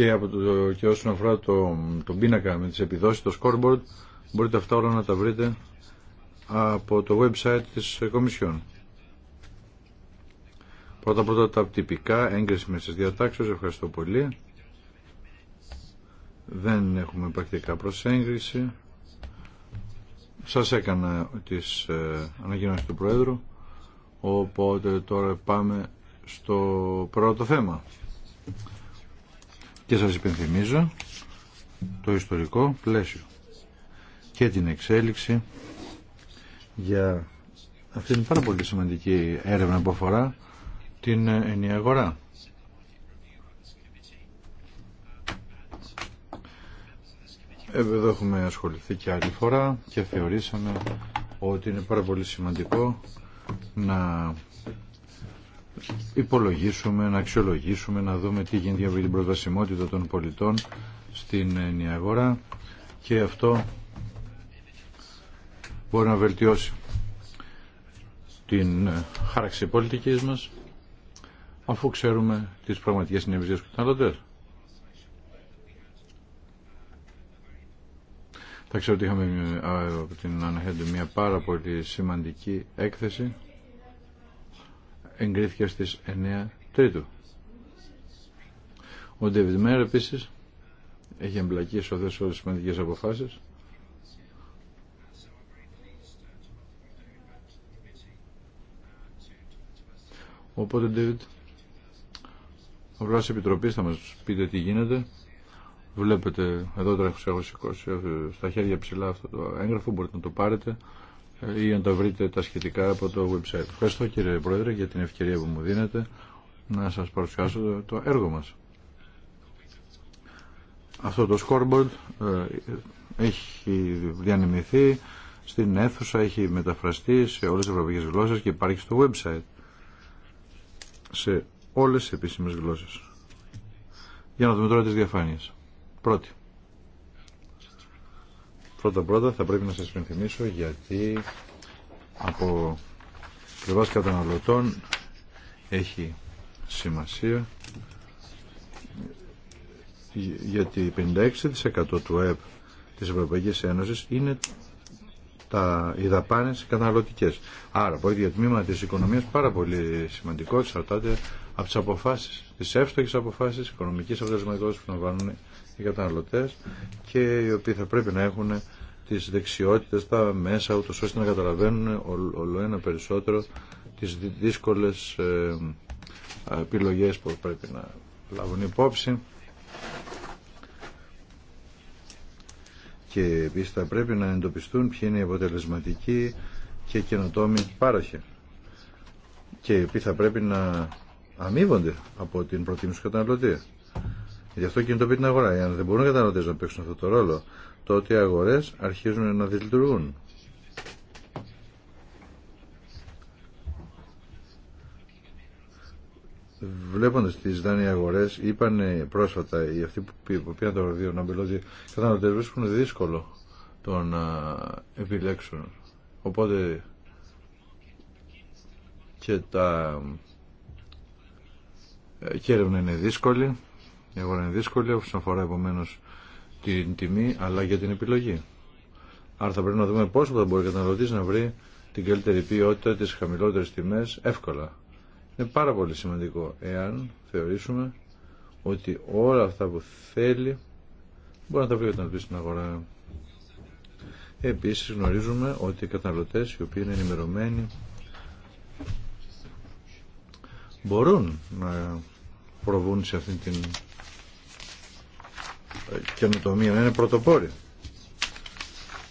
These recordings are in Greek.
και, από το, και όσον αφορά το, τον πίνακα με τις επιδόσεις, το scoreboard, μπορείτε αυτά όλα να τα βρείτε από το website της Κομισιόν. Πρώτα πρώτα τα τυπικά, έγκριση με στις διατάξεις, ευχαριστώ πολύ. Δεν έχουμε πρακτικά προς έγκριση. Σας έκανα τις ε, ανακοινώσεις του Προέδρου, οπότε τώρα πάμε στο πρώτο θέμα. Και σας υπενθυμίζω το ιστορικό πλαίσιο και την εξέλιξη για αυτήν την πάρα πολύ σημαντική έρευνα που αφορά την ενιαία αγορά. Εδώ έχουμε ασχοληθεί και άλλη φορά και θεωρήσαμε ότι είναι πάρα πολύ σημαντικό να υπολογίσουμε, να αξιολογήσουμε, να δούμε τι γίνεται για την προσβασιμότητα των πολιτών στην νέα αγορά και αυτό μπορεί να βελτιώσει την χάραξη πολιτικής μας αφού ξέρουμε τις πραγματικές συνέπειες για Θα ξέρω ότι είχαμε ε, από την Αναχέντη μια πάρα πολύ σημαντική έκθεση εγκρίθηκε στις 9 Τρίτου. Ο Ντέβιντ Μέρ επίση έχει εμπλακεί σε όλε τι σημαντικέ αποφάσει. Οπότε, Ντέβιντ, ο πλάσης επιτροπής θα μας πείτε τι γίνεται. Βλέπετε, εδώ τώρα έχω σηκώσει στα χέρια ψηλά αυτό το έγγραφο, μπορείτε να το πάρετε ή αν τα βρείτε τα σχετικά από το website. Ευχαριστώ κύριε Πρόεδρε για την ευκαιρία που μου δίνετε να σας παρουσιάσω το έργο μας. Αυτό το scoreboard ε, έχει διανεμηθεί στην αίθουσα, έχει μεταφραστεί σε όλες τις ευρωπαϊκές γλώσσες και υπάρχει στο website σε όλες τις επίσημες γλώσσες. Για να δούμε τώρα τις διαφάνειες. Πρώτη. Πρώτα πρώτα θα πρέπει να σας πενθυμίσω γιατί από πλευράς καταναλωτών έχει σημασία γιατί 56% του ΕΠ της Ευρωπαϊκής Ένωσης είναι τα, οι δαπάνε καταναλωτικέ. Άρα, από ίδια τμήμα τη οικονομία πάρα πολύ σημαντικό εξαρτάται από τι αποφάσει, τι εύστοχε αποφάσει οικονομική αποτελεσματικότητα που λαμβάνουν οι καταναλωτέ και οι οποίοι θα πρέπει να έχουν τις δεξιότητες, τα μέσα, ούτως ώστε να καταλαβαίνουν όλο ένα περισσότερο τις δύσκολες ε, ε, επιλογέ που πρέπει να λάβουν υπόψη. Και επίση θα πρέπει να εντοπιστούν ποιοι είναι οι αποτελεσματικοί και καινοτόμοι πάροχοι. Και οι θα πρέπει να αμείβονται από την προτίμηση του καταναλωτή. Γι' αυτό κινητοποιεί την αγορά. Εάν δεν μπορούν οι καταναλωτέ να παίξουν αυτό το ρόλο, τότε οι αγορέ αρχίζουν να δυσλειτουργούν. Βλέποντα τι ζητάνε οι αγορέ, είπαν πρόσφατα οι αυτοί που πήραν το βραβείο να ότι οι καταναλωτέ βρίσκουν δύσκολο το να επιλέξουν. Οπότε και τα ε, και είναι δύσκολη. Η αγορά είναι δύσκολη όσον αφορά επομένω την τιμή αλλά και την επιλογή. Άρα θα πρέπει να δούμε πόσο θα μπορεί ο καταναλωτή να βρει την καλύτερη ποιότητα, τι χαμηλότερε τιμέ εύκολα. Είναι πάρα πολύ σημαντικό εάν θεωρήσουμε ότι όλα αυτά που θέλει μπορεί να τα βρει καταναλωτή στην αγορά. Επίσης γνωρίζουμε ότι οι καταναλωτέ οι οποίοι είναι ενημερωμένοι μπορούν να προβούν σε αυτήν την καινοτομία είναι πρωτοπόροι.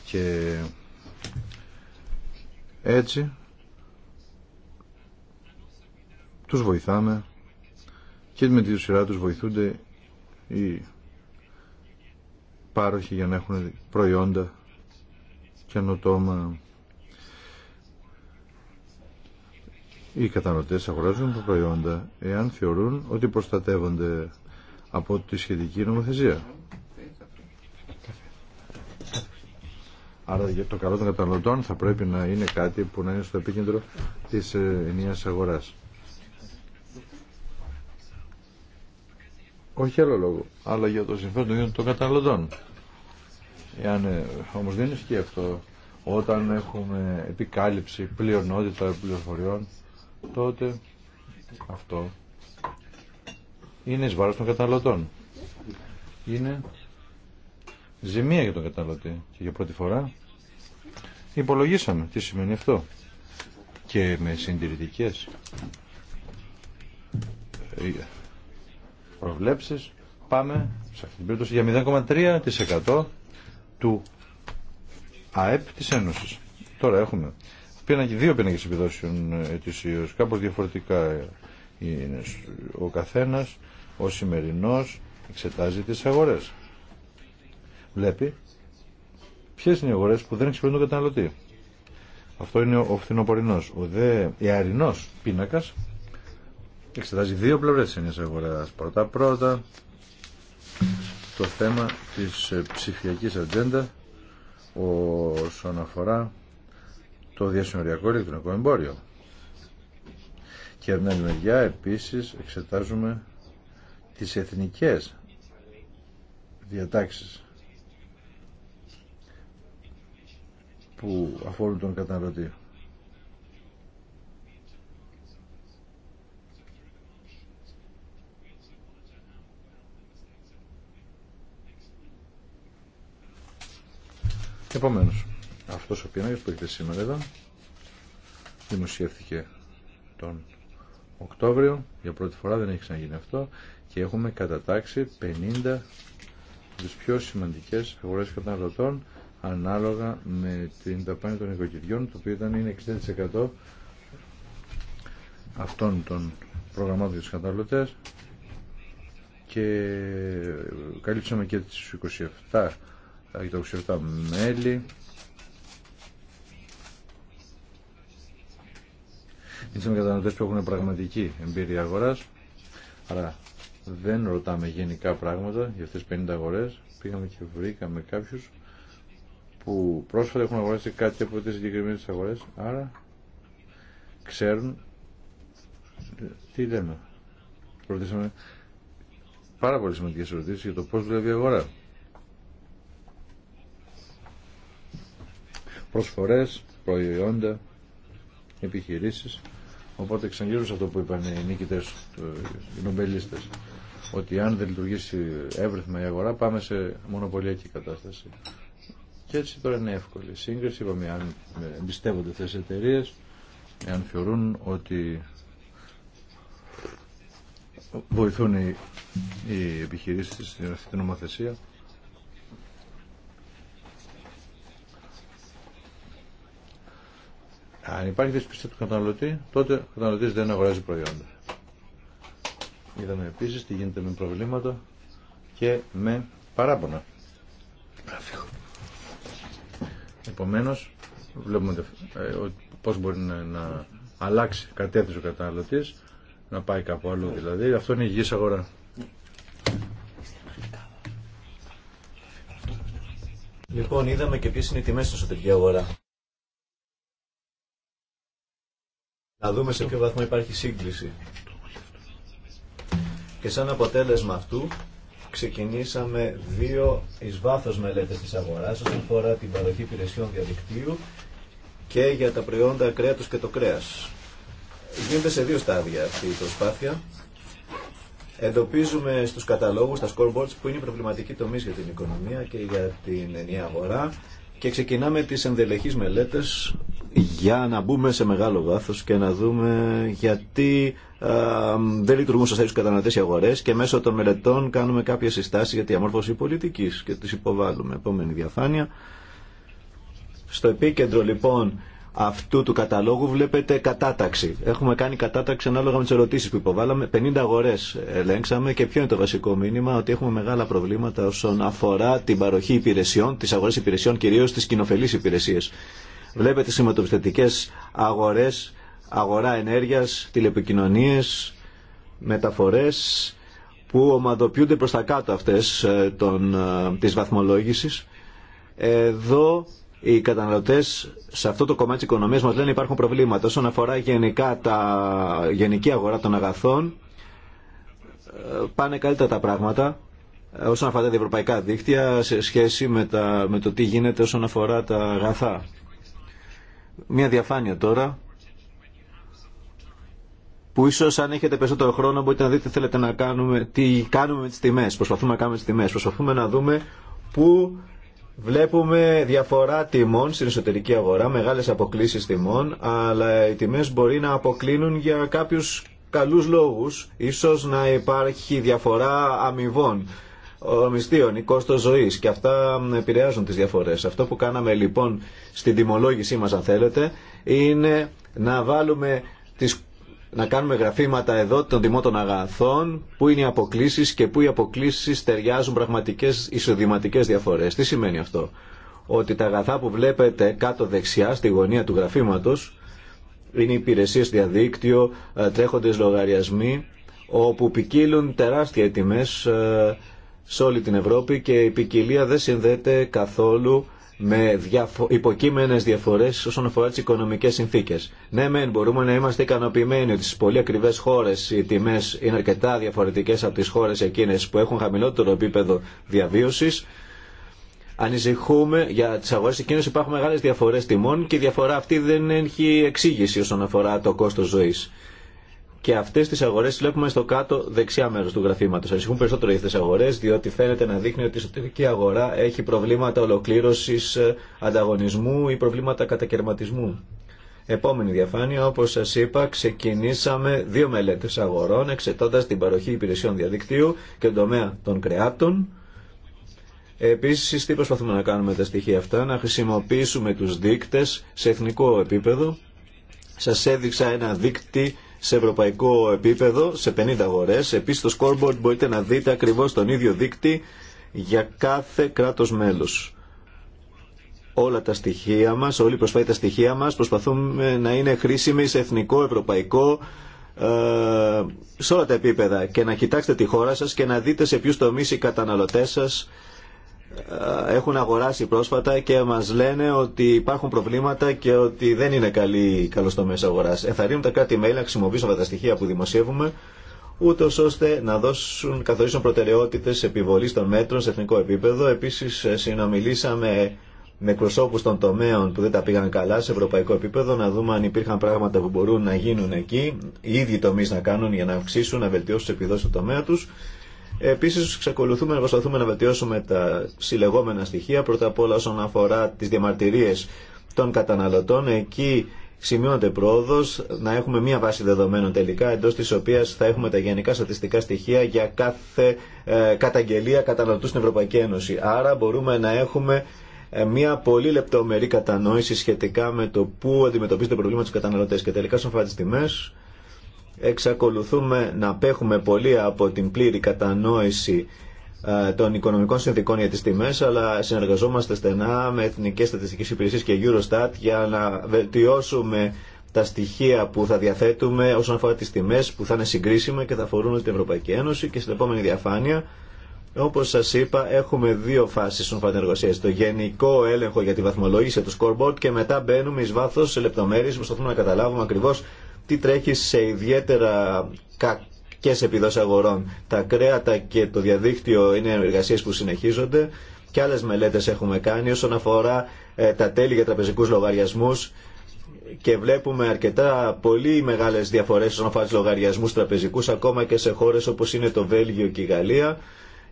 Και έτσι τους βοηθάμε και με τη σειρά τους βοηθούνται οι πάροχοι για να έχουν προϊόντα καινοτόμα. Οι κατανοτές αγοράζουν προϊόντα εάν θεωρούν ότι προστατεύονται από τη σχετική νομοθεσία. Άρα το καλό των καταναλωτών θα πρέπει να είναι κάτι που να είναι στο επίκεντρο της ε, ενιαίας αγοράς. Όχι άλλο λόγο, αλλά για το συμφέρον των των καταναλωτών. Εάν ε, όμως δεν ισχύει αυτό, όταν έχουμε επικάλυψη πλειονότητα πληροφοριών, τότε αυτό είναι εις βάρος των καταναλωτών. Είναι ζημία για τον καταναλωτή. Και για πρώτη φορά υπολογίσαμε τι σημαίνει αυτό. Και με συντηρητικές ε, προβλέψεις πάμε σε αυτή την περίπτωση για 0,3% του ΑΕΠ της Ένωσης. Τώρα έχουμε δύο πίνακες επιδόσεων ε, ετησίως, κάπως διαφορετικά ο καθένας, ο σημερινός εξετάζει τις αγορές βλέπει ποιε είναι οι αγορέ που δεν εξυπηρετούν τον καταναλωτή. Αυτό είναι ο φθινοπορεινό. Ο δε πίνακας πίνακα εξετάζει δύο πλευρέ τη ενιαία αγορά. Πρώτα-πρώτα το θέμα της ε, ψηφιακή ατζέντα όσον αφορά το διασυνοριακό ηλεκτρονικό εμπόριο. Και από την άλλη μεριά επίσης εξετάζουμε τις εθνικές διατάξεις που αφορούν τον καταναλωτή. Επομένω, αυτό ο πίνακα που έχετε σήμερα εδώ δημοσιεύτηκε τον Οκτώβριο. Για πρώτη φορά δεν έχει ξαναγίνει αυτό και έχουμε κατατάξει 50 τι πιο σημαντικέ αγορέ καταναλωτών ανάλογα με την δαπάνη των οικοκυριών, το οποίο ήταν είναι 60% αυτών των προγραμμάτων για τους καταναλωτές και καλύψαμε και τις 27, 27 ε, μέλη. είσαμε καταναλωτές που έχουν πραγματική εμπειρία αγοράς, αλλά δεν ρωτάμε γενικά πράγματα για αυτές τις 50 αγορές. Πήγαμε και βρήκαμε κάποιους που πρόσφατα έχουν αγοράσει κάτι από τις συγκεκριμένες αγορές, άρα ξέρουν τι λέμε. Ρωτήσαμε πάρα πολύ σημαντικέ ερωτήσει για το πώς δουλεύει η αγορά. προσφορές, προϊόντα, επιχειρήσεις Οπότε ξαναγύρω σε αυτό που είπαν οι νίκητες οι νομπελίστες Ότι αν δεν λειτουργήσει εύρυθμα η αγορά, πάμε σε μονοπωλιακή κατάσταση. Και έτσι τώρα είναι εύκολη σύγκριση. Είπαμε αν ε, εμπιστεύονται αυτέ τι εταιρείε, εάν θεωρούν ότι βοηθούν οι, οι επιχειρήσει στην αυτή την νομοθεσία. Αν υπάρχει δυσπιστή του καταναλωτή, τότε ο καταναλωτή δεν αγοράζει προϊόντα. Είδαμε επίση τι γίνεται με προβλήματα και με παράπονα. Επομένως, βλέπουμε ε, πώς μπορεί να αλλάξει κατεύθυνση ο καταναλωτής, να πάει κάπου αλλού δηλαδή. Αυτό είναι υγιή αγορά. Λοιπόν, είδαμε και ποιε είναι οι τιμές στην εσωτερική αγορά. Να δούμε σε ποιο βαθμό υπάρχει σύγκληση. Και σαν αποτέλεσμα αυτού ξεκινήσαμε δύο εις βάθος μελέτες της αγοράς όσον αφορά την παροχή υπηρεσιών διαδικτύου και για τα προϊόντα κρέατος και το κρέας. Γίνεται σε δύο στάδια αυτή η προσπάθεια. Εντοπίζουμε στους καταλόγους, τα scoreboards, που είναι η προβληματική τομεί για την οικονομία και για την ενιαία αγορά και ξεκινάμε τις ενδελεχείς μελέτες για να μπούμε σε μεγάλο βάθος και να δούμε γιατί δεν λειτουργούν σωστά τους καταναλωτές οι αγορές και μέσω των μελετών κάνουμε κάποιες συστάσεις για τη διαμόρφωση πολιτικής και τις υποβάλλουμε. Επόμενη διαφάνεια. Στο επίκεντρο λοιπόν αυτού του καταλόγου βλέπετε κατάταξη. Έχουμε κάνει κατάταξη ανάλογα με τι ερωτήσει που υποβάλαμε. 50 αγορέ ελέγξαμε και ποιο είναι το βασικό μήνυμα, ότι έχουμε μεγάλα προβλήματα όσον αφορά την παροχή υπηρεσιών, τι αγορέ υπηρεσιών, κυρίω τι κοινοφελεί υπηρεσίε. Βλέπετε σηματοπιστωτικέ αγορέ, αγορά ενέργεια, τηλεπικοινωνίε, μεταφορέ που ομαδοποιούνται προς τα κάτω αυτές ε, τη ε, της Εδώ οι καταναλωτέ σε αυτό το κομμάτι τη οικονομία μα λένε υπάρχουν προβλήματα. Όσον αφορά γενικά τα γενική αγορά των αγαθών, ε, πάνε καλύτερα τα πράγματα ε, όσον αφορά τα ευρωπαϊκά δίκτυα σε σχέση με, τα, με το τι γίνεται όσον αφορά τα αγαθά. Μία διαφάνεια τώρα που ίσω αν έχετε περισσότερο χρόνο μπορείτε να δείτε τι θέλετε να κάνουμε, τι κάνουμε με τι τιμέ. Προσπαθούμε να κάνουμε τι τιμέ. Προσπαθούμε να δούμε πού Βλέπουμε διαφορά τιμών στην εσωτερική αγορά, μεγάλες αποκλήσεις τιμών, αλλά οι τιμές μπορεί να αποκλίνουν για κάποιους καλούς λόγους, ίσως να υπάρχει διαφορά αμοιβών, μισθείων ή κόστος ζωής και αυτά επηρεάζουν τις διαφορές. Αυτό που κάναμε λοιπόν στην τιμολόγησή μα, αν θέλετε είναι να βάλουμε τις να κάνουμε γραφήματα εδώ των τιμών των αγαθών, πού είναι οι αποκλήσει και πού οι αποκλήσει ταιριάζουν πραγματικέ εισοδηματικέ διαφορέ. Τι σημαίνει αυτό. Ότι τα αγαθά που βλέπετε κάτω δεξιά στη γωνία του γραφήματο είναι υπηρεσίε διαδίκτυο, ε, τρέχοντε λογαριασμοί, όπου ποικίλουν τεράστια τιμέ ε, σε όλη την Ευρώπη και η ποικιλία δεν συνδέεται καθόλου με διαφο υποκείμενε διαφορέ όσον αφορά τι οικονομικέ συνθήκε. Ναι, μεν μπορούμε να είμαστε ικανοποιημένοι ότι στι πολύ ακριβέ χώρε οι τιμέ είναι αρκετά διαφορετικέ από τι χώρε εκείνε που έχουν χαμηλότερο επίπεδο διαβίωση. Ανησυχούμε για τι αγορέ εκείνε υπάρχουν μεγάλε διαφορέ τιμών και η διαφορά αυτή δεν έχει εξήγηση όσον αφορά το κόστο ζωή. Και αυτέ τι αγορέ βλέπουμε στο κάτω δεξιά μέρο του γραφήματο. Ανησυχούν περισσότερο οι αγορέ, διότι φαίνεται να δείχνει ότι η εσωτερική αγορά έχει προβλήματα ολοκλήρωση ε, ανταγωνισμού ή προβλήματα κατακαιρματισμού. Επόμενη διαφάνεια, όπω σα είπα, ξεκινήσαμε δύο μελέτε αγορών, εξετώντα την παροχή υπηρεσιών διαδικτύου και τον τομέα των κρεάτων. Επίση, τι προσπαθούμε να κάνουμε τα στοιχεία αυτά, να χρησιμοποιήσουμε του δείκτε σε εθνικό επίπεδο. Σα έδειξα ένα δείκτη σε ευρωπαϊκό επίπεδο, σε 50 αγορές. Επίσης στο scoreboard μπορείτε να δείτε ακριβώς τον ίδιο δίκτυο για κάθε κράτος μέλος. Όλα τα στοιχεία μας, όλοι προσπάθεια τα στοιχεία μας, προσπαθούμε να είναι χρήσιμοι σε εθνικό, ευρωπαϊκό, ε, σε όλα τα επίπεδα και να κοιτάξετε τη χώρα σας και να δείτε σε ποιους τομείς οι καταναλωτές σας ε, έχουν αγοράσει πρόσφατα και μα λένε ότι υπάρχουν προβλήματα και ότι δεν είναι καλή, το μέσο αγορά. Ενθαρρύνουν τα κράτη-μέλη να χρησιμοποιήσουν αυτά τα στοιχεία που δημοσιεύουμε ούτω ώστε να δώσουν, καθορίσουν προτεραιότητε επιβολή των μέτρων σε εθνικό επίπεδο. Επίση, ε, συνομιλήσαμε με προσώπου των τομέων που δεν τα πήγαν καλά σε ευρωπαϊκό επίπεδο, να δούμε αν υπήρχαν πράγματα που μπορούν να γίνουν εκεί, οι ίδιοι τομεί να κάνουν για να αυξήσουν, να βελτιώσουν τι επιδόσει του τομέα του Επίση, εξακολουθούμε να προσπαθούμε να βελτιώσουμε τα συλλεγόμενα στοιχεία, πρώτα απ' όλα όσον αφορά τι διαμαρτυρίε των καταναλωτών. Εκεί σημειώνεται πρόοδο να έχουμε μία βάση δεδομένων τελικά, εντό τη οποία θα έχουμε τα γενικά στατιστικά στοιχεία για κάθε ε, καταγγελία καταναλωτού στην Ευρωπαϊκή Ένωση. Άρα μπορούμε να έχουμε ε, μία πολύ λεπτομερή κατανόηση σχετικά με το πού αντιμετωπίζονται προβλήματα του καταναλωτέ. Και τελικά, σαν τι τιμέ, εξακολουθούμε να απέχουμε πολύ από την πλήρη κατανόηση ε, των οικονομικών συνθήκων για τις τιμές αλλά συνεργαζόμαστε στενά με Εθνικές Στατιστικές Υπηρεσίες και Eurostat για να βελτιώσουμε τα στοιχεία που θα διαθέτουμε όσον αφορά τις τιμές που θα είναι συγκρίσιμα και θα αφορούν την Ευρωπαϊκή Ένωση και στην επόμενη διαφάνεια όπως σας είπα έχουμε δύο φάσεις στον εργασίας. Το γενικό έλεγχο για τη βαθμολόγηση του scoreboard και μετά μπαίνουμε εις βάθος σε λεπτομέρειες που να καταλάβουμε ακριβώς τι τρέχει σε ιδιαίτερα κακές επιδόσεις αγορών. Τα κρέατα και το διαδίκτυο είναι εργασίες που συνεχίζονται και άλλες μελέτες έχουμε κάνει όσον αφορά ε, τα τέλη για τραπεζικούς λογαριασμούς και βλέπουμε αρκετά πολύ μεγάλες διαφορές όσον αφορά τους λογαριασμούς τραπεζικούς ακόμα και σε χώρες όπως είναι το Βέλγιο και η Γαλλία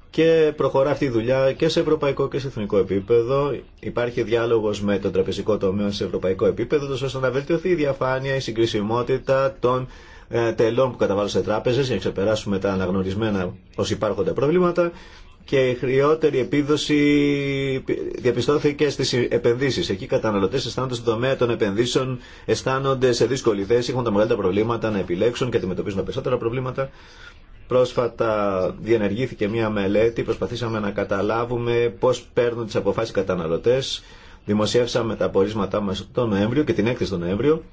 και προχωρά αυτή η δουλειά και σε ευρωπαϊκό και σε εθνικό επίπεδο. Υπάρχει διάλογο με τον τραπεζικό τομέα σε ευρωπαϊκό επίπεδο, ώστε να βελτιωθεί η διαφάνεια, η συγκρισιμότητα των ε, τελών που καταβάλουν σε τράπεζε για να ξεπεράσουμε τα αναγνωρισμένα ω υπάρχοντα προβλήματα. Και η χρειότερη επίδοση διαπιστώθηκε στι επενδύσει. Εκεί οι καταναλωτέ αισθάνονται στον τομέα των επενδύσεων, αισθάνονται σε δύσκολη θέση, έχουν τα μεγαλύτερα προβλήματα να επιλέξουν και αντιμετωπίζουν περισσότερα προβλήματα. Πρόσφατα διενεργήθηκε μια μελέτη, προσπαθήσαμε να καταλάβουμε πώς παίρνουν τις αποφάσεις καταναλωτές. Δημοσιεύσαμε τα απορίσματά μας τον Νοέμβριο και την έκθεση τον Νοέμβριο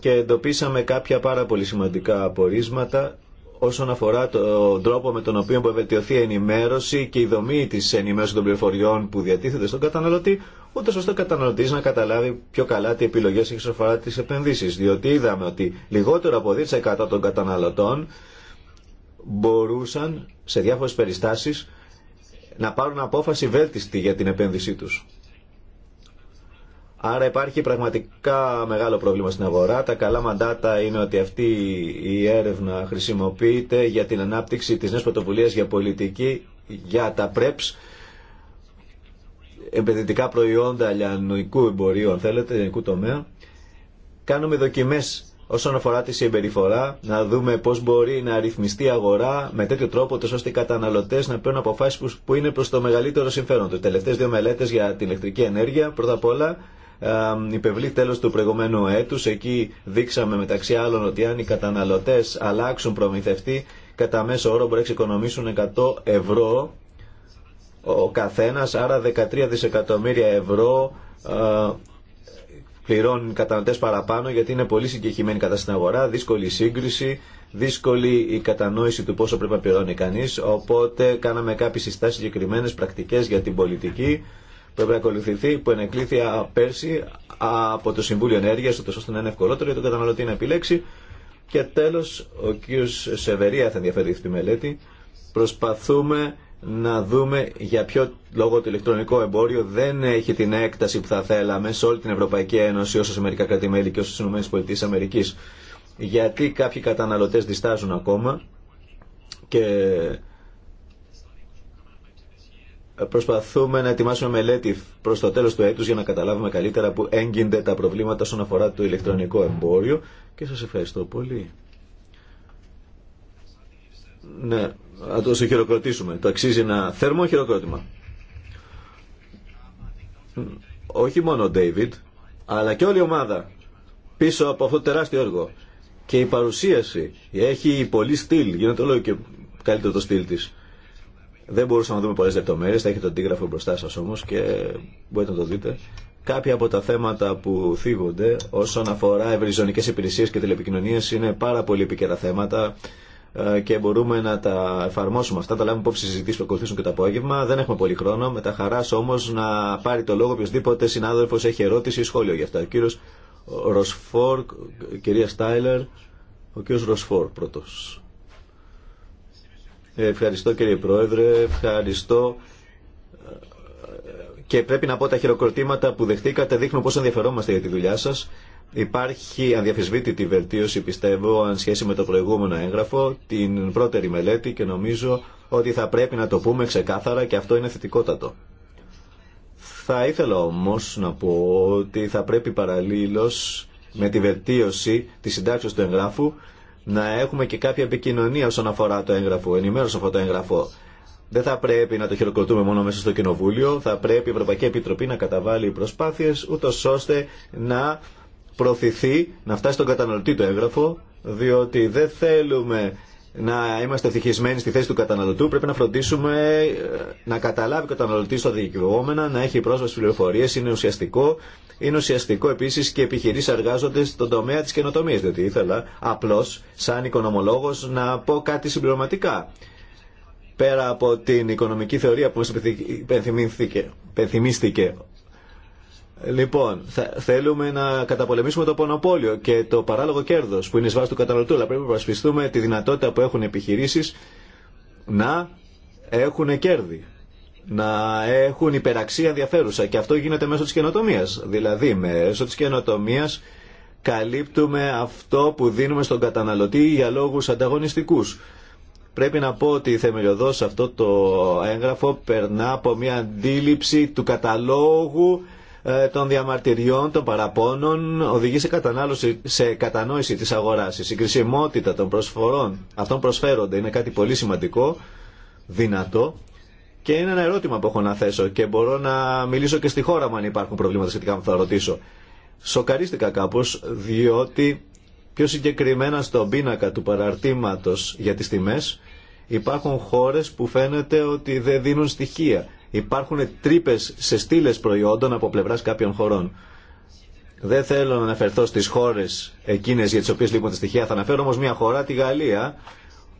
και εντοπίσαμε κάποια πάρα πολύ σημαντικά απορίσματα όσον αφορά τον τρόπο με τον οποίο μπορεί βελτιωθεί η ενημέρωση και η δομή τη ενημέρωση των πληροφοριών που διατίθεται στον καταναλωτή, ούτω ώστε ο καταναλωτή να καταλάβει πιο καλά τι επιλογέ έχει όσον αφορά τι επενδύσει. Διότι είδαμε ότι λιγότερο από 2% των καταναλωτών μπορούσαν σε διάφορες περιστάσεις να πάρουν απόφαση βέλτιστη για την επένδυσή τους. Άρα υπάρχει πραγματικά μεγάλο πρόβλημα στην αγορά. Τα καλά μαντάτα είναι ότι αυτή η έρευνα χρησιμοποιείται για την ανάπτυξη της νέας πρωτοβουλία για πολιτική, για τα πρέψ, επενδυτικά προϊόντα λιανοικού εμπορίου, αν θέλετε, λιανοικού τομέα. Κάνουμε δοκιμές όσον αφορά τη συμπεριφορά, να δούμε πώ μπορεί να ρυθμιστεί η αγορά με τέτοιο τρόπο ώστε οι καταναλωτέ να παίρνουν αποφάσει που είναι προ το μεγαλύτερο συμφέρον. του. τελευταίες δύο μελέτε για την ηλεκτρική ενέργεια, πρώτα απ' όλα, υπευλή τέλος του προηγούμενου έτους. Εκεί δείξαμε μεταξύ άλλων ότι αν οι καταναλωτές αλλάξουν προμηθευτή, κατά μέσο όρο μπορεί να εξοικονομήσουν 100 ευρώ ο καθένας, άρα 13 δισεκατομμύρια ευρώ ε, πληρώνουν οι παραπάνω γιατί είναι πολύ συγκεκριμένη κατά στην αγορά, δύσκολη σύγκριση, δύσκολη η κατανόηση του πόσο πρέπει να πληρώνει κανείς, οπότε κάναμε κάποιες συστάσεις συγκεκριμένε πρακτικές για την πολιτική που πρέπει να ακολουθηθεί, που ενεκλήθη πέρσι από το Συμβούλιο Ενέργειας, ώστε να είναι ευκολότερο για τον καταναλωτή να επιλέξει. Και τέλος, ο κ. Σεβερία θα ενδιαφέρει αυτή τη μελέτη, προσπαθούμε να δούμε για ποιο λόγο το ηλεκτρονικό εμπόριο δεν έχει την έκταση που θα θέλαμε σε όλη την Ευρωπαϊκή Ένωση όσο σε μερικά κράτη-μέλη και όσο στι ΗΠΑ. Γιατί κάποιοι καταναλωτέ διστάζουν ακόμα και προσπαθούμε να ετοιμάσουμε μελέτη προς το τέλος του έτους για να καταλάβουμε καλύτερα που έγκυνται τα προβλήματα όσον αφορά το ηλεκτρονικό εμπόριο και σας ευχαριστώ πολύ. Ναι, να το χειροκροτήσουμε. Το αξίζει ένα θέρμο χειροκρότημα. Όχι μόνο ο Ντέιβιντ, αλλά και όλη η ομάδα πίσω από αυτό το τεράστιο έργο. Και η παρουσίαση έχει πολύ στυλ, γίνεται όλο και καλύτερο το στυλ της. Δεν μπορούσαμε να δούμε πολλές λεπτομέρειες, θα έχετε το αντίγραφο μπροστά σας όμως και μπορείτε να το δείτε. Κάποια από τα θέματα που θίγονται όσον αφορά ευρυζωνικές υπηρεσίες και τηλεπικοινωνίες είναι πάρα πολύ επικαιρά θέματα. Ε, και μπορούμε να τα εφαρμόσουμε αυτά. Τα λάβουμε υπόψη συζητήσει που ακολουθήσουν και το απόγευμα. Δεν έχουμε πολύ χρόνο. Με τα χαρά όμω να πάρει το λόγο οποιοδήποτε συνάδελφο έχει ερώτηση ή σχόλιο για αυτά. Ο κύριο Ροσφόρ, κυρία Στάιλερ, ο κύριο Ροσφόρ πρώτο. Ε, ευχαριστώ κύριε Πρόεδρε, ευχαριστώ ε, και πρέπει να πω τα χειροκροτήματα που δεχτήκατε δείχνουν πόσο ενδιαφερόμαστε για τη δουλειά σα. Υπάρχει ανδιαφεσβήτητη βελτίωση, πιστεύω, αν σχέση με το προηγούμενο έγγραφο, την πρώτερη μελέτη και νομίζω ότι θα πρέπει να το πούμε ξεκάθαρα και αυτό είναι θετικότατο. Θα ήθελα όμως να πω ότι θα πρέπει παραλλήλως με τη βελτίωση της συντάξεως του εγγράφου να έχουμε και κάποια επικοινωνία όσον αφορά το έγγραφο, ενημέρωση αυτό το έγγραφο. Δεν θα πρέπει να το χειροκροτούμε μόνο μέσα στο Κοινοβούλιο, θα πρέπει η Ευρωπαϊκή Επιτροπή να καταβάλει προσπάθειες ούτως ώστε να προωθηθεί, να φτάσει στον καταναλωτή το έγγραφο, διότι δεν θέλουμε να είμαστε ευτυχισμένοι στη θέση του καταναλωτού, πρέπει να φροντίσουμε ε, να καταλάβει ο καταναλωτή τα δικαιωμένα, να έχει πρόσβαση πληροφορίε, είναι ουσιαστικό. Είναι ουσιαστικό επίση και επιχειρήσει εργάζονται στον τομέα τη καινοτομία, διότι ήθελα απλώ, σαν οικονομολόγο, να πω κάτι συμπληρωματικά. Πέρα από την οικονομική θεωρία που μα υπενθυμίστηκε Λοιπόν, θέλουμε να καταπολεμήσουμε το πονοπόλιο και το παράλογο κέρδο που είναι ει του καταναλωτού. Αλλά πρέπει να προσπιστούμε τη δυνατότητα που έχουν οι επιχειρήσει να έχουν κέρδη. Να έχουν υπεραξία ενδιαφέρουσα. Και αυτό γίνεται μέσω τη καινοτομία. Δηλαδή, μέσω τη καινοτομία καλύπτουμε αυτό που δίνουμε στον καταναλωτή για λόγους ανταγωνιστικούς. Πρέπει να πω ότι σε αυτό το έγγραφο περνά από μια αντίληψη του καταλόγου ε, των διαμαρτυριών, των παραπώνων, οδηγεί σε, κατανάλωση, σε κατανόηση της αγοράς. Η συγκρισιμότητα των προσφορών αυτών προσφέρονται είναι κάτι πολύ σημαντικό, δυνατό και είναι ένα ερώτημα που έχω να θέσω και μπορώ να μιλήσω και στη χώρα μου αν υπάρχουν προβλήματα σχετικά που θα ρωτήσω. Σοκαρίστηκα κάπως διότι πιο συγκεκριμένα στον πίνακα του παραρτήματος για τις τιμές υπάρχουν χώρες που φαίνεται ότι δεν δίνουν στοιχεία Υπάρχουν τρύπε σε στήλε προϊόντων από πλευρά κάποιων χωρών. Δεν θέλω να αναφερθώ στι χώρε εκείνε για τι οποίε λείπουν τα στοιχεία. Θα αναφέρω όμω μια χώρα, τη Γαλλία.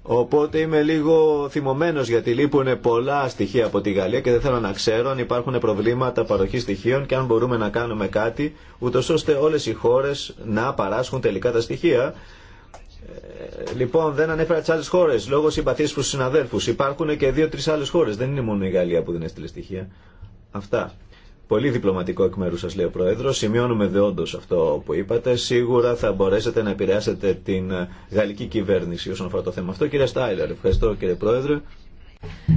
Οπότε είμαι λίγο θυμωμένο γιατί λείπουν πολλά στοιχεία από τη Γαλλία και δεν θέλω να ξέρω αν υπάρχουν προβλήματα παροχή στοιχείων και αν μπορούμε να κάνουμε κάτι ούτω ώστε όλε οι χώρε να παράσχουν τελικά τα στοιχεία ε, λοιπόν, δεν ανέφερα τι άλλε χώρε λόγω συμπαθία προ του συναδέλφου. Υπάρχουν και δύο-τρει άλλε χώρε. Δεν είναι μόνο η Γαλλία που δεν έστειλε στοιχεία. Αυτά. Πολύ διπλωματικό εκ μέρου σα, λέει ο Πρόεδρο. Σημειώνουμε δεόντω αυτό που είπατε. Σίγουρα θα μπορέσετε να επηρεάσετε την γαλλική κυβέρνηση όσον αφορά το θέμα αυτό. Κύριε Στάιλερ, ευχαριστώ κύριε Πρόεδρε.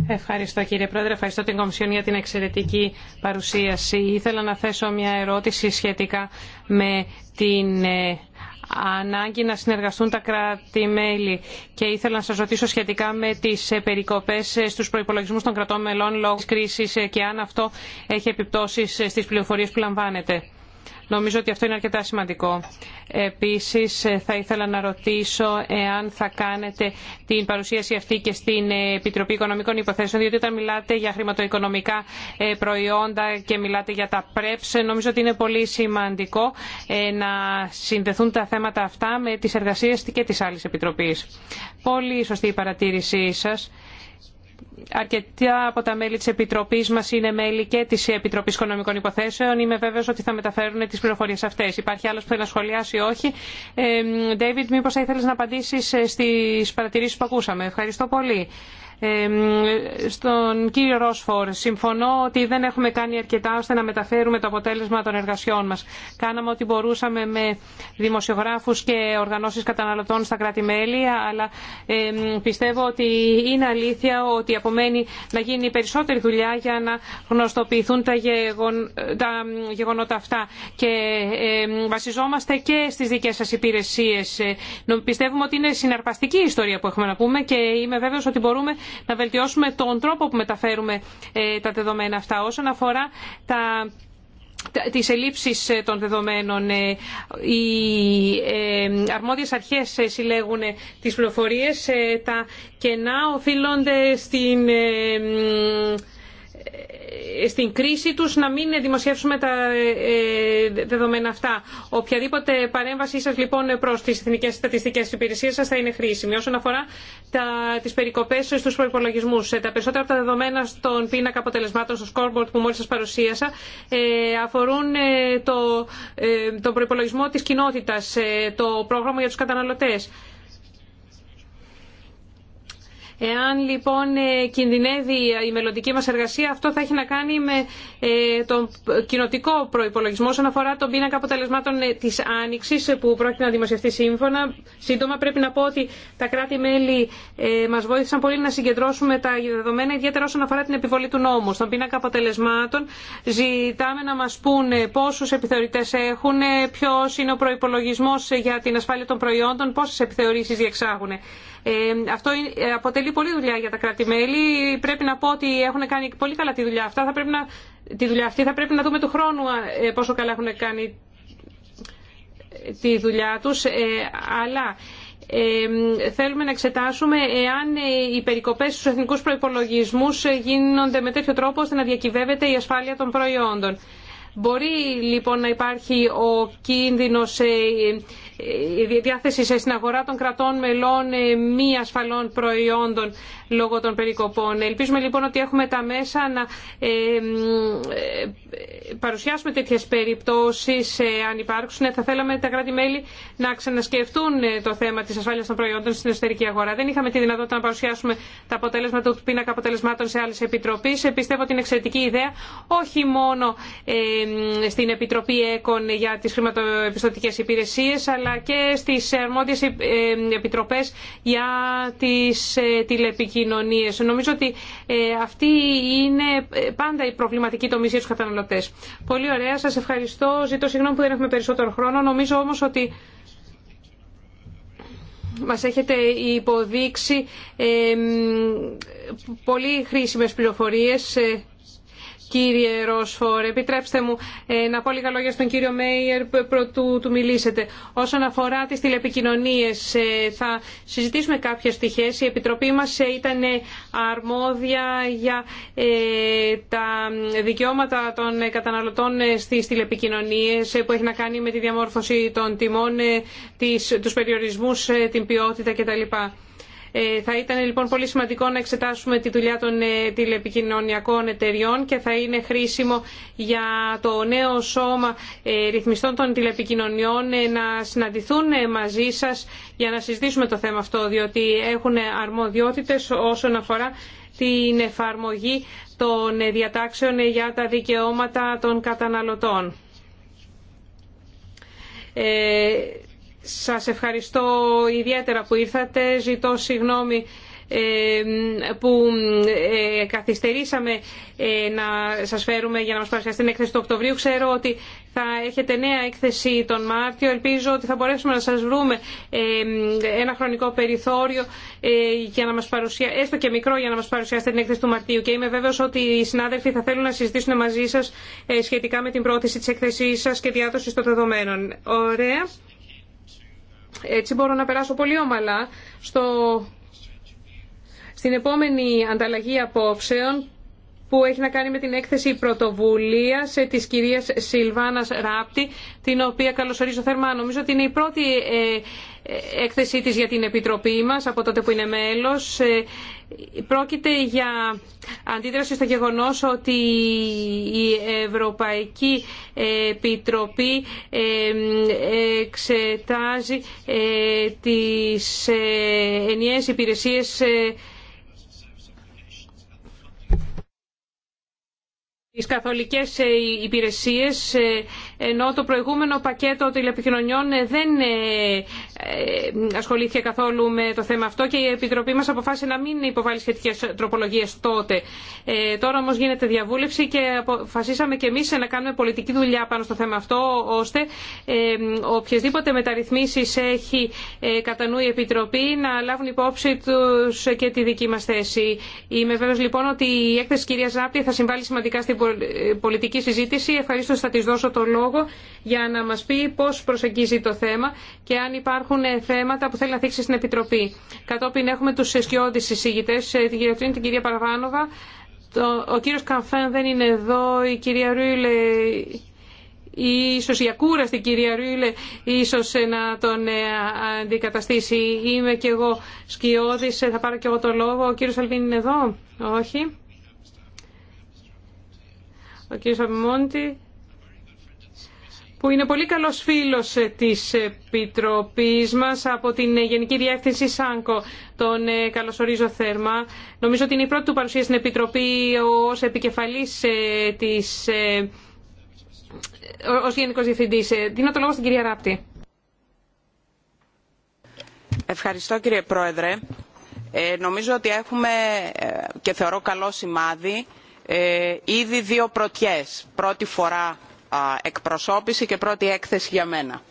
Ευχαριστώ κύριε Πρόεδρε, ευχαριστώ την Κομισιόν για την εξαιρετική παρουσίαση. Ήθελα να θέσω μια ερώτηση σχετικά με την ε, ανάγκη να συνεργαστούν τα κράτη-μέλη και ήθελα να σα ρωτήσω σχετικά με τι ε, περικοπέ ε, στου προπολογισμού των κρατών μελών λόγω τη κρίση, ε, και αν αυτό έχει επιπτώσει στι πληροφορίε που λαμβάνετε. Νομίζω ότι αυτό είναι αρκετά σημαντικό. Επίσης, ε, θα ήθελα να ρωτήσω εάν θα κάνετε την παρουσίαση αυτή και στην ε, Επιτροπή Οικονομικών Υποθέσεων, διότι όταν μιλάτε για χρηματοοικονομικά ε, προϊόντα και μιλάτε για τα ΠΡΕΠΣ, νομίζω ότι είναι πολύ σημαντικό να συνδεθούν τα θέματα αυτά με τις εργασίες και της άλλης Επιτροπής. Πολύ σωστή η παρατήρησή σας αρκετά από τα μέλη της Επιτροπής μας είναι μέλη και της Επιτροπής Οικονομικών Υποθέσεων. Είμαι βέβαιος ότι θα μεταφέρουν τις πληροφορίες αυτές. Υπάρχει άλλος που θέλει να σχολιάσει ή όχι. Ντέιβιντ, ε, μήπως θα ήθελες να απαντήσεις ε, στις παρατηρήσεις που ακούσαμε. Ευχαριστώ πολύ στον κύριο Ρόσφορ, συμφωνώ ότι δεν έχουμε κάνει αρκετά ώστε να μεταφέρουμε το αποτέλεσμα των εργασιών μας. Κάναμε ό,τι μπορούσαμε με δημοσιογράφους και οργανώσεις καταναλωτών στα κράτη-μέλη, αλλά πιστεύω ότι είναι αλήθεια ότι απομένει να γίνει περισσότερη δουλειά για να γνωστοποιηθούν τα, γεγονότα αυτά. Και βασιζόμαστε και στις δικές σας υπηρεσίες. Ε, πιστεύουμε ότι είναι συναρπαστική η ιστορία που έχουμε να πούμε και είμαι βέβαιος ότι μπορούμε να βελτιώσουμε τον τρόπο που μεταφέρουμε ε, τα δεδομένα αυτά. Όσον αφορά τα τις ελλείψεις ε, των δεδομένων. Ε, οι αρμόδιες αρχές συλλέγουν τις πληροφορίες, τα κενά οφείλονται στην στην κρίση τους να μην δημοσιεύσουμε τα ε, ε, δεδομένα αυτά. Οποιαδήποτε παρέμβασή σας λοιπόν προς τις Εθνικές Στατιστικές Υπηρεσίες σας θα είναι χρήσιμη. Όσον αφορά τα, τις περικοπές στους προϋπολογισμούς, ε, τα περισσότερα από τα δεδομένα στον πίνακα αποτελεσμάτων, στο scoreboard που μόλις σας παρουσίασα, αφορούν το, τον προϋπολογισμό της κοινότητας, το πρόγραμμα για τους καταναλωτές. Εάν λοιπόν ε, κινδυνεύει η μελλοντική μας εργασία, αυτό θα έχει να κάνει με ε, τον κοινοτικό προϋπολογισμό όσον αφορά τον πίνακα αποτελεσμάτων ε, της Άνοιξης που πρόκειται να δημοσιευτεί σύμφωνα. Σύντομα πρέπει να πω ότι τα κράτη-μέλη μας βοήθησαν πολύ να συγκεντρώσουμε τα δεδομένα, ιδιαίτερα όσον αφορά την επιβολή του νόμου. Στον πίνακα αποτελεσμάτων ζητάμε να μας πούνε πόσους επιθεωρητές έχουν, ποιος είναι ο προϋπολογισμός για την ασφάλεια των προϊόντων, πόσες επιθεωρήσεις διεξάγουν. Ε, αυτό ε, αποτελεί πολλή δουλειά για τα κράτη-μέλη. Πρέπει να πω ότι έχουν κάνει πολύ καλά τη δουλειά, αυτά. Θα πρέπει να, τη δουλειά αυτή. Θα πρέπει να δούμε του χρόνου ε, πόσο καλά έχουν κάνει τη δουλειά τους, αλλά θέλουμε να εξετάσουμε εάν οι περικοπές στους εθνικούς προϋπολογισμούς γίνονται με τέτοιο τρόπο ώστε να διακυβεύεται η ασφάλεια των προϊόντων. Μπορεί λοιπόν να υπάρχει ο κίνδυνος η διάθεση στην αγορά των κρατών μελών ε, μη ασφαλών προϊόντων λόγω των περικοπών. Ελπίζουμε λοιπόν ότι έχουμε τα μέσα να ε, ε, παρουσιάσουμε τέτοιες περιπτώσεις αν υπάρξουν. Θα θέλαμε τα κράτη-μέλη να ξανασκεφτούν το θέμα της ασφάλειας των προϊόντων στην εσωτερική αγορά. Δεν είχαμε τη δυνατότητα να παρουσιάσουμε τα αποτέλεσματα του πίνακα αποτελεσμάτων σε άλλες επιτροπές. Πιστεύω ότι είναι εξαιρετική ιδέα όχι μόνο στην Επιτροπή ΕΚΟΝ για τις χρηματοεπιστωτικέ υπηρεσίες αλλά και στις αρμόδιε ε, επιτροπές για τις ε, τηλεπικοινωνίες. Νομίζω ότι ε, αυτή είναι πάντα η προβληματική τομή για του καταναλωτές. Πολύ ωραία, σας ευχαριστώ. Ζητώ συγγνώμη που δεν έχουμε περισσότερο χρόνο. Νομίζω όμως ότι μας έχετε υποδείξει πολύ χρήσιμες πληροφορίες Κύριε Ροσφόρ, επιτρέψτε μου ε, να πω λίγα λόγια στον κύριο Μέιερ πρωτού του μιλήσετε. Όσον αφορά τις τηλεπικοινωνίες, ε, θα συζητήσουμε κάποιες στοιχές. Η Επιτροπή μας ε, ήταν αρμόδια για τα δικαιώματα των καταναλωτών στις τηλεπικοινωνίες που έχει να κάνει με τη διαμόρφωση των τιμών, τους περιορισμούς, την ποιότητα κτλ. Ε, θα ήταν λοιπόν πολύ σημαντικό να εξετάσουμε τη δουλειά των ε, τηλεπικοινωνιακών εταιριών και θα είναι χρήσιμο για το νέο σώμα ε, ρυθμιστών των τηλεπικοινωνιών να συναντηθούν μαζί σας για να συζητήσουμε το θέμα αυτό, διότι έχουν αρμοδιότητες όσον αφορά την εφαρμογή των διατάξεων για τα δικαιώματα των καταναλωτών. Σας ευχαριστώ ιδιαίτερα που ήρθατε. Ζητώ συγγνώμη ε, που ε, καθυστερήσαμε ε, να σας φέρουμε για να μας παρουσιάσετε την έκθεση του Οκτωβρίου. Ξέρω ότι θα έχετε νέα έκθεση τον Μάρτιο. Ελπίζω ότι θα μπορέσουμε να σας βρούμε ένα χρονικό περιθώριο για να μας παρουσια... έστω και μικρό για να μας παρουσιάσετε την έκθεση του Μαρτίου. Και είμαι βέβαιος ότι οι συνάδελφοι θα θέλουν να συζητήσουν μαζί σας σχετικά με την πρόθεση της έκθεσής σας και διάδοση των δεδομένων. Ωραία. Έτσι μπορώ να περάσω πολύ ομαλά στο... στην επόμενη ανταλλαγή απόψεων που έχει να κάνει με την έκθεση πρωτοβουλία τη κυρίας Σιλβάνα Ράπτη, την οποία καλωσορίζω θερμά. Νομίζω ότι είναι η πρώτη ε, ε, έκθεσή της για την Επιτροπή μας από τότε που είναι μέλος. Ε, Πρόκειται για αντίδραση στο γεγονός ότι η Ευρωπαϊκή Επιτροπή εξετάζει ε, τις ε, ενιαίες υπηρεσίες ε, τις καθολικές ε, υπηρεσίες ε, ενώ το προηγούμενο πακέτο τηλεπικοινωνιών ε, δεν ασχολήθηκε καθόλου με το θέμα αυτό και η Επιτροπή μας αποφάσισε να μην υποβάλει σχετικές τροπολογίες τότε. Τώρα όμως γίνεται διαβούλευση και αποφασίσαμε και εμείς να κάνουμε πολιτική δουλειά πάνω στο θέμα αυτό ώστε οποιασδήποτε μεταρρυθμίσεις έχει κατά νου η Επιτροπή να λάβουν υπόψη τους και τη δική μας θέση. Είμαι βέβαιος λοιπόν ότι η έκθεση κυρίας Ζάπη θα συμβάλει σημαντικά στην πολιτική συζήτηση. Ευχαριστώ θα της δώσω το λόγο για να μας πει πώς προσεγγίζει το θέμα και αν υπάρχουν ε, θέματα που θέλει να θίξει στην Επιτροπή. Κατόπιν έχουμε τους σκιώδεις συζήτητες, ε, την κυρία Τρίν, την κυρία Παραβάνοβα. Ο κύριος Καμφέν δεν είναι εδώ, η κυρία Ρούλε ίσως η ακούραστη κυρία Ρούιλε ίσως ε, να τον αντικαταστήσει. Είμαι και εγώ σκιώδης, θα πάρω και εγώ το λόγο. Ο κύριος Αλβίν είναι εδώ, όχι ο κ. που είναι πολύ καλός φίλος ε, της Επιτροπής μας από την ε, Γενική Διεύθυνση ΣΑΝΚΟ. Τον ε, καλωσορίζω θερμά. Νομίζω ότι είναι η πρώτη του παρουσία στην Επιτροπή ως επικεφαλής της ως Γενικός Διευθυντής. Δίνω το λόγο στην κυρία Ράπτη. Ευχαριστώ κύριε Πρόεδρε. νομίζω ότι έχουμε και θεωρώ καλό σημάδι ε, ήδη δύο πρωτιές πρώτη φορά εκπροσώπηση και πρώτη έκθεση για μένα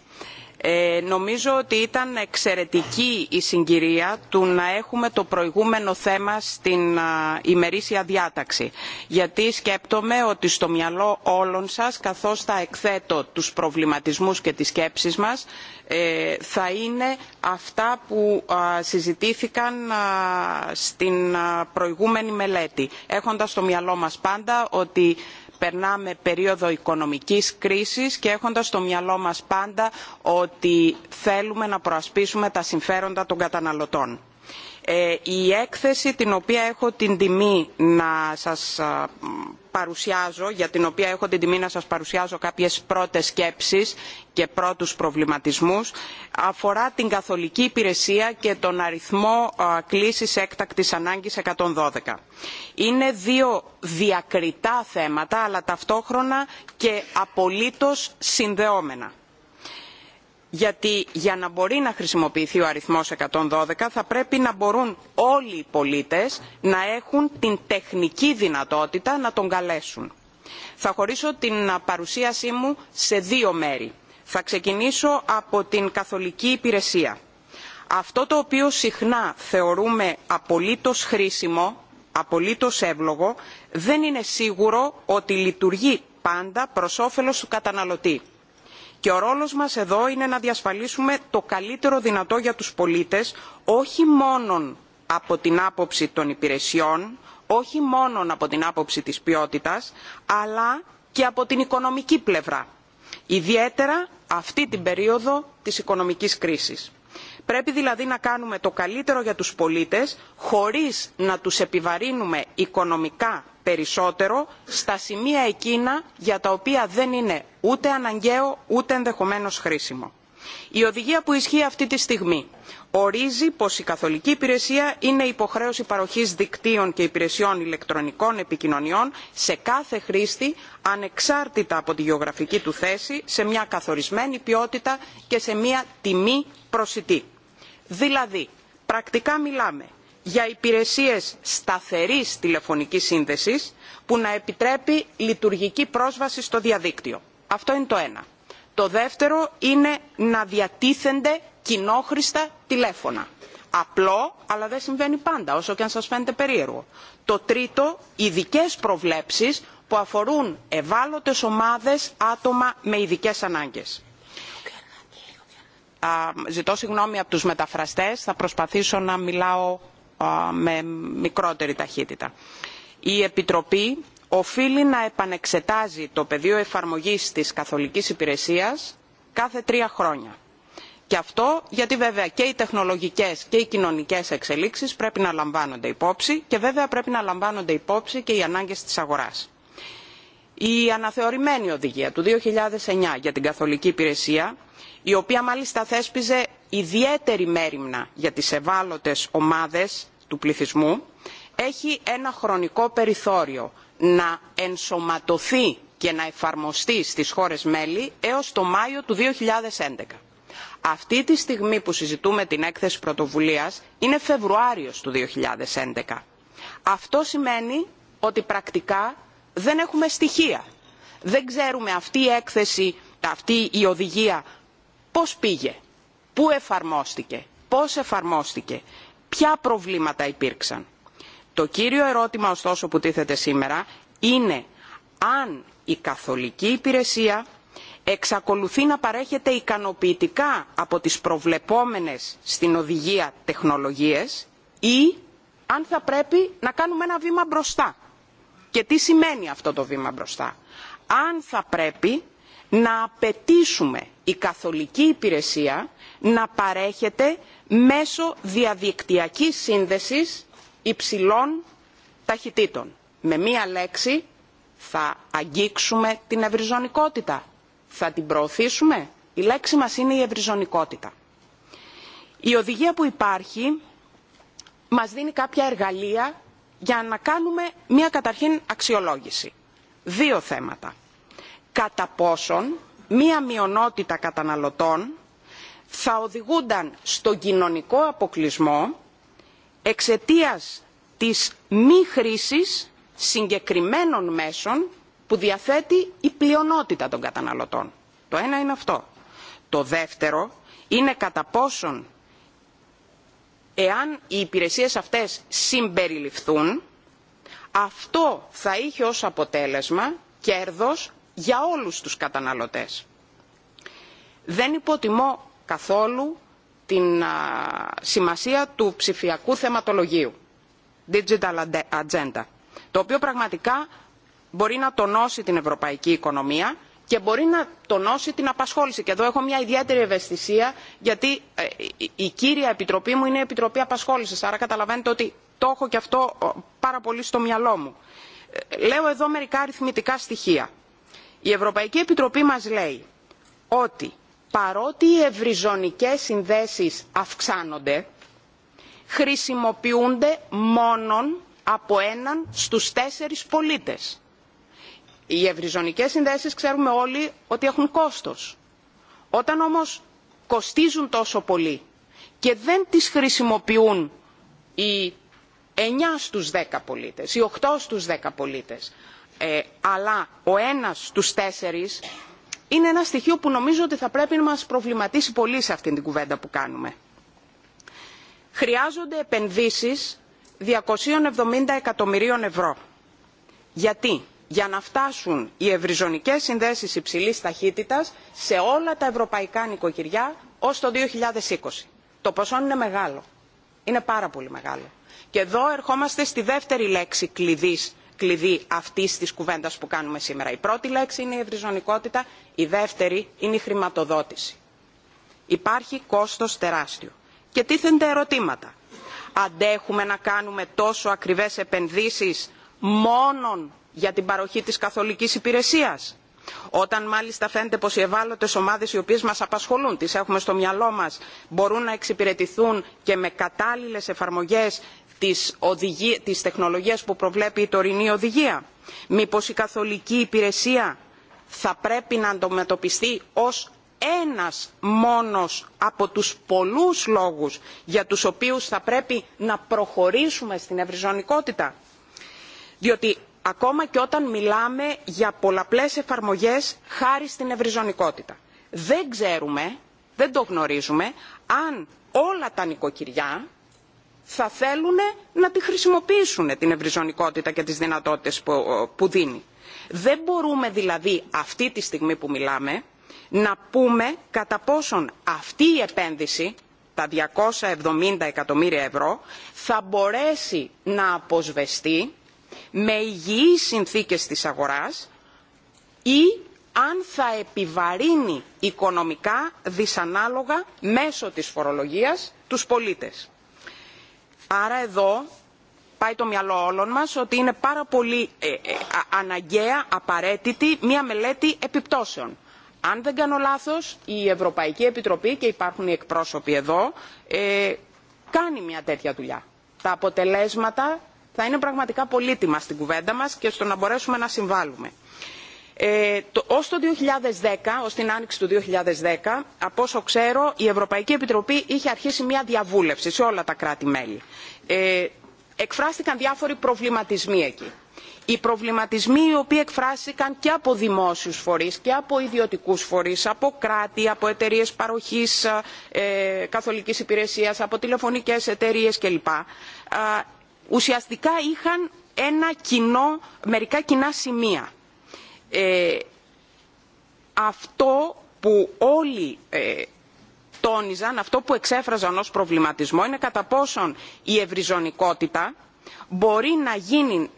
ε, νομίζω ότι ήταν εξαιρετική η συγκυρία του να έχουμε το προηγούμενο θέμα στην ημερήσια διάταξη γιατί σκέπτομαι ότι στο μυαλό όλων σας καθώς θα εκθέτω τους προβληματισμούς και τις σκέψεις μας ε, θα είναι αυτά που συζητήθηκαν στην προηγούμενη μελέτη έχοντας στο μυαλό μας πάντα ότι περνάμε περίοδο οικονομικής κρίσης και έχοντας στο μυαλό μας πάντα ότι θέλουμε να προασπίσουμε τα συμφέροντα των καταναλωτών. Ε, η έκθεση την οποία έχω την τιμή να σας παρουσιάζω για την οποία έχω την τιμή να σας παρουσιάζω κάποιες πρώτες σκέψεις και πρώτους προβληματισμούς αφορά την καθολική υπηρεσία και τον αριθμό κλήσης έκτακτης ανάγκης 112. Είναι δύο διακριτά θέματα αλλά ταυτόχρονα και απολύτως συνδεόμενα γιατί για να μπορεί να χρησιμοποιηθεί ο αριθμός 112 θα πρέπει να μπορούν όλοι οι πολίτες να έχουν την τεχνική δυνατότητα να τον καλέσουν. Θα χωρίσω την παρουσίασή μου σε δύο μέρη. Θα ξεκινήσω από την καθολική υπηρεσία. Αυτό το οποίο συχνά θεωρούμε απολύτως χρήσιμο, απολύτως εύλογο, δεν είναι σίγουρο ότι λειτουργεί πάντα προς όφελος του καταναλωτή και ο ρόλος μας εδώ είναι να διασφαλίσουμε το καλύτερο δυνατό για τους πολίτες όχι μόνο από την άποψη των υπηρεσιών όχι μόνο από την άποψη της ποιότητας αλλά και από την οικονομική πλευρά ιδιαίτερα αυτή την περίοδο της οικονομικής κρίσης. Πρέπει δηλαδή να κάνουμε το καλύτερο για τους πολίτες χωρίς να τους επιβαρύνουμε οικονομικά περισσότερο στα σημεία εκείνα για τα οποία δεν είναι ούτε αναγκαίο ούτε ενδεχομένω χρήσιμο. Η οδηγία που ισχύει αυτή τη στιγμή ορίζει πως η καθολική υπηρεσία είναι υποχρέωση παροχής δικτύων και υπηρεσιών ηλεκτρονικών επικοινωνιών σε κάθε χρήστη ανεξάρτητα από τη γεωγραφική του θέση σε μια καθορισμένη ποιότητα και σε μια τιμή προσιτή. Δηλαδή, πρακτικά μιλάμε για υπηρεσίες σταθερής τηλεφωνικής σύνδεσης που να επιτρέπει λειτουργική πρόσβαση στο διαδίκτυο. Αυτό είναι το ένα. Το δεύτερο είναι να διατίθενται κοινόχρηστα τηλέφωνα. Απλό, αλλά δεν συμβαίνει πάντα, όσο και αν σας φαίνεται περίεργο. Το τρίτο, ειδικέ προβλέψεις που αφορούν ευάλωτες ομάδες άτομα με ειδικέ ανάγκες. ζητώ συγγνώμη από τους μεταφραστές, θα προσπαθήσω να μιλάω με μικρότερη ταχύτητα. Η Επιτροπή οφείλει να επανεξετάζει το πεδίο εφαρμογής της καθολικής υπηρεσίας κάθε τρία χρόνια. Και αυτό γιατί βέβαια και οι τεχνολογικές και οι κοινωνικές εξελίξεις πρέπει να λαμβάνονται υπόψη και βέβαια πρέπει να λαμβάνονται υπόψη και οι ανάγκες της αγοράς. Η αναθεωρημένη οδηγία του 2009 για την καθολική υπηρεσία, η οποία μάλιστα θέσπιζε ιδιαίτερη μέρημνα για τις ευάλωτες ομάδες του πληθυσμού έχει ένα χρονικό περιθώριο να ενσωματωθεί και να εφαρμοστεί στις χώρες μέλη έως το Μάιο του 2011. Αυτή τη στιγμή που συζητούμε την έκθεση πρωτοβουλίας είναι Φεβρουάριος του 2011. Αυτό σημαίνει ότι πρακτικά δεν έχουμε στοιχεία. Δεν ξέρουμε αυτή η έκθεση, αυτή η οδηγία πώς πήγε, πού εφαρμόστηκε, πώς εφαρμόστηκε ποια προβλήματα υπήρξαν. Το κύριο ερώτημα ωστόσο που τίθεται σήμερα είναι αν η καθολική υπηρεσία εξακολουθεί να παρέχεται ικανοποιητικά από τις προβλεπόμενες στην οδηγία τεχνολογίες ή αν θα πρέπει να κάνουμε ένα βήμα μπροστά. Και τι σημαίνει αυτό το βήμα μπροστά. Αν θα πρέπει να απαιτήσουμε η καθολική υπηρεσία να παρέχεται μέσω διαδικτυακής σύνδεσης υψηλών ταχυτήτων. Με μία λέξη θα αγγίξουμε την ευρυζωνικότητα. Θα την προωθήσουμε. Η λέξη μας είναι η ευρυζωνικότητα. Η οδηγία που υπάρχει μας δίνει κάποια εργαλεία για να κάνουμε μία καταρχήν αξιολόγηση. Δύο θέματα. Κατά πόσον μία μειονότητα καταναλωτών θα οδηγούνταν στον κοινωνικό αποκλεισμό εξαιτίας της μη χρήσης συγκεκριμένων μέσων που διαθέτει η πλειονότητα των καταναλωτών. Το ένα είναι αυτό. Το δεύτερο είναι κατά πόσον εάν οι υπηρεσίες αυτές συμπεριληφθούν αυτό θα είχε ως αποτέλεσμα κέρδος για όλους τους καταναλωτές. Δεν υποτιμώ καθόλου την σημασία του ψηφιακού θεματολογίου, digital agenda, το οποίο πραγματικά μπορεί να τονώσει την ευρωπαϊκή οικονομία και μπορεί να τονώσει την απασχόληση. Και εδώ έχω μια ιδιαίτερη ευαισθησία γιατί ε, η κύρια επιτροπή μου είναι η Επιτροπή Απασχόλησης. Άρα καταλαβαίνετε ότι το έχω και αυτό πάρα πολύ στο μυαλό μου. Ε, λέω εδώ μερικά αριθμητικά στοιχεία. Η Ευρωπαϊκή Επιτροπή μας λέει ότι παρότι οι ευρυζωνικές συνδέσεις αυξάνονται, χρησιμοποιούνται μόνον από έναν στους τέσσερις πολίτες. Οι ευρυζωνικές συνδέσεις ξέρουμε όλοι ότι έχουν κόστος. Όταν όμως κοστίζουν τόσο πολύ και δεν τις χρησιμοποιούν οι 9 στους 10 πολίτες, οι 8 στους 10 πολίτες, ε, αλλά ο ένας στους τέσσερις είναι ένα στοιχείο που νομίζω ότι θα πρέπει να μας προβληματίσει πολύ σε αυτήν την κουβέντα που κάνουμε. Χρειάζονται επενδύσεις 270 εκατομμυρίων ευρώ. Γιατί? Για να φτάσουν οι ευρυζωνικές συνδέσεις υψηλής ταχύτητας σε όλα τα ευρωπαϊκά νοικοκυριά ως το 2020. Το ποσό είναι μεγάλο. Είναι πάρα πολύ μεγάλο. Και εδώ ερχόμαστε στη δεύτερη λέξη κλειδί κλειδί αυτής της κουβέντας που κάνουμε σήμερα. Η πρώτη λέξη είναι η ευρυζωνικότητα, η δεύτερη είναι η χρηματοδότηση. Υπάρχει κόστος τεράστιο. Και τίθενται ερωτήματα. Αντέχουμε να κάνουμε τόσο ακριβέ επενδύσει μόνον για την παροχή τη καθολική υπηρεσία. Όταν μάλιστα φαίνεται πως οι ευάλωτες ομάδες οι οποίες μας απασχολούν, τις έχουμε στο μυαλό μας, μπορούν να εξυπηρετηθούν και με κατάλληλες εφαρμογές της, τεχνολογίας που προβλέπει η τωρινή οδηγία. Μήπως η καθολική υπηρεσία θα πρέπει να αντιμετωπιστεί ως ένας μόνος από τους πολλούς λόγους για τους οποίους θα πρέπει να προχωρήσουμε στην ευρυζωνικότητα. Διότι ακόμα και όταν μιλάμε για πολλαπλές εφαρμογές χάρη στην ευρυζωνικότητα. Δεν ξέρουμε, δεν το γνωρίζουμε, αν όλα τα νοικοκυριά θα θέλουν να τη χρησιμοποιήσουν την ευρυζωνικότητα και τις δυνατότητες που δίνει. Δεν μπορούμε δηλαδή αυτή τη στιγμή που μιλάμε να πούμε κατά πόσον αυτή η επένδυση, τα 270 εκατομμύρια ευρώ, θα μπορέσει να αποσβεστεί με υγιείς συνθήκες της αγοράς ή αν θα επιβαρύνει οικονομικά δυσανάλογα μέσω της φορολογίας τους πολίτες. Άρα εδώ πάει το μυαλό όλων μας ότι είναι πάρα πολύ ε, ε, αναγκαία, απαραίτητη μια μελέτη επιπτώσεων. Αν δεν κάνω λάθος, η Ευρωπαϊκή Επιτροπή και υπάρχουν οι εκπρόσωποι εδώ ε, κάνει μια τέτοια δουλειά. Τα αποτελέσματα θα είναι πραγματικά πολύτιμα στην κουβέντα μας και στο να μπορέσουμε να συμβάλλουμε. Ε, το, ως το 2010, ως την άνοιξη του 2010, από όσο ξέρω, η Ευρωπαϊκή Επιτροπή είχε αρχίσει μια διαβούλευση σε όλα τα κράτη-μέλη. Ε, εκφράστηκαν διάφοροι προβληματισμοί εκεί. Οι προβληματισμοί οι οποίοι εκφράστηκαν και από δημόσιους φορείς και από ιδιωτικούς φορείς, από κράτη, από εταιρείες παροχής ε, καθολικής υπηρεσίας, από τηλεφωνικές εταιρείες κλπ. Ουσιαστικά είχαν ένα κοινό, μερικά κοινά σημεία ε, αυτό που όλοι ε, τόνιζαν, αυτό που εξέφραζαν ως προβληματισμό είναι κατά πόσον η ευρυζωνικότητα μπορεί να, γίνει,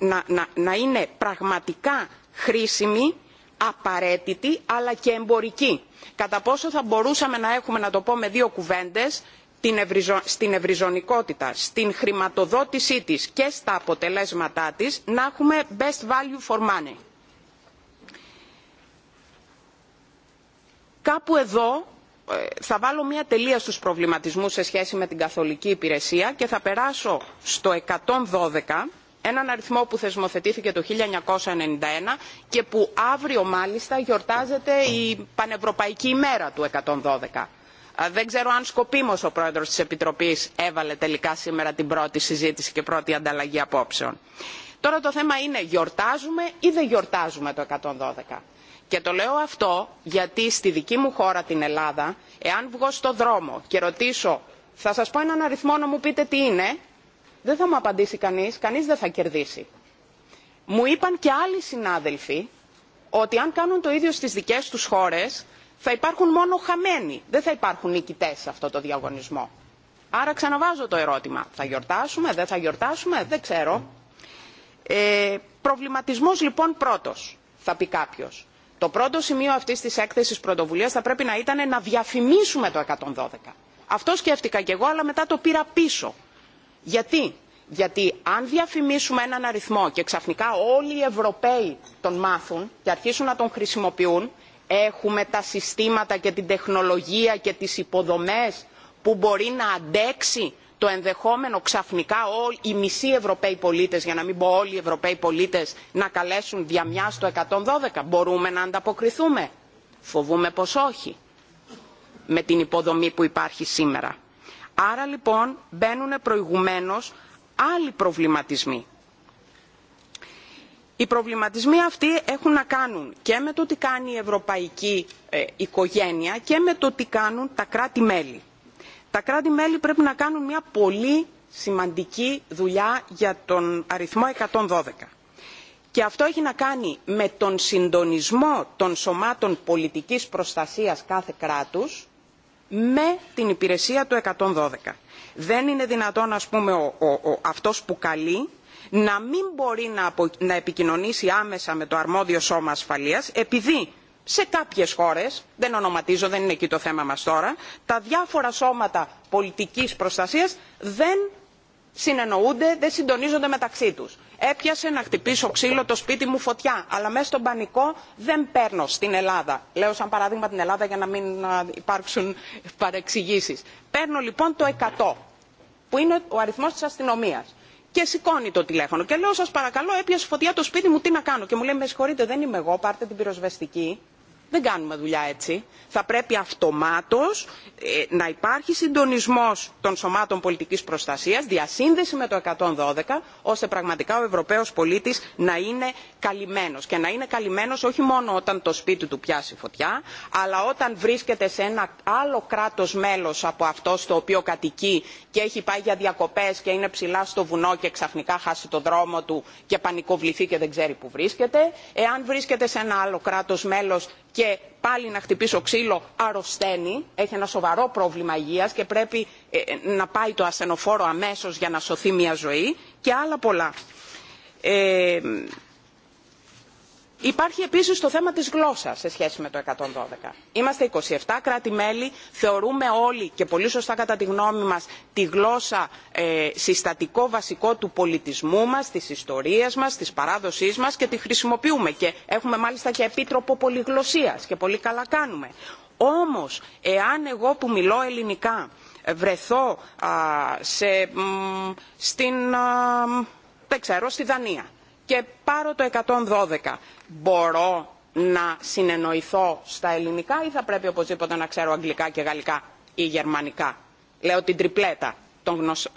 να, είναι πραγματικά χρήσιμη απαραίτητη αλλά και εμπορική. Κατά πόσο θα μπορούσαμε να έχουμε, να το πω με δύο κουβέντες, στην ευρυζωνικότητα, στην χρηματοδότησή της και στα αποτελέσματά της, να έχουμε best value for money. Κάπου εδώ ε, θα βάλω μια τελεία στους προβληματισμούς σε σχέση με την καθολική υπηρεσία και θα περάσω στο 112, έναν αριθμό που θεσμοθετήθηκε το 1991 και που αύριο μάλιστα γιορτάζεται η πανευρωπαϊκή ημέρα του 112. Δεν ξέρω αν σκοπίμως ο πρόεδρος της Επιτροπής έβαλε τελικά σήμερα την πρώτη συζήτηση και πρώτη ανταλλαγή απόψεων. Τώρα το θέμα είναι γιορτάζουμε ή δεν γιορτάζουμε το 112 και το λέω αυτό γιατί στη δική μου χώρα την ελλάδα εάν βγω στο δρόμο και ρωτήσω θα σας πω έναν αριθμό να μου πείτε τι είναι δεν θα μου απαντήσει κανείς κανείς δεν θα κερδίσει. μου είπαν και άλλοι συνάδελφοι ότι αν κάνουν το ίδιο στις δικές τους χώρες θα υπάρχουν μόνο χαμένοι δεν θα υπάρχουν νικητές σε αυτό το διαγωνισμό. άρα ξαναβάζω το ερώτημα θα γιορτάσουμε δεν θα γιορτάσουμε δεν ξέρω. Ε, προβληματισμός λοιπόν πρώτος θα πει κάποιος το πρώτο σημείο αυτής της έκθεσης πρωτοβουλίας θα πρέπει να ήταν να διαφημίσουμε το 112. Αυτό σκέφτηκα κι εγώ, αλλά μετά το πήρα πίσω. Γιατί? Γιατί αν διαφημίσουμε έναν αριθμό και ξαφνικά όλοι οι Ευρωπαίοι τον μάθουν και αρχίσουν να τον χρησιμοποιούν, έχουμε τα συστήματα και την τεχνολογία και τις υποδομές που μπορεί να αντέξει το ενδεχόμενο ξαφνικά οι μισοί ευρωπαίοι πολίτες για να μην πω όλοι οι ευρωπαίοι πολίτες να καλέσουν διαμιά στο 112. Μπορούμε να ανταποκριθούμε. Φοβούμε πως όχι με την υποδομή που υπάρχει σήμερα. Άρα λοιπόν μπαίνουν προηγουμένω άλλοι προβληματισμοί. Οι προβληματισμοί αυτοί έχουν να κάνουν και με το τι κάνει η ευρωπαϊκή ε, οικογένεια και με το τι κάνουν τα κράτη-μέλη τα κράτη μέλη πρέπει να κάνουν μια πολύ σημαντική δουλειά για τον αριθμό 112 και αυτό έχει να κάνει με τον συντονισμό των σωμάτων πολιτικής προστασίας κάθε κράτους με την υπηρεσία του 112. Δεν είναι δυνατόν, ας πούμε, αυτός που καλεί να μην μπορεί να, να επικοινωνήσει άμεσα με το αρμόδιο σώμα ασφαλείας επειδή σε κάποιες χώρες δεν ονοματίζω δεν είναι εκεί το θέμα μας τώρα τα διάφορα σώματα πολιτικής προστασίας δεν συνεννοούνται δεν συντονίζονται μεταξύ τους. έπιασε να χτυπήσω ξύλο το σπίτι μου φωτιά αλλά μέσα στον πανικό δεν παίρνω στην ελλάδα λέω σαν παράδειγμα την ελλάδα για να μην υπάρξουν παρεξηγήσεις παίρνω λοιπόν το 100 που είναι ο αριθμός της αστυνομίας και σηκώνει το τηλέφωνο και λέω σας παρακαλώ έπιασε φωτιά το σπίτι μου τι να κάνω και μου λέει με συγχωρείτε δεν είμαι εγώ πάρτε την πυροσβεστική δεν κάνουμε δουλειά έτσι. Θα πρέπει αυτομάτως ε, να υπάρχει συντονισμός των σωμάτων πολιτικής προστασίας, διασύνδεση με το 112, ώστε πραγματικά ο Ευρωπαίος πολίτης να είναι καλυμμένος και να είναι καλυμμένος όχι μόνο όταν το σπίτι του πιάσει φωτιά αλλά όταν βρίσκεται σε ένα άλλο κράτος μέλος από αυτό στο οποίο κατοικεί και έχει πάει για διακοπές και είναι ψηλά στο βουνό και ξαφνικά χάσει το δρόμο του και πανικοβληθεί και δεν ξέρει που βρίσκεται εάν βρίσκεται σε ένα άλλο κράτος μέλος και πάλι να χτυπήσω ξύλο αρρωσταίνει έχει ένα σοβαρό πρόβλημα υγείας και πρέπει ε, να πάει το ασθενοφόρο αμέσως για να σωθεί μια ζωή και άλλα πολλά. Ε, Υπάρχει επίσης το θέμα της γλώσσας σε σχέση με το 112. Είμαστε 27 κράτη-μέλη, θεωρούμε όλοι και πολύ σωστά κατά τη γνώμη μας τη γλώσσα ε, συστατικό βασικό του πολιτισμού μας, της ιστορίας μας, της παράδοσής μας και τη χρησιμοποιούμε και έχουμε μάλιστα και επίτροπο πολυγλωσσίας και πολύ καλά κάνουμε. Όμω εάν εγώ που μιλώ ελληνικά βρεθώ στην, Δανία και πάρω το 112. Μπορώ να συνεννοηθώ στα ελληνικά ή θα πρέπει οπωσδήποτε να ξέρω αγγλικά και γαλλικά ή γερμανικά. Λέω την τριπλέτα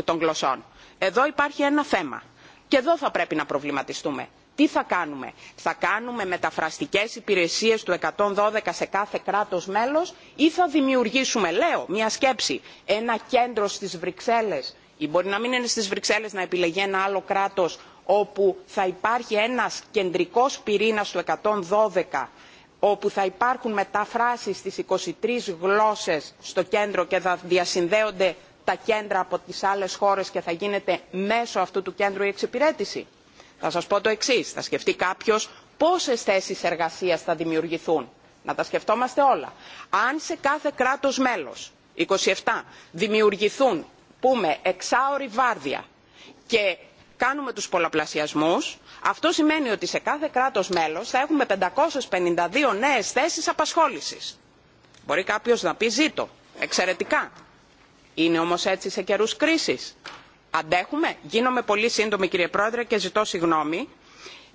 των γλωσσών. Εδώ υπάρχει ένα θέμα. Και εδώ θα πρέπει να προβληματιστούμε. Τι θα κάνουμε. Θα κάνουμε μεταφραστικές υπηρεσίες του 112 σε κάθε κράτος μέλος ή θα δημιουργήσουμε, λέω, μια σκέψη, ένα κέντρο στις Βρυξέλλες ή μπορεί να μην είναι στις Βρυξέλλες να επιλεγεί ένα άλλο κράτος όπου θα υπάρχει ένας κεντρικός πυρήνας του 112 όπου θα υπάρχουν μεταφράσεις στις 23 γλώσσες στο κέντρο και θα διασυνδέονται τα κέντρα από τις άλλες χώρες και θα γίνεται μέσω αυτού του κέντρου η εξυπηρέτηση. Θα σας πω το εξής. Θα σκεφτεί κάποιος πόσες θέσεις εργασίας θα δημιουργηθούν. Να τα σκεφτόμαστε όλα. Αν σε κάθε κράτος μέλος, 27, δημιουργηθούν, πούμε, εξάωρη βάρδια και κάνουμε τους πολλαπλασιασμούς αυτό σημαίνει ότι σε κάθε κράτος μέλος θα έχουμε 552 νέες θέσεις απασχόλησης. Μπορεί κάποιος να πει ζήτω, εξαιρετικά. Είναι όμως έτσι σε καιρούς κρίσης. Αντέχουμε, γίνομαι πολύ σύντομη κύριε Πρόεδρε και ζητώ συγγνώμη.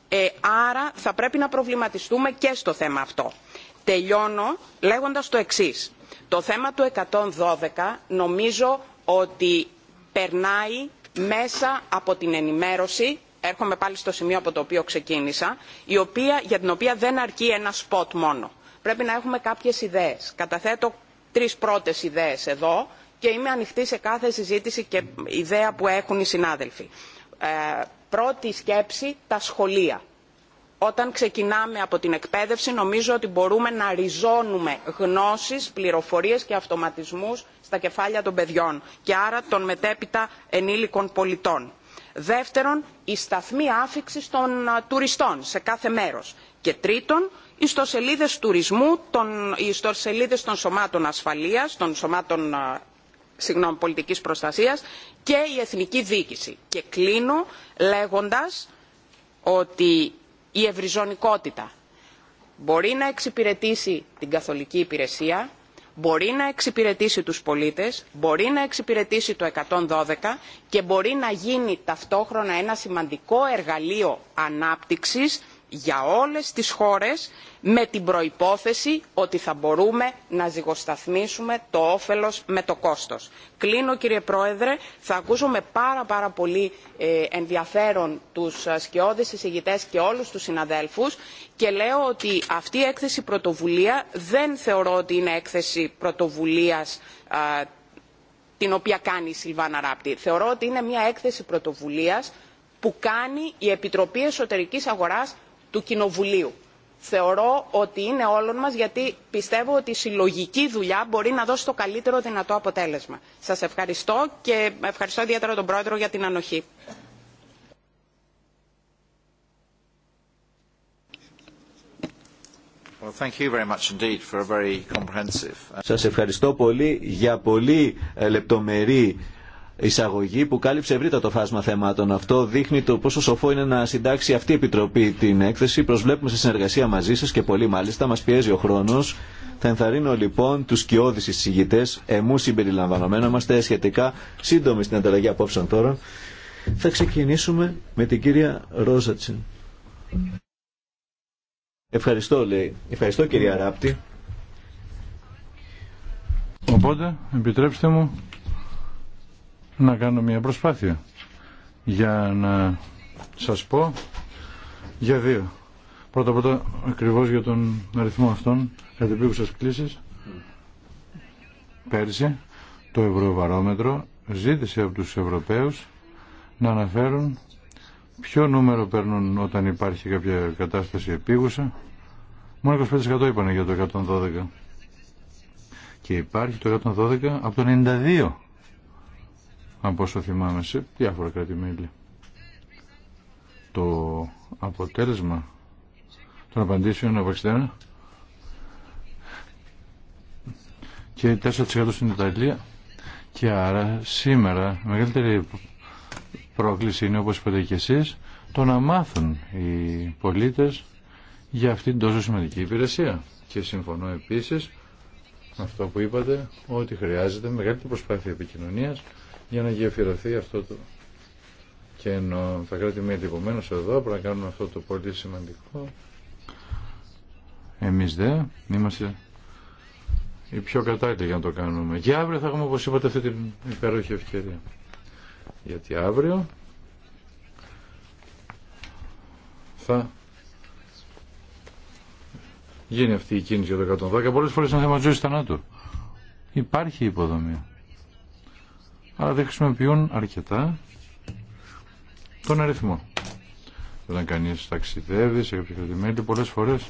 Ε, άρα θα πρέπει να προβληματιστούμε και στο θέμα αυτό. Τελειώνω λέγοντας το εξής. Το θέμα του 112 νομίζω ότι περνάει μέσα από την ενημέρωση έρχομαι πάλι στο σημείο από το οποίο ξεκίνησα η οποία, για την οποία δεν αρκεί ένα σποτ μόνο. πρέπει να έχουμε κάποιες ιδέες. καταθέτω τρεις πρώτες ιδέες εδώ και είμαι ανοιχτή σε κάθε συζήτηση και ιδέα που έχουν οι συνάδελφοι. Ε, πρώτη σκέψη τα σχολεία. Όταν ξεκινάμε από την εκπαίδευση νομίζω ότι μπορούμε να ριζώνουμε γνώσεις, πληροφορίες και αυτοματισμούς τα κεφάλια των παιδιών και άρα των μετέπειτα ενήλικων πολιτών. Δεύτερον, η σταθμή άφηξη των τουριστών σε κάθε μέρος. Και τρίτον, οι ιστοσελίδες τουρισμού, οι ιστοσελίδες των σωμάτων ασφαλείας, των σωμάτων συγγνώμη, πολιτικής προστασίας και η εθνική διοίκηση. Και κλείνω λέγοντας ότι η ευρυζωνικότητα μπορεί να εξυπηρετήσει την καθολική υπηρεσία, μπορεί να εξυπηρετήσει τους πολίτες, μπορεί να εξυπηρετήσει το 112 και μπορεί να γίνει ταυτόχρονα ένα σημαντικό εργαλείο ανάπτυξης για όλες τις χώρες με την προϋπόθεση ότι θα μπορούμε να ζυγοσταθμίσουμε το όφελος με το κόστος. Κλείνω κύριε Πρόεδρε, θα ακούσω με πάρα πάρα πολύ ε, ενδιαφέρον τους ε, σκιώδεις εισηγητές και όλους τους συναδέλφους και λέω ότι αυτή η έκθεση πρωτοβουλία δεν θεωρώ ότι είναι έκθεση πρωτοβουλίας ε, την οποία κάνει η Σιλβάνα Θεωρώ ότι είναι μια έκθεση πρωτοβουλίας που κάνει η Επιτροπή Εσωτερικής Αγοράς του Κοινοβουλίου. Θεωρώ ότι είναι όλων μας γιατί πιστεύω ότι η συλλογική δουλειά μπορεί να δώσει το καλύτερο δυνατό αποτέλεσμα. Σας ευχαριστώ και ευχαριστώ ιδιαίτερα τον Πρόεδρο για την ανοχή. Σας ευχαριστώ πολύ για πολύ ε, λεπτομερή εισαγωγή που κάλυψε ευρύτατο φάσμα θεμάτων. Αυτό δείχνει το πόσο σοφό είναι να συντάξει αυτή η Επιτροπή την έκθεση. Προσβλέπουμε σε συνεργασία μαζί σα και πολύ μάλιστα. Μα πιέζει ο χρόνο. Θα ενθαρρύνω λοιπόν του κοιόδη εισηγητέ, εμού συμπεριλαμβανομένου, είμαστε σχετικά σύντομοι στην ανταλλαγή απόψεων τώρα. Θα ξεκινήσουμε με την κυρία Ρόζατσιν. Ευχαριστώ, λέει. Ευχαριστώ, κυρία Ράπτη. Οπότε, επιτρέψτε μου να κάνω μια προσπάθεια για να σας πω για δύο. Πρώτα πρώτα ακριβώς για τον αριθμό αυτών κατεπίγουσας κλήσεις. Πέρσι το Ευρωβαρόμετρο ζήτησε από τους Ευρωπαίους να αναφέρουν ποιο νούμερο παίρνουν όταν υπάρχει κάποια κατάσταση επίγουσα. Μόνο 25% είπανε για το 112. Και υπάρχει το 112 από το 92 από όσο θυμάμαι σε διάφορα Το αποτέλεσμα των απαντήσεων από 61 και 4% στην Ιταλία και άρα σήμερα μεγαλύτερη πρόκληση είναι όπως είπατε και εσείς το να μάθουν οι πολίτες για αυτήν την τόσο σημαντική υπηρεσία. Και συμφωνώ επίσης με αυτό που είπατε ότι χρειάζεται μεγάλη προσπάθεια επικοινωνίας για να γεφυρωθεί αυτό το και θα θα κράτη εδώ πρέπει να κάνουμε αυτό το πολύ σημαντικό εμείς δε είμαστε οι πιο κατάλληλοι για να το κάνουμε και αύριο θα έχουμε όπως είπατε αυτή την υπέροχη ευκαιρία γιατί αύριο θα γίνει αυτή η κίνηση για το 112. πολλές φορές είναι θέμα ζωής θανάτου υπάρχει υποδομή αλλά δεν χρησιμοποιούν αρκετά τον αριθμό. Όταν κανείς ταξιδεύει σε κάποια κρατημέλη πολλές φορές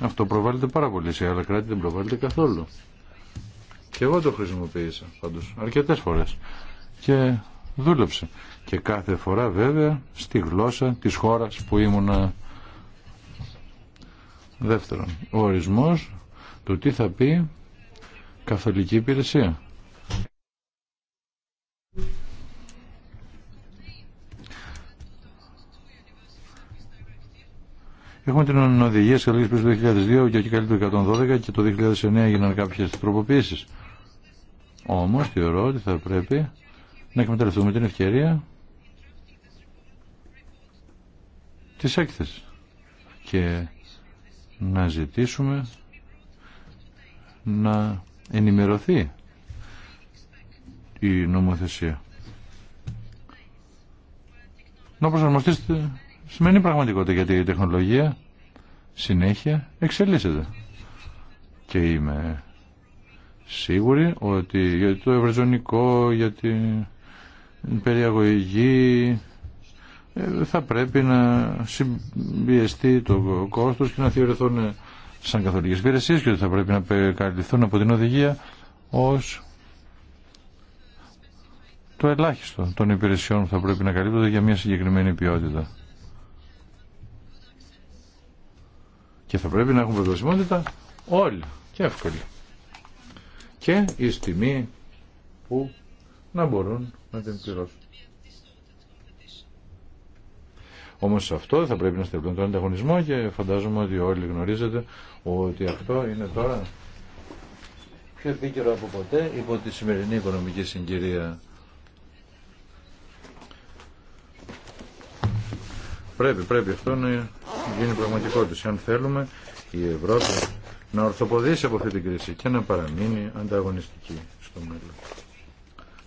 αυτό προβάλλεται πάρα πολύ σε άλλα κράτη δεν προβάλλεται καθόλου. Και εγώ το χρησιμοποίησα πάντως αρκετές φορές και δούλεψε. Και κάθε φορά βέβαια στη γλώσσα της χώρας που ήμουνα δεύτερον. Ο ορισμός του τι θα πει καθολική υπηρεσία. Έχουμε την οδηγία σε λίγες το 2002 και εκεί 112 και το 2009 έγιναν κάποιες τροποποίησεις. Όμως θεωρώ ότι θα πρέπει να εκμεταλλευτούμε την ευκαιρία της έκθεσης και να ζητήσουμε να ενημερωθεί η νομοθεσία. Να προσαρμοστεί σημαίνει πραγματικότητα γιατί η τεχνολογία συνέχεια εξελίσσεται. Και είμαι σίγουρη ότι για το ευρωζωνικό, για την περιαγωγή ε, θα πρέπει να συμπιεστεί το κόστος και να θεωρηθούν σαν καθολικές υπηρεσίες και ότι θα πρέπει να καλυφθούν από την οδηγία ως το ελάχιστο των υπηρεσιών που θα πρέπει να καλύπτονται για μια συγκεκριμένη ποιότητα. Και θα πρέπει να έχουν προσβασιμότητα όλοι και εύκολη. Και η στιγμή που να μπορούν να την πληρώσουν. Όμως αυτό θα πρέπει να στείλουν τον ανταγωνισμό και φαντάζομαι ότι όλοι γνωρίζετε ότι αυτό είναι τώρα πιο επίκαιρο από ποτέ υπό τη σημερινή οικονομική συγκυρία. Πρέπει, πρέπει αυτό να γίνει πραγματικότητα. Αν θέλουμε η Ευρώπη να ορθοποδήσει από αυτή την κρίση και να παραμείνει ανταγωνιστική στο μέλλον.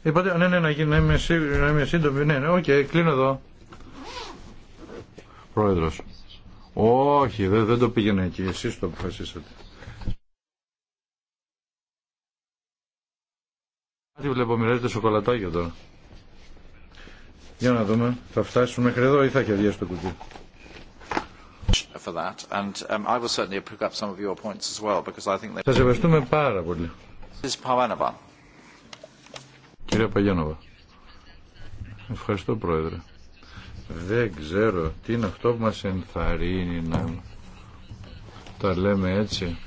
Είπατε, ναι, ναι, να, γίνει, να, είμαι, σύντομη, ναι, ναι, οκ, okay, κλείνω εδώ. Πρόεδρος. Όχι, δεν, δεν το πήγαινα εκεί, εσείς το αποφασίσατε. Κάτι βλέπω, μοιράζεται σοκολατάκια τώρα. Για να δούμε, θα φτάσουν μέχρι εδώ ή θα έχει αδειάσει το κουτί. Σας ευχαριστούμε πάρα πολύ. Κυρία Παγιάνοβα, ευχαριστώ Πρόεδρε. Δεν ξέρω τι είναι αυτό που μας ενθαρρύνει να τα λέμε έτσι.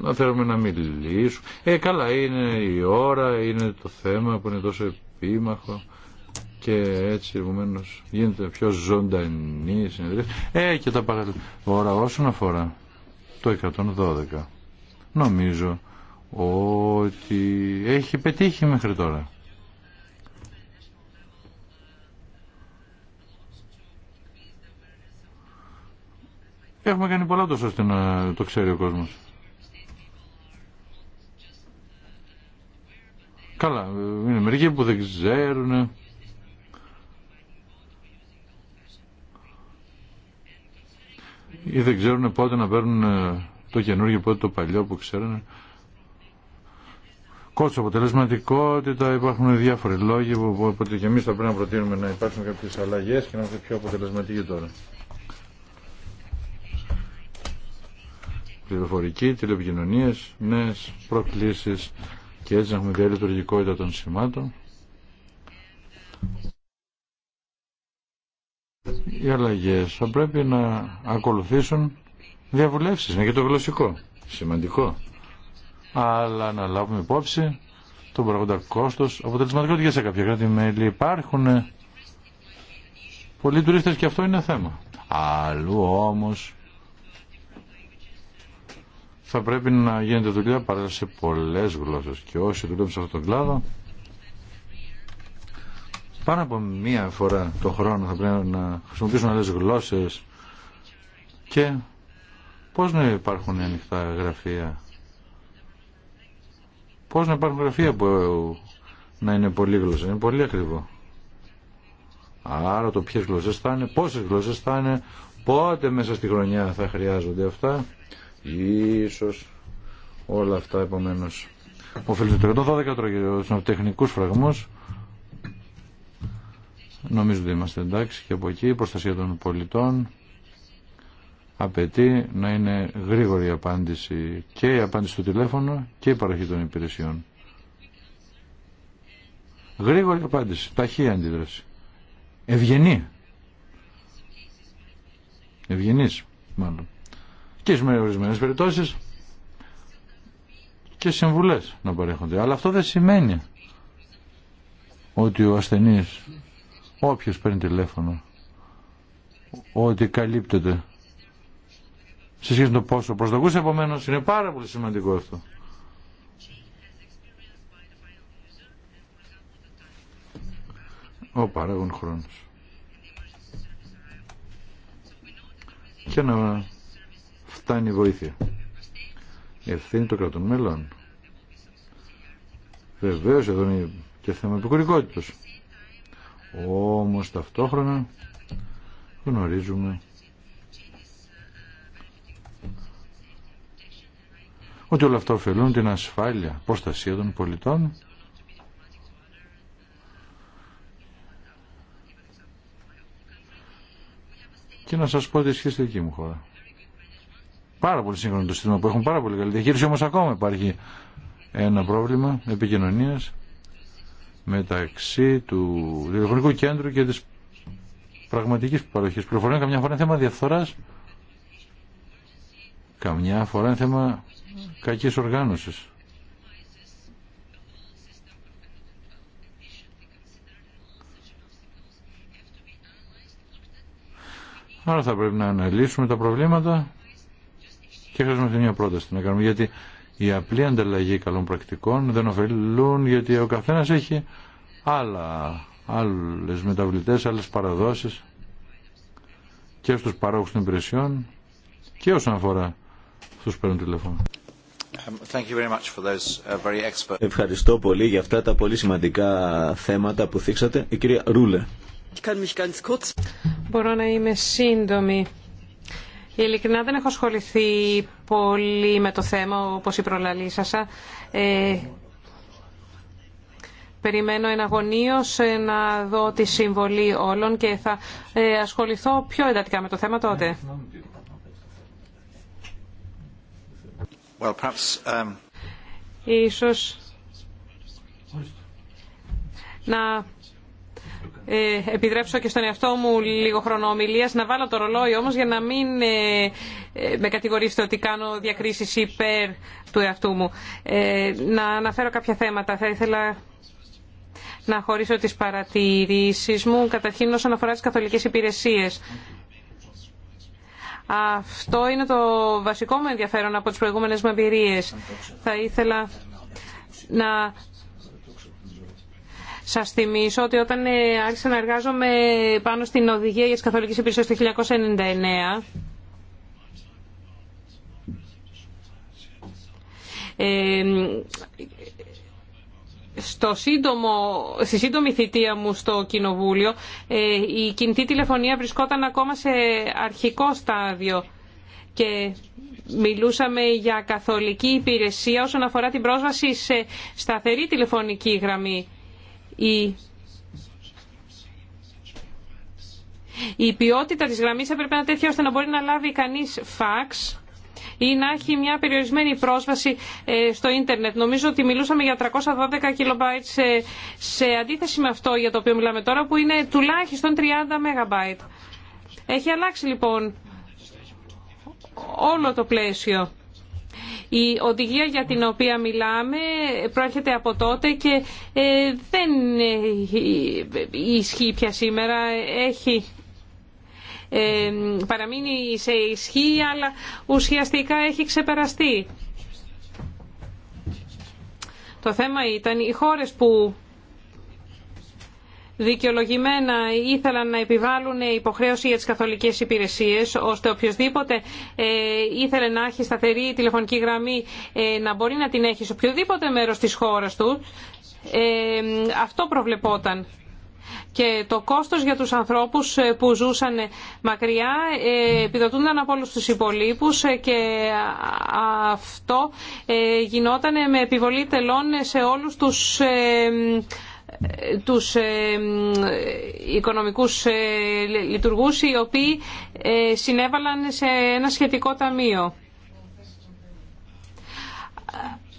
Να θέλουμε να μιλήσουμε. Ε, καλά, είναι η ώρα, είναι το θέμα που είναι τόσο επίμαχο και έτσι επομένω γίνεται πιο ζωντανή η συνεδρία. Ε, και τα παραδείγματα. Ωραία, όσον αφορά το 112, νομίζω ότι έχει πετύχει μέχρι τώρα. Έχουμε κάνει πολλά τόσο ώστε να το ξέρει ο κόσμος. Καλά, είναι μερικοί που δεν ξέρουν. ή δεν ξέρουν πότε να παίρνουν ε, το καινούργιο, πότε το παλιό που ξέρουν. κόστο αποτελεσματικότητα, υπάρχουν διάφοροι λόγοι που οπότε και εμεί θα πρέπει να προτείνουμε να υπάρξουν κάποιε αλλαγέ και να είμαστε πιο αποτελεσματικοί τώρα. Πληροφορική, τηλεπικοινωνίε, νέε προκλήσει και έτσι να έχουμε διαλειτουργικότητα των σημάτων οι αλλαγέ θα πρέπει να ακολουθήσουν διαβουλεύσεις, είναι και το γλωσσικό, σημαντικό. Αλλά να λάβουμε υπόψη τον παραγόντα κόστος, αποτελεσματικότητα σε κάποια κράτη-μέλη υπάρχουν ε, πολλοί τουρίστες και αυτό είναι θέμα. Αλλού όμως θα πρέπει να γίνεται δουλειά παρά σε πολλές γλώσσες και όσοι δουλεύουν σε αυτόν τον κλάδο πάνω από μία φορά το χρόνο θα πρέπει να χρησιμοποιήσουν άλλες γλώσσες και πώς να υπάρχουν ανοιχτά γραφεία πώς να υπάρχουν γραφεία που να είναι πολύ γλώσσα είναι πολύ ακριβό άρα το ποιες γλώσσες θα είναι πόσες γλώσσες θα είναι πότε μέσα στη χρονιά θα χρειάζονται αυτά ίσως όλα αυτά επομένως Οφείλεται το 112 τεχνικούς φραγμούς Νομίζω ότι είμαστε εντάξει και από εκεί η προστασία των πολιτών απαιτεί να είναι γρήγορη η απάντηση και η απάντηση του τηλέφωνο και η παροχή των υπηρεσιών. Γρήγορη απάντηση, ταχεία αντίδραση. Ευγενή. Ευγενής, μάλλον. Και με ορισμένε περιπτώσει και συμβουλές να παρέχονται. Αλλά αυτό δεν σημαίνει ότι ο ασθενής όποιος παίρνει τηλέφωνο ότι καλύπτεται σε σχέση με το πόσο προσδοκούσε επομένω είναι πάρα πολύ σημαντικό αυτό ο παράγων χρόνος και να φτάνει η βοήθεια ευθύνη των κρατών μέλων βεβαίως εδώ είναι και θέμα επικουρικότητας όμως ταυτόχρονα γνωρίζουμε ότι όλα αυτά ωφελούν την ασφάλεια, προστασία των πολιτών και να σας πω ότι ισχύει στη δική μου χώρα. Πάρα πολύ σύγχρονο το σύστημα που έχουν πάρα πολύ καλή διαχείριση, όμως ακόμα υπάρχει ένα πρόβλημα επικοινωνίας μεταξύ του τηλεφωνικού κέντρου και της πραγματικής παροχής πληροφοριών. Καμιά φορά είναι θέμα διαφθοράς, καμιά φορά είναι θέμα κακής οργάνωσης. Άρα θα πρέπει να αναλύσουμε τα προβλήματα και χρειάζομαστε μια πρόταση να κάνουμε γιατί η απλή ανταλλαγή καλών πρακτικών δεν ωφελούν γιατί ο καθένας έχει άλλα, άλλες μεταβλητές, άλλες παραδόσεις και στους παρόχους των υπηρεσιών και όσον αφορά στους παίρνουν τηλεφώνου. Um, uh, Ευχαριστώ πολύ για αυτά τα πολύ σημαντικά θέματα που θίξατε. Η κυρία Ρούλε. Μπορώ να είμαι σύντομη. Ειλικρινά δεν έχω ασχοληθεί πολύ με το θέμα, όπως η προλαλήσασα. Ε, περιμένω εναγωνίως να δω τη συμβολή όλων και θα ε, ασχοληθώ πιο εντατικά με το θέμα τότε. Well, um, Ίσως να ε, επιτρέψω και στον εαυτό μου λίγο χρόνο να βάλω το ρολόι όμως για να μην ε, ε, με κατηγορήσετε ότι κάνω διακρίσει υπέρ του εαυτού μου. Να αναφέρω κάποια θέματα. Θα ήθελα να χωρίσω τις παρατηρήσεις μου, καταρχήν όσον αφορά τι καθολικές υπηρεσίες. Αυτό είναι το βασικό μου ενδιαφέρον από τις προηγούμενες μου Θα ήθελα να σας θυμίσω ότι όταν ε, άρχισα να εργάζομαι πάνω στην Οδηγία για τι καθολικέ υπηρεσίε το 1999, στο σύντομο, στη σύντομη θητεία μου στο Κοινοβούλιο ε, η κινητή τηλεφωνία βρισκόταν ακόμα σε αρχικό στάδιο και μιλούσαμε για καθολική υπηρεσία όσον αφορά την πρόσβαση σε σταθερή τηλεφωνική γραμμή η ποιότητα της γραμμής έπρεπε να τέτοια ώστε να μπορεί να λάβει κανείς φαξ ή να έχει μια περιορισμένη πρόσβαση ε, στο ίντερνετ. Νομίζω ότι μιλούσαμε για 312 KB ε, σε, αντίθεση με αυτό για το οποίο μιλάμε τώρα που είναι τουλάχιστον 30 MB. Έχει αλλάξει λοιπόν όλο το πλαίσιο. Η οδηγία για την οποία μιλάμε προέρχεται από τότε και ε, δεν ε, ισχύει πια σήμερα. Έχει ε, παραμείνει σε ισχύ αλλά ουσιαστικά έχει ξεπεραστεί. Το θέμα ήταν οι χώρες που δικαιολογημένα ήθελαν να επιβάλλουν υποχρέωση για τις καθολικές υπηρεσίες ώστε οποιοδήποτε ε, ήθελε να έχει σταθερή τηλεφωνική γραμμή ε, να μπορεί να την έχει σε οποιοδήποτε μέρος της χώρας του. Ε, αυτό προβλεπόταν. Και το κόστος για τους ανθρώπους που ζούσαν μακριά επιδοτούνταν από όλους τους υπολείπους και αυτό γινόταν με επιβολή τελών σε όλους τους τους ε, οικονομικούς ε, λειτουργούς οι οποίοι ε, συνέβαλαν σε ένα σχετικό ταμείο.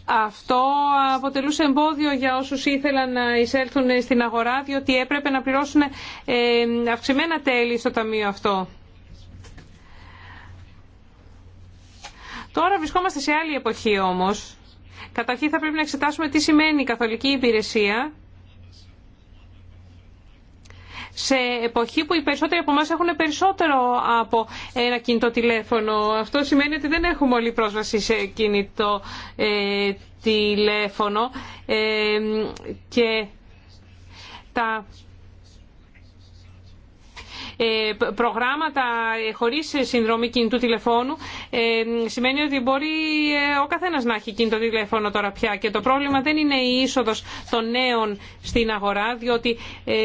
Αυτό αποτελούσε εμπόδιο για όσους ήθελαν να εισέλθουν στην αγορά διότι έπρεπε να πληρώσουν αυξημένα τέλη στο ταμείο αυτό. Τώρα βρισκόμαστε σε άλλη εποχή όμως. Καταρχήν θα πρέπει να εξετάσουμε τι σημαίνει η καθολική υπηρεσία σε εποχή που οι περισσότεροι από εμά έχουν περισσότερο από ένα κινητό τηλέφωνο. Αυτό σημαίνει ότι δεν έχουμε όλη πρόσβαση σε κινητό ε, τηλέφωνο ε, και τα ε, προγράμματα ε, χωρί συνδρομή κινητού τηλεφώνου ε, σημαίνει ότι μπορεί ο καθένα να έχει κινητό τηλέφωνο τώρα πια και το πρόβλημα δεν είναι η είσοδο των νέων στην αγορά διότι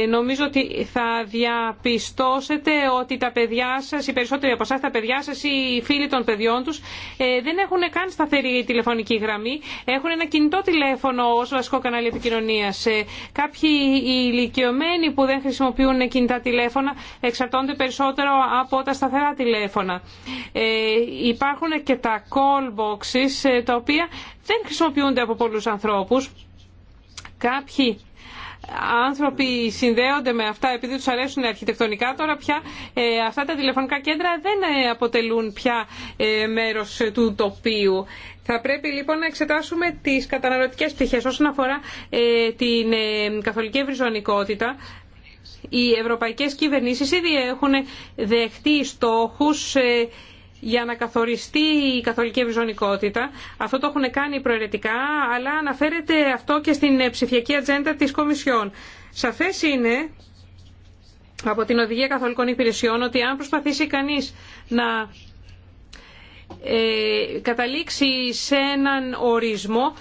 νομίζω ότι θα διαπιστώσετε ότι τα παιδιά σα, οι περισσότεροι από εσά, τα παιδιά σα ή οι φίλοι των παιδιών τους δεν έχουν καν σταθερή τηλεφωνική γραμμή, έχουν ένα κινητό τηλέφωνο ω βασικό κανάλι επικοινωνίας. Κάποιοι ηλικιωμένοι που δεν χρησιμοποιούν κινητά τηλέφωνα εξαρτώνται περισσότερο από τα σταθερά τηλέφωνα. Ε, υπάρχουν και τα call boxes ε, τα οποία δεν χρησιμοποιούνται από πολλούς ανθρώπους. Κάποιοι άνθρωποι συνδέονται με αυτά επειδή τους αρέσουν αρχιτεκτονικά τώρα πια ε, αυτά τα τηλεφωνικά κέντρα δεν ε, αποτελούν πια ε, μέρος του τοπίου. Θα πρέπει λοιπόν να εξετάσουμε τις καταναλωτικές πτυχές όσον αφορά την καθολική ευρυζωνικότητα οι ευρωπαϊκές κυβερνήσεις ήδη έχουν δεχτεί στόχους ε, για να καθοριστεί η καθολική ευρυζωνικότητα. Αυτό το έχουν κάνει προαιρετικά, αλλά αναφέρεται αυτό και στην ε, ψηφιακή ατζέντα της Κομισιόν. Σαφές είναι από την Οδηγία Καθολικών Υπηρεσιών ότι αν προσπαθήσει κανείς να ε, καταλήξει σε έναν ορισμό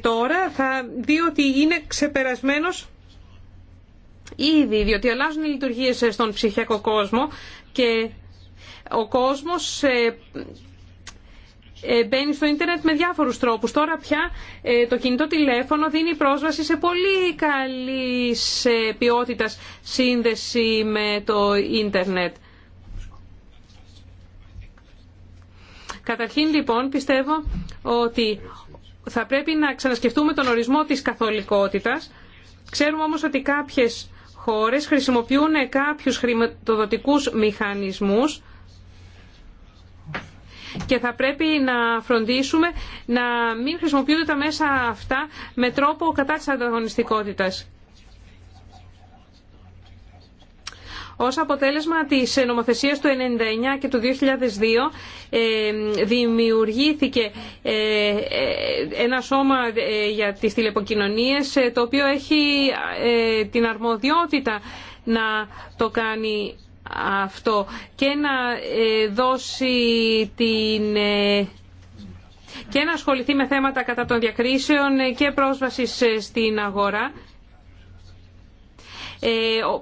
τώρα θα δει ότι είναι ξεπερασμένος ήδη, διότι αλλάζουν οι λειτουργίες στον ψυχιακό κόσμο και ο κόσμος ε, ε, μπαίνει στο ίντερνετ με διάφορου τρόπους. Τώρα πια ε, το κινητό τηλέφωνο δίνει πρόσβαση σε πολύ καλή ποιότητας σύνδεση με το ίντερνετ. Καταρχήν λοιπόν πιστεύω ότι θα πρέπει να ξανασκεφτούμε τον ορισμό της καθολικότητας. Ξέρουμε όμως ότι κάποιες χώρες χρησιμοποιούν κάποιους χρηματοδοτικούς μηχανισμούς και θα πρέπει να φροντίσουμε να μην χρησιμοποιούνται τα μέσα αυτά με τρόπο κατά της ανταγωνιστικότητας. Ως αποτέλεσμα της νομοθεσίας του 1999 και του 2002 ε, δημιουργήθηκε ε, ε, ένα σώμα για τις τηλεποκοινωνίες το οποίο έχει την αρμοδιότητα να το κάνει αυτό και να δώσει την και να ασχοληθεί με θέματα κατά των διακρίσεων και πρόσβασης στην αγορά ε,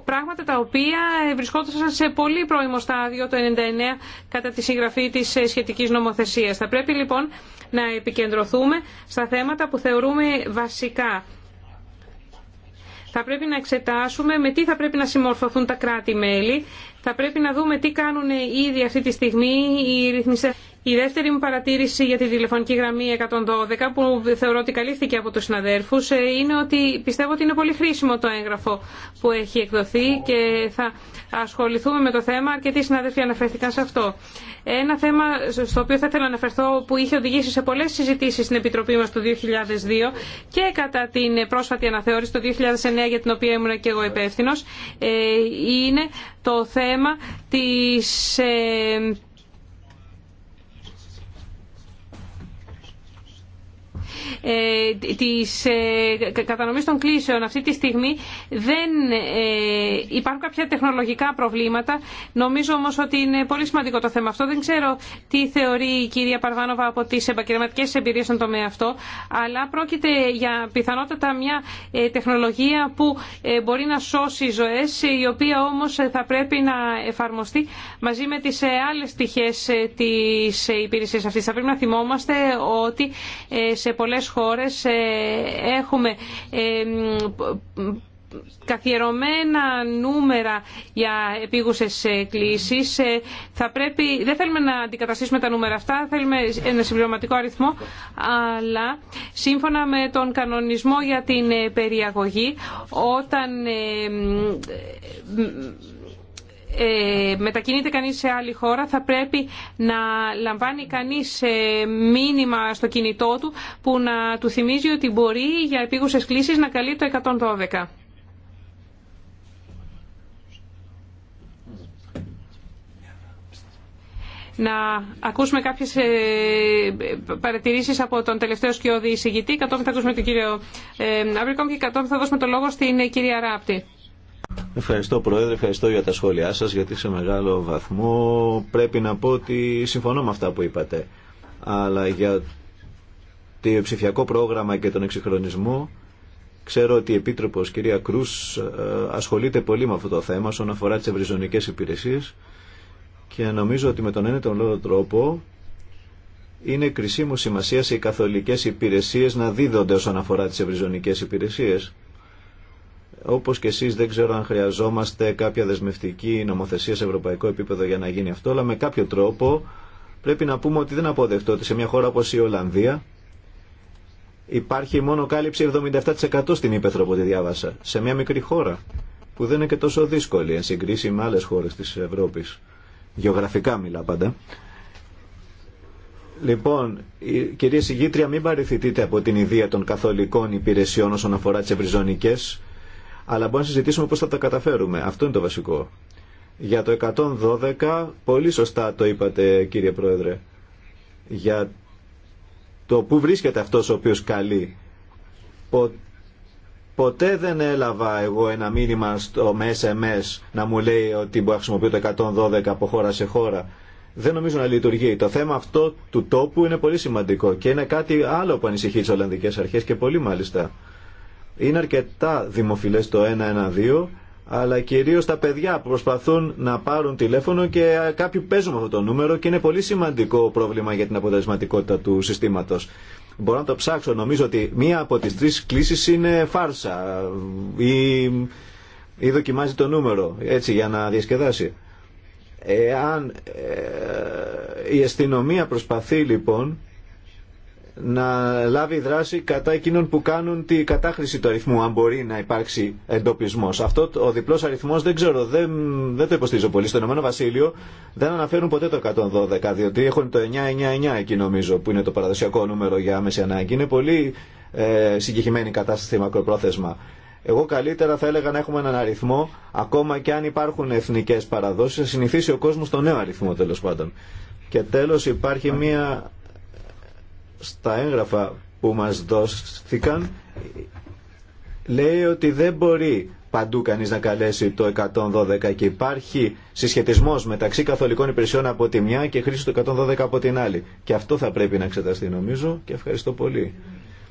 πράγματα τα οποία ε, βρισκόντουσαν σε πολύ πρώιμο στάδιο το 1999 κατά τη συγγραφή της ε, σχετικής νομοθεσίας. Θα πρέπει λοιπόν να επικεντρωθούμε στα θέματα που θεωρούμε βασικά. Θα πρέπει να εξετάσουμε με τι θα πρέπει να συμμορφωθούν τα κράτη-μέλη. Θα πρέπει να δούμε τι κάνουν ήδη αυτή τη στιγμή οι ρυθμιστές η δεύτερη μου παρατήρηση για τη τηλεφωνική γραμμή 112 που θεωρώ ότι καλύφθηκε από τους συναδέρφους ε, είναι ότι πιστεύω ότι είναι πολύ χρήσιμο το έγγραφο που έχει εκδοθεί και θα ασχοληθούμε με το θέμα. Αρκετοί συνάδελφοι αναφέρθηκαν σε αυτό. Ένα θέμα στο οποίο θα ήθελα να αναφερθώ που είχε οδηγήσει σε πολλές συζητήσεις στην Επιτροπή μας το 2002 και κατά την πρόσφατη αναθεώρηση το 2009 για την οποία ήμουν και εγώ υπεύθυνο, ε, είναι το θέμα της ε, Ε, της ε, κατανομής των κλήσεων αυτή τη στιγμή δεν ε, υπάρχουν κάποια τεχνολογικά προβλήματα. Νομίζω όμως ότι είναι πολύ σημαντικό το θέμα αυτό. Δεν ξέρω τι θεωρεί η κυρία Παρβάνοβα από τις επαγγελματικές εμπειρίες στον τομέα αυτό, αλλά πρόκειται για πιθανότατα μια τεχνολογία που μπορεί να σώσει ζωές, η οποία όμως θα πρέπει να εφαρμοστεί μαζί με τις άλλες πτυχές της υπηρεσίας αυτής. Θα πρέπει να θυμόμαστε ότι σε πολλές χώρες ε, έχουμε ε, καθιερωμένα νούμερα για επίγουσες ε, κλήσεις. Θα πρέπει, δεν θέλουμε να αντικαταστήσουμε τα νούμερα αυτά, θέλουμε ένα συμπληρωματικό αριθμό, αλλά σύμφωνα με τον κανονισμό για την περιαγωγή, όταν ε, μετακινείται κανείς σε άλλη χώρα θα πρέπει να λαμβάνει κανείς ε, μήνυμα στο κινητό του που να του θυμίζει ότι μπορεί για επίγουσες κλήσεις να καλεί το 112. να ακούσουμε κάποιε ε, παρατηρήσεις από τον τελευταίο σκιώδη εισηγητή. Κατόπιν θα ακούσουμε τον κύριο ε, και κατόπιν θα δώσουμε το λόγο στην κυρία Ράπτη. Ευχαριστώ Πρόεδρε, ευχαριστώ για τα σχόλιά σας γιατί σε μεγάλο βαθμό πρέπει να πω ότι συμφωνώ με αυτά που είπατε αλλά για το ψηφιακό πρόγραμμα και τον εξυγχρονισμό ξέρω ότι η Επίτροπος κυρία Κρούς ασχολείται πολύ με αυτό το θέμα όσον αφορά τις ευρυζωνικές υπηρεσίες και νομίζω ότι με τον ένα τον λόγο τρόπο είναι κρισίμου σημασία οι καθολικές υπηρεσίες να δίδονται όσον αφορά τις ευρυζωνικές υπηρεσίες όπως και εσείς δεν ξέρω αν χρειαζόμαστε κάποια δεσμευτική νομοθεσία σε ευρωπαϊκό επίπεδο για να γίνει αυτό, αλλά με κάποιο τρόπο πρέπει να πούμε ότι δεν αποδεχτώ ότι σε μια χώρα όπως η Ολλανδία υπάρχει μόνο κάλυψη 77% στην Ήπεθρο που τη διάβασα, σε μια μικρή χώρα που δεν είναι και τόσο δύσκολη εν συγκρίση με άλλες χώρες της Ευρώπης. Γεωγραφικά μιλά πάντα. Λοιπόν, κυρία Συγήτρια, μην παρευθυντείτε από την ιδέα των καθολικών υπηρεσιών όσον αφορά τι ευρυζωνικέ αλλά μπορούμε να συζητήσουμε πώς θα τα καταφέρουμε. Αυτό είναι το βασικό. Για το 112, πολύ σωστά το είπατε κύριε Πρόεδρε, για το πού βρίσκεται αυτός ο οποίος καλεί. Πο, ποτέ δεν έλαβα εγώ ένα μήνυμα στο με SMS να μου λέει ότι μπορεί να χρησιμοποιώ το 112 από χώρα σε χώρα. Δεν νομίζω να λειτουργεί. Το θέμα αυτό του τόπου είναι πολύ σημαντικό και είναι κάτι άλλο που ανησυχεί τι Ολλανδικέ αρχέ και πολύ μάλιστα. Είναι αρκετά δημοφιλές το 112, αλλά κυρίως τα παιδιά που προσπαθούν να πάρουν τηλέφωνο και κάποιοι παίζουν αυτό το νούμερο και είναι πολύ σημαντικό πρόβλημα για την αποτελεσματικότητα του συστήματος. Μπορώ να το ψάξω. Νομίζω ότι μία από τις τρεις κλήσεις είναι φάρσα ή, δοκιμάζει το νούμερο έτσι για να διασκεδάσει. Εάν ε, η αστυνομία προσπαθεί λοιπόν να λάβει δράση κατά εκείνων που κάνουν τη κατάχρηση του αριθμού, αν μπορεί να υπάρξει εντοπισμό. Αυτό ο διπλό αριθμό δεν ξέρω, δεν, δεν το υποστηρίζω πολύ. Στο Ηνωμένο Βασίλειο δεν αναφέρουν ποτέ το 112, διότι έχουν το 999 εκεί νομίζω, που είναι το παραδοσιακό νούμερο για άμεση ανάγκη. Είναι πολύ ε, συγκεκριμένη κατάσταση μακροπρόθεσμα. Εγώ καλύτερα θα έλεγα να έχουμε έναν αριθμό, ακόμα και αν υπάρχουν εθνικέ παραδόσει, να συνηθίσει ο κόσμο το νέο αριθμό τέλο πάντων. Και τέλο υπάρχει μία στα έγγραφα που μας δώστηκαν λέει ότι δεν μπορεί παντού κανείς να καλέσει το 112 και υπάρχει συσχετισμός μεταξύ καθολικών υπηρεσιών από τη μια και χρήση του 112 από την άλλη. Και αυτό θα πρέπει να εξεταστεί νομίζω και ευχαριστώ πολύ.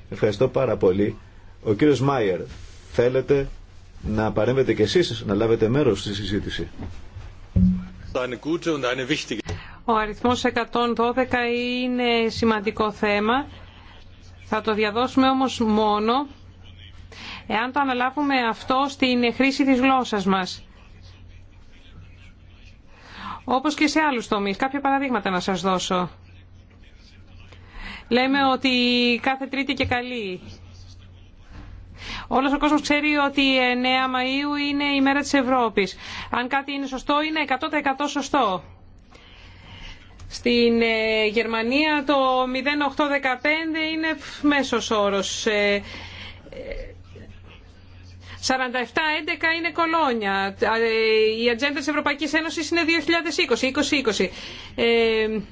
Ευχαριστώ πάρα πολύ. Ο κύριος Μάιερ, θέλετε να παρέμβετε κι εσείς να λάβετε μέρος στη συζήτηση. Ο αριθμός 112 είναι σημαντικό θέμα. Θα το διαδώσουμε όμως μόνο εάν το αναλάβουμε αυτό στην χρήση της γλώσσας μας. Όπως και σε άλλους τομείς. Κάποια παραδείγματα να σας δώσω. Λέμε ότι κάθε τρίτη και καλή. Όλος ο κόσμος ξέρει ότι 9 Μαΐου είναι η μέρα της Ευρώπης. Αν κάτι είναι σωστό, είναι 100% σωστό. Στην ε, Γερμανία το 0,815 είναι μέσος όρος. 47-11 ε, ε, είναι κολόνια. Η ατζέντα της Ευρωπαϊκής Ένωσης είναι 2020. 2020.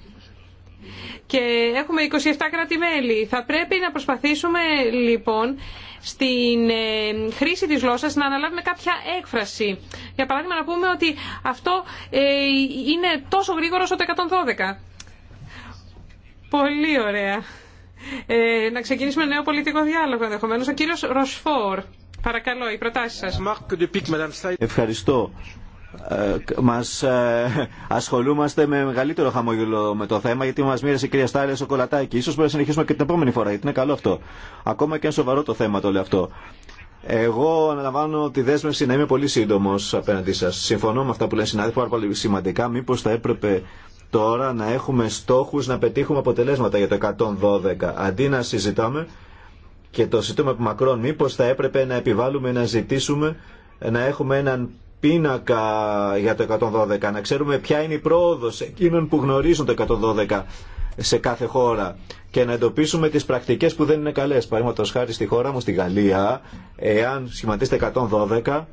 και έχουμε 27 κράτη-μέλη. Θα πρέπει να προσπαθήσουμε λοιπόν στην ε, χρήση της γλώσσας να αναλάβουμε κάποια έκφραση. Για παράδειγμα να πούμε ότι αυτό ε, είναι τόσο γρήγορο όσο το 112. Πολύ ωραία. Ε, να ξεκινήσουμε νέο πολιτικό διάλογο ενδεχομένω. Ο κύριος Ροσφόρ. Παρακαλώ, οι προτάσει σα. Ευχαριστώ. Ε, μας ε, ασχολούμαστε με μεγαλύτερο χαμόγελο με το θέμα γιατί μας μοίρασε η κυρία ο σοκολατάκι. Ίσως μπορεί να συνεχίσουμε και την επόμενη φορά γιατί είναι καλό αυτό. Ακόμα και αν σοβαρό το θέμα το λέω αυτό. Εγώ αναλαμβάνω τη δέσμευση να είμαι πολύ σύντομο απέναντί σα. Συμφωνώ με αυτά που λένε συνάδελφοι, πάρα πολύ σημαντικά. Μήπω θα έπρεπε τώρα να έχουμε στόχου να πετύχουμε αποτελέσματα για το 112. Αντί να συζητάμε και το συζητούμε από μακρόν, μήπω θα έπρεπε να επιβάλλουμε να ζητήσουμε να έχουμε έναν πίνακα για το 112, να ξέρουμε ποια είναι η πρόοδος εκείνων που γνωρίζουν το 112 σε κάθε χώρα και να εντοπίσουμε τις πρακτικές που δεν είναι καλές. Παραδείγματο χάρη στη χώρα μου, στη Γαλλία, εάν σχηματίσετε 112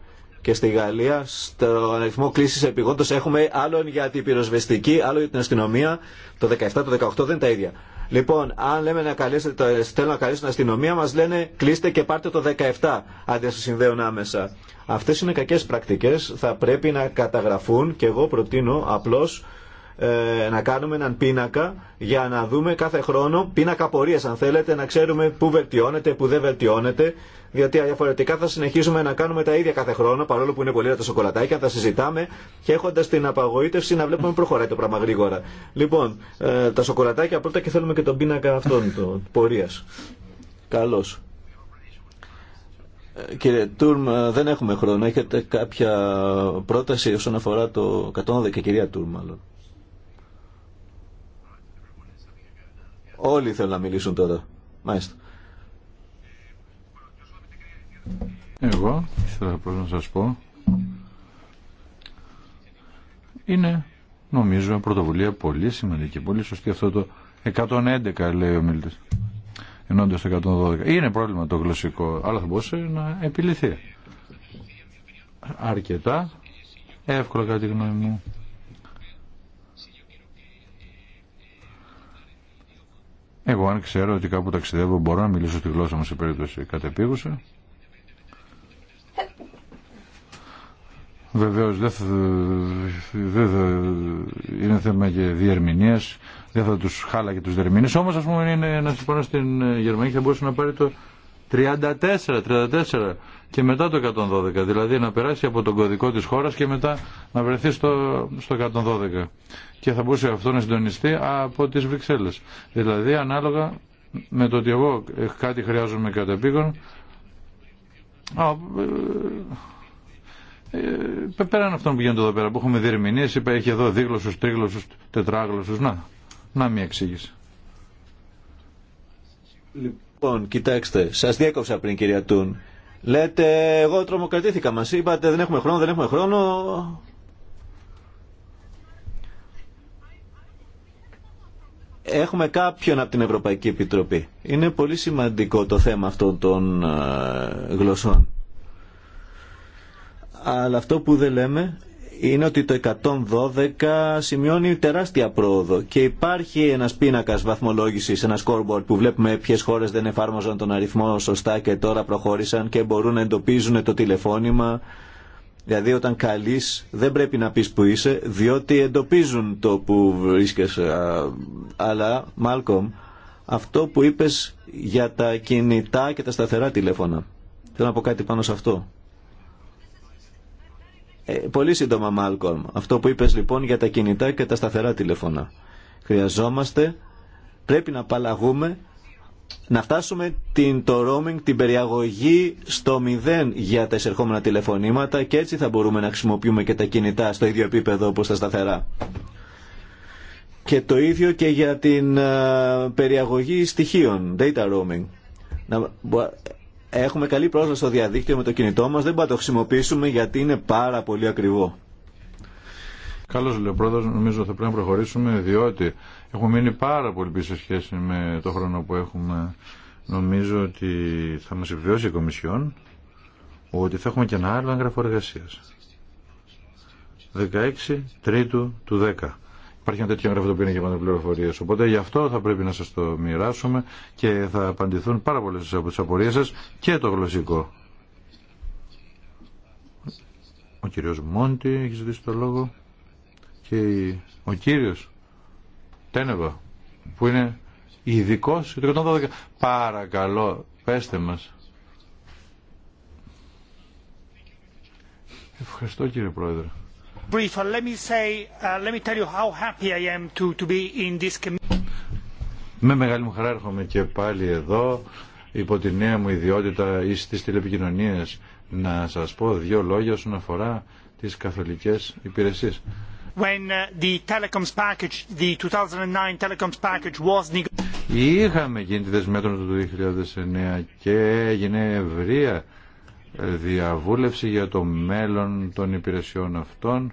και στη Γαλλία στον αριθμό κλήση επιγόντω, έχουμε άλλον για την πυροσβεστική, άλλο για την αστυνομία, το 17, το 18 δεν είναι τα ίδια. Λοιπόν, αν λέμε να καλέσετε, θέλω να την αστυνομία, μας λένε κλείστε και πάρτε το 17, αντί να συνδέουν άμεσα. Αυτές είναι κακές πρακτικές, θα πρέπει να καταγραφούν και εγώ προτείνω απλώς ε, να κάνουμε έναν πίνακα για να δούμε κάθε χρόνο πίνακα πορεία αν θέλετε να ξέρουμε πού βελτιώνεται, πού δεν βελτιώνεται γιατί διαφορετικά θα συνεχίζουμε να κάνουμε τα ίδια κάθε χρόνο παρόλο που είναι πολύ τα σοκολατάκια, θα συνεχίσουμε να βλέπουμε προχωράει το πράγμα γρήγορα. Λοιπόν, ε, τα σοκολατάκια πρώτα και έχοντα την απαγοητευση να βλεπουμε προχωραει το πραγμα γρηγορα λοιπον τα σοκολατακια πρωτα και θελουμε και τον πίνακα αυτών το, πορεία. Καλώς. Ε, κύριε Τούρμ, δεν έχουμε χρόνο. Έχετε κάποια πρόταση όσον αφορά το 112 και κυρία Τούρμ, μάλλον. Όλοι θέλουν να μιλήσουν τώρα. Μάλιστα. Εγώ ήθελα να σας πω είναι νομίζω πρωτοβουλία πολύ σημαντική πολύ σωστή αυτό το 111 λέει ο Μίλτης ενώντας το 112 είναι πρόβλημα το γλωσσικό αλλά θα μπορούσε να επιληθεί αρκετά εύκολα κάτι τη γνώμη μου Εγώ αν ξέρω ότι κάπου ταξιδεύω μπορώ να μιλήσω τη γλώσσα μου σε περίπτωση κατεπίγουσα. Βεβαίως δεν θα, δεν είναι θέμα και διερμηνίας, δεν θα τους χάλα και τους διερμηνείς. όμως ας πούμε είναι να σου στην ε, Γερμανία και θα μπορούσε να πάρει το 34, 34 και μετά το 112. Δηλαδή να περάσει από τον κωδικό της χώρας και μετά να βρεθεί στο, στο 112. Και θα μπορούσε αυτό να συντονιστεί από τις Βρυξέλλες. Δηλαδή ανάλογα με το ότι εγώ ε, κάτι χρειάζομαι κατά πήγον, ε, ε, πέραν αυτών που γίνονται εδώ πέρα που έχουμε διερμηνίες, είπα έχει εδώ δίγλωσσους, τρίγλωσσους, τετράγλωσσους, να, να εξήγησε. Λοιπόν, Λοιπόν, κοιτάξτε, σα διέκοψα πριν, κυρία Τούν. Λέτε, εγώ τρομοκρατήθηκα. Μα είπατε, δεν έχουμε χρόνο, δεν έχουμε χρόνο. Έχουμε κάποιον από την Ευρωπαϊκή Επιτροπή. Είναι πολύ σημαντικό το θέμα αυτών των ε, γλωσσών. Αλλά αυτό που δεν λέμε είναι ότι το 112 σημειώνει τεράστια πρόοδο και υπάρχει ένα πίνακα βαθμολόγηση, ένα scoreboard που βλέπουμε ποιε χώρε δεν εφάρμοζαν τον αριθμό σωστά και τώρα προχώρησαν και μπορούν να εντοπίζουν το τηλεφώνημα. Δηλαδή όταν καλείς δεν πρέπει να πεις που είσαι διότι εντοπίζουν το που βρίσκεσαι. Αλλά, Μάλκομ, αυτό που είπες για τα κινητά και τα σταθερά τηλέφωνα. Θέλω να πω κάτι πάνω σε αυτό. Ε, πολύ σύντομα, Μάλκομ. Αυτό που είπες λοιπόν για τα κινητά και τα σταθερά τηλεφωνά. Χρειαζόμαστε, πρέπει να απαλλαγούμε, να φτάσουμε την, το roaming, την περιαγωγή στο μηδέν για τα εισερχόμενα τηλεφωνήματα και έτσι θα μπορούμε να χρησιμοποιούμε και τα κινητά στο ίδιο επίπεδο όπως τα σταθερά. Και το ίδιο και για την ε, περιαγωγή στοιχείων, data roaming. Να, Έχουμε καλή πρόσβαση στο διαδίκτυο με το κινητό μας, δεν μπορούμε να το χρησιμοποιήσουμε γιατί είναι πάρα πολύ ακριβό. Καλώ λέω πρώτα, νομίζω θα πρέπει να προχωρήσουμε διότι έχουμε μείνει πάρα πολύ πίσω σχέση με το χρόνο που έχουμε. Νομίζω ότι θα μα επιβιώσει η Κομισιόν ότι θα έχουμε και ένα άλλο έγγραφο εργασία. 16 Τρίτου του 10. Υπάρχει ένα τέτοιο έγγραφο το οποίο είναι γεμάτο πληροφορίε. Οπότε γι' αυτό θα πρέπει να σα το μοιράσουμε και θα απαντηθούν πάρα πολλέ από τι απορίε σα και το γλωσσικό. Ο κύριος Μόντι έχει ζητήσει το λόγο και ο κύριος Τένεβα που είναι ειδικό. Παρακαλώ, πέστε μας. Ευχαριστώ κύριε Πρόεδρε brief. Uh, let me say, uh, let me tell you how happy I am to, to be in this Με μεγάλη μου χαρά έρχομαι και πάλι εδώ υπό τη νέα μου ιδιότητα ή στις τηλεπικοινωνίες να σας πω δύο λόγια όσον αφορά τις καθολικές υπηρεσίες. When uh, the telecoms package, the 2009 telecoms package was... Είχαμε γίνει τη δεσμέτρων του 2009 και έγινε ευρεία διαβούλευση για το μέλλον των υπηρεσιών αυτών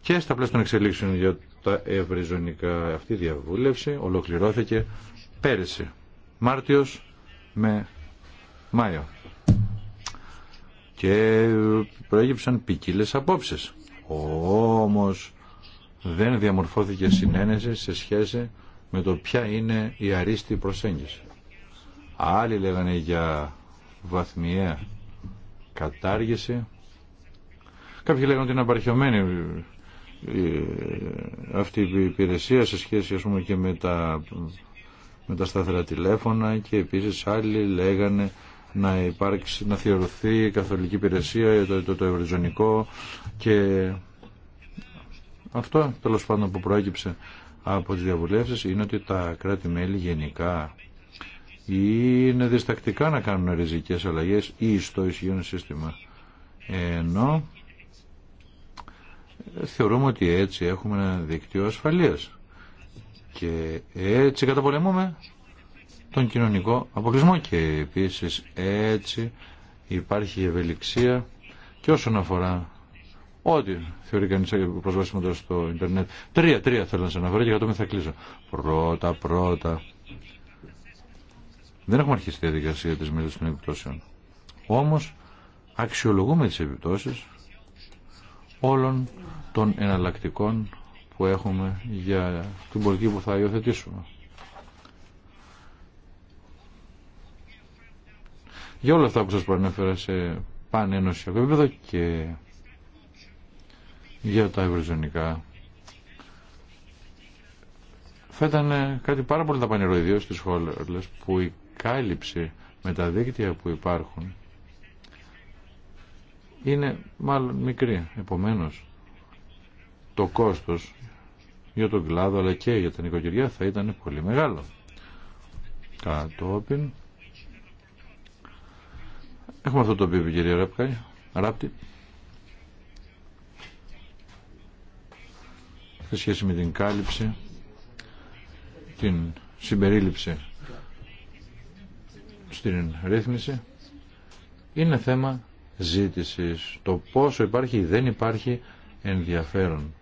και στα πλαίσια των εξελίξεων για τα ευρυζωνικά αυτή η διαβούλευση ολοκληρώθηκε πέρυσι Μάρτιος με Μάιο και προέγυψαν ποικίλε απόψεις όμως δεν διαμορφώθηκε συνένεση σε σχέση με το ποια είναι η αρίστη προσέγγιση άλλοι λέγανε για βαθμιαία κατάργηση. Κάποιοι λέγανε ότι είναι απαρχιωμένη ε, αυτή η υπηρεσία σε σχέση ας πούμε, και με τα, με τα σταθερά τηλέφωνα και επίσης άλλοι λέγανε να, υπάρξει, να θεωρηθεί η καθολική υπηρεσία, το, το, το ευρωζωνικό και αυτό τέλος πάντων που προέκυψε από τις διαβουλεύσεις είναι ότι τα κράτη-μέλη γενικά είναι διστακτικά να κάνουν ριζικές αλλαγές ή στο ισχυρό σύστημα. Ενώ θεωρούμε ότι έτσι έχουμε ένα δίκτυο ασφαλείας και έτσι καταπολεμούμε τον κοινωνικό αποκλεισμό και επίσης έτσι υπάρχει ευελιξία και όσον αφορά ό,τι θεωρεί κανείς προσβάσιμο στο ίντερνετ. Τρία, τρία θέλω να σε αναφέρω και θα κλείσω. Πρώτα, πρώτα, δεν έχουμε αρχίσει τη διαδικασία τη μελέτη των επιπτώσεων. Όμω, αξιολογούμε τις επιπτώσει όλων των εναλλακτικών που έχουμε για την πολιτική που θα υιοθετήσουμε. Για όλα αυτά που σας προανέφερα σε πανενωσιακό επίπεδο και για τα ευρωζωνικά θα ήταν κάτι πάρα πολύ ταπανηρό ιδίως στις χώρες που κάλυψη με τα δίκτυα που υπάρχουν είναι μάλλον μικρή. Επομένως, το κόστος για τον κλάδο αλλά και για την νοικοκυριά θα ήταν πολύ μεγάλο. Κατόπιν έχουμε αυτό το οποίο η κυρία Ράπτη σε σχέση με την κάλυψη την συμπερίληψη στην ρύθμιση είναι θέμα ζήτησης. Το πόσο υπάρχει ή δεν υπάρχει ενδιαφέρον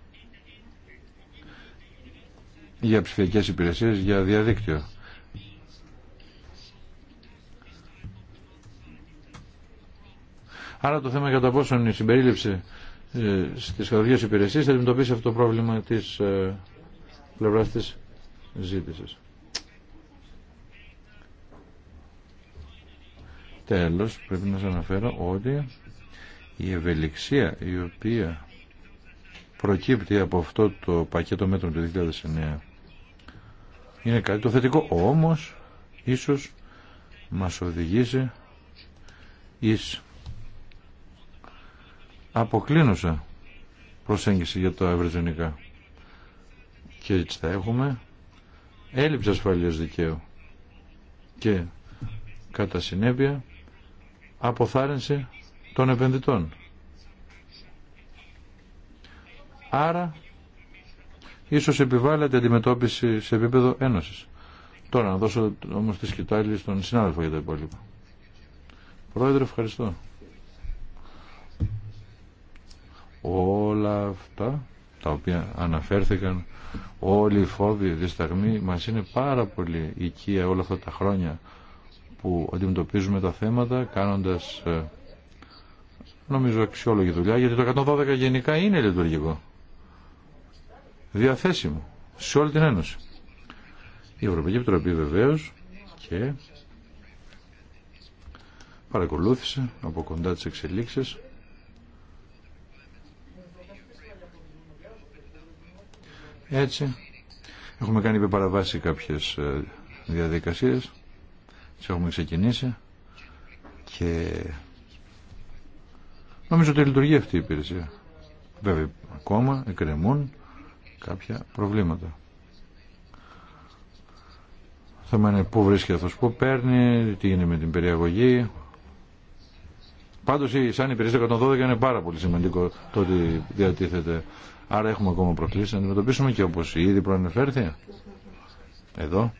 για ψηφιακές υπηρεσίες, για διαδίκτυο. Άρα το θέμα κατά πόσον η συμπερίληψη ε, στις καθοδικές υπηρεσίες θα αντιμετωπίσει αυτό το θεμα για το πόσο η συμπεριληψη στις καθοδικες υπηρεσιες θα αντιμετωπισει αυτο το προβλημα της ε, πλευράς της ζήτησης. Τέλος, πρέπει να σας αναφέρω ότι η ευελιξία η οποία προκύπτει από αυτό το πακέτο μέτρων του 2009 είναι κάτι το θετικό. Όμως, ίσως μας οδηγήσει εις αποκλίνουσα προσέγγιση για το ευρυζωνικά. Και έτσι θα έχουμε έλλειψη ασφαλείας δικαίου και κατά συνέπεια αποθάρρυνση των επενδυτών. Άρα, ίσως επιβάλλεται αντιμετώπιση σε επίπεδο ένωσης. Τώρα να δώσω όμως τη σκητάλη στον συνάδελφο για τα υπόλοιπα. Πρόεδρε, ευχαριστώ. Όλα αυτά τα οποία αναφέρθηκαν όλοι οι φόβοι, οι δισταγμοί μας είναι πάρα πολύ οικία όλα αυτά τα χρόνια που αντιμετωπίζουμε τα θέματα κάνοντας ε, νομίζω αξιόλογη δουλειά γιατί το 112 γενικά είναι λειτουργικό διαθέσιμο σε όλη την Ένωση η Ευρωπαϊκή Επιτροπή βεβαίως και παρακολούθησε από κοντά τις εξελίξεις έτσι έχουμε κάνει υπεπαραβάσει κάποιες ε, διαδικασίες έχουμε ξεκινήσει και νομίζω ότι λειτουργεί αυτή η υπηρεσία. Βέβαια, ακόμα εκκρεμούν κάποια προβλήματα. Θέμα είναι πού βρίσκεται αυτός που παίρνει, τι γίνεται με την περιαγωγή. Πάντως, σαν υπηρεσία 112 είναι πάρα πολύ σημαντικό το ότι διατίθεται. Άρα έχουμε ακόμα προκλήσει να αντιμετωπίσουμε και όπω ήδη προανεφέρθη εδώ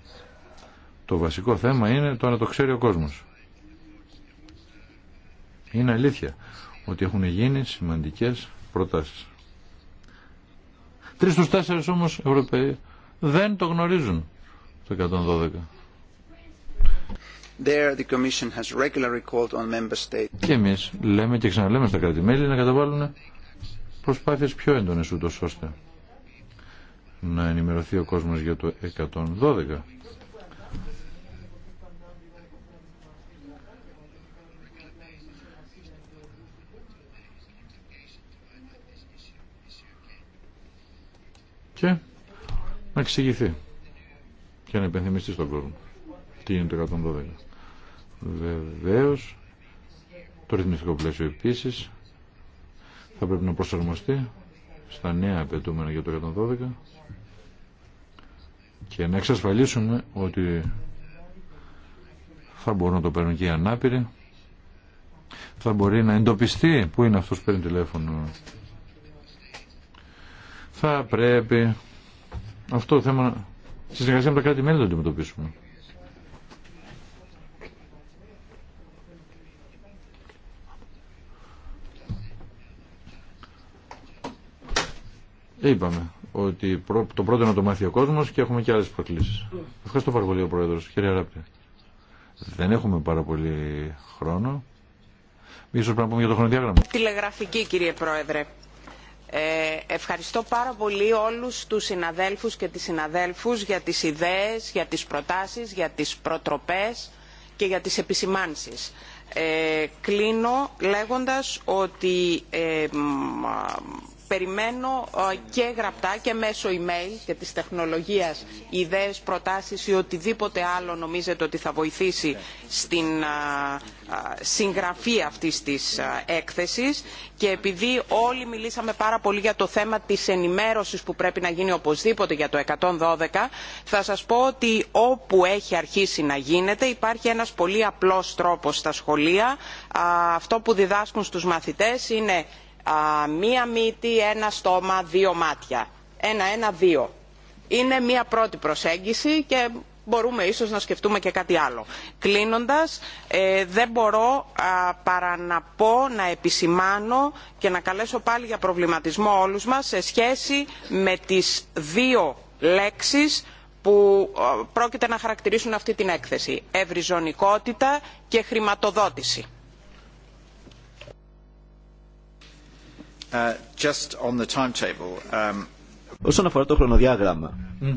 το βασικό θέμα είναι το να το ξέρει ο κόσμος. Είναι αλήθεια ότι έχουν γίνει σημαντικές προτάσεις. Τρεις στους τέσσερις όμως Ευρωπαίοι δεν το γνωρίζουν το 112. Και εμείς λέμε και ξαναλέμε στα κράτη-μέλη να καταβάλουν προσπάθειες πιο έντονες ούτως ώστε να ενημερωθεί ο κόσμος για το 112 και να εξηγηθεί και να υπενθυμιστεί στον κόσμο τι είναι το 112. Βεβαίω, το ρυθμιστικό πλαίσιο επίση θα πρέπει να προσαρμοστεί στα νέα απαιτούμενα για το 112 και να εξασφαλίσουμε ότι θα μπορούν να το παίρνουν και οι ανάπηροι θα μπορεί να εντοπιστεί που είναι αυτός που παίρνει τηλέφωνο θα πρέπει αυτό το θέμα στη συνεργασία με τα κράτη-μέλη να το αντιμετωπίσουμε. Είπαμε ότι το πρώτο να το μάθει ο κόσμο και έχουμε και άλλε προκλήσει. Ευχαριστώ πάρα πολύ ο Πρόεδρο, κύριε Ράπτη. Δεν έχουμε πάρα πολύ χρόνο. Ίσως πρέπει να πούμε για το χρονοδιάγραμμα. Τηλεγραφική, κύριε Πρόεδρε. Ε, ευχαριστώ πάρα πολύ όλους τους συναδέλφους και τις συναδέλφους για τις ιδέες, για τις προτάσεις, για τις προτροπές και για τις επισημάνσεις. Ε, κλείνω λέγοντας ότι ε, περιμένω ε, και γραπτά και μέσω email και της τεχνολογίας ιδέες, προτάσεις ή οτιδήποτε άλλο νομίζετε ότι θα βοηθήσει στην ε, ε, συγγραφή αυτής της έκθεσης και επειδή όλοι μιλήσαμε πάρα πολύ για το θέμα της ενημέρωσης που πρέπει να γίνει οπωσδήποτε για το 112 θα σας πω ότι όπου έχει αρχίσει να γίνεται υπάρχει ένας πολύ απλός τρόπος στα σχολεία αυτό που διδάσκουν στους μαθητές είναι μία μύτη, ένα στόμα, δύο μάτια. Ένα, ένα, δύο. Είναι μία πρώτη προσέγγιση και μπορούμε ίσως να σκεφτούμε και κάτι άλλο. Κλείνοντας, ε, δεν μπορώ α, παρά να πω, να επισημάνω και να καλέσω πάλι για προβληματισμό όλους μας σε σχέση με τις δύο λέξεις που ε, πρόκειται να χαρακτηρίσουν αυτή την έκθεση. Ευρυζωνικότητα και χρηματοδότηση Uh, um, Όσον αφορά το χρονοδιάγραμμα, mm-hmm.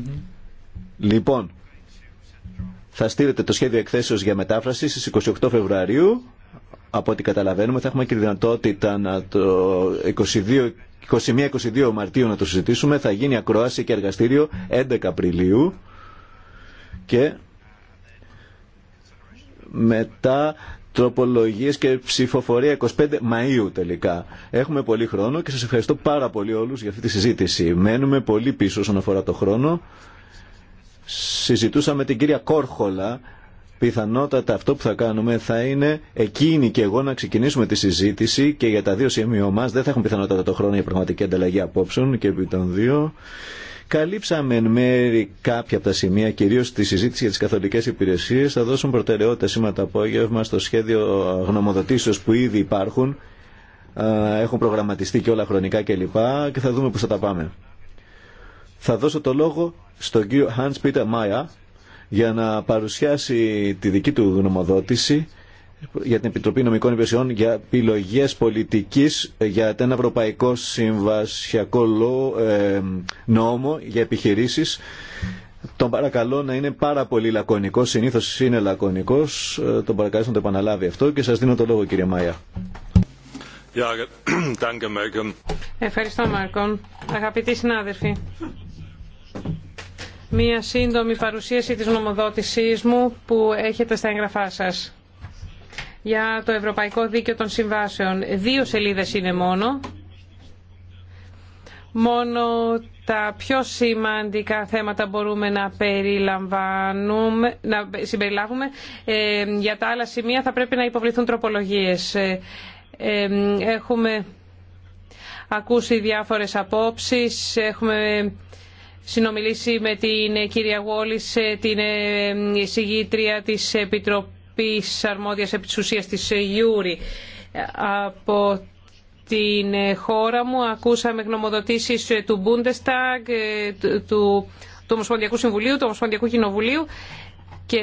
λοιπόν, θα στείλετε το σχέδιο εκθέσεως για μετάφραση στις 28 Φεβρουαρίου. Από ό,τι καταλαβαίνουμε θα έχουμε και τη δυνατότητα να το 21-22 Μαρτίου να το συζητήσουμε. Θα γίνει ακρόαση και εργαστήριο 11 Απριλίου και μετά τροπολογίες και ψηφοφορία 25 Μαΐου τελικά. Έχουμε πολύ χρόνο και σας ευχαριστώ πάρα πολύ όλους για αυτή τη συζήτηση. Μένουμε πολύ πίσω όσον αφορά το χρόνο. Συζητούσαμε την κυρία Κόρχολα. Πιθανότατα αυτό που θα κάνουμε θα είναι εκείνη και εγώ να ξεκινήσουμε τη συζήτηση και για τα δύο σημείο μας δεν θα έχουμε πιθανότατα το χρόνο για πραγματική ανταλλαγή απόψεων και επί των δύο. Καλύψαμε εν μέρη κάποια από τα σημεία, κυρίω στη συζήτηση για τι καθολικέ υπηρεσίε. Θα δώσουν προτεραιότητα σήμερα το απόγευμα στο σχέδιο γνωμοδοτήσεω που ήδη υπάρχουν. Έχουν προγραμματιστεί και όλα χρονικά κλπ. Και, και θα δούμε πώ θα τα πάμε. Θα δώσω το λόγο στον κύριο Hans Peter Meyer για να παρουσιάσει τη δική του γνωμοδότηση για την Επιτροπή Νομικών Υπηρεσιών για επιλογέ πολιτική ε, για ένα ευρωπαϊκό συμβασιακό ε, νόμο για επιχειρήσει. Τον παρακαλώ να είναι πάρα πολύ λακωνικό. Συνήθω είναι λακωνικό. Ε, τον παρακαλώ να το επαναλάβει αυτό και σα δίνω το λόγο, κύριε Μάια. Ευχαριστώ, Μάρκον. Αγαπητοί συνάδελφοι. Μία σύντομη παρουσίαση της νομοδότησής μου που έχετε στα έγγραφά σας για το Ευρωπαϊκό Δίκαιο των Συμβάσεων. Δύο σελίδες είναι μόνο. Μόνο τα πιο σημαντικά θέματα μπορούμε να, περιλαμβάνουμε, να συμπεριλάβουμε. Ε, για τα άλλα σημεία θα πρέπει να υποβληθούν τροπολογίες. Ε, ε, έχουμε ακούσει διάφορες απόψεις, έχουμε συνομιλήσει με την κυρία Γόλης, την εισηγήτρια της Επιτροπής Επιτροπής Αρμόδιας επί της ουσίας της ε, Από την ε, χώρα μου ακούσαμε γνωμοδοτήσεις ε, του Bundestag, του, του, του Ομοσπονδιακού Συμβουλίου, του Ομοσπονδιακού Κοινοβουλίου και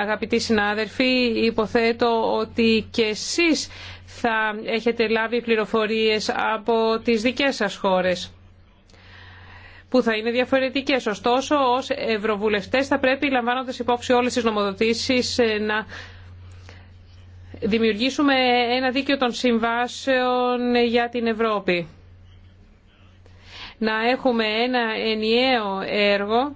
αγαπητοί συνάδελφοι, υποθέτω ότι και εσείς θα έχετε λάβει πληροφορίες από τις δικές σας χώρες που θα είναι διαφορετικέ, Ωστόσο, ως ευρωβουλευτές θα πρέπει, λαμβάνοντας υπόψη όλες τις νομοδοτήσει ε, να δημιουργήσουμε ένα δίκαιο των συμβάσεων για την Ευρώπη. Να έχουμε ένα ενιαίο έργο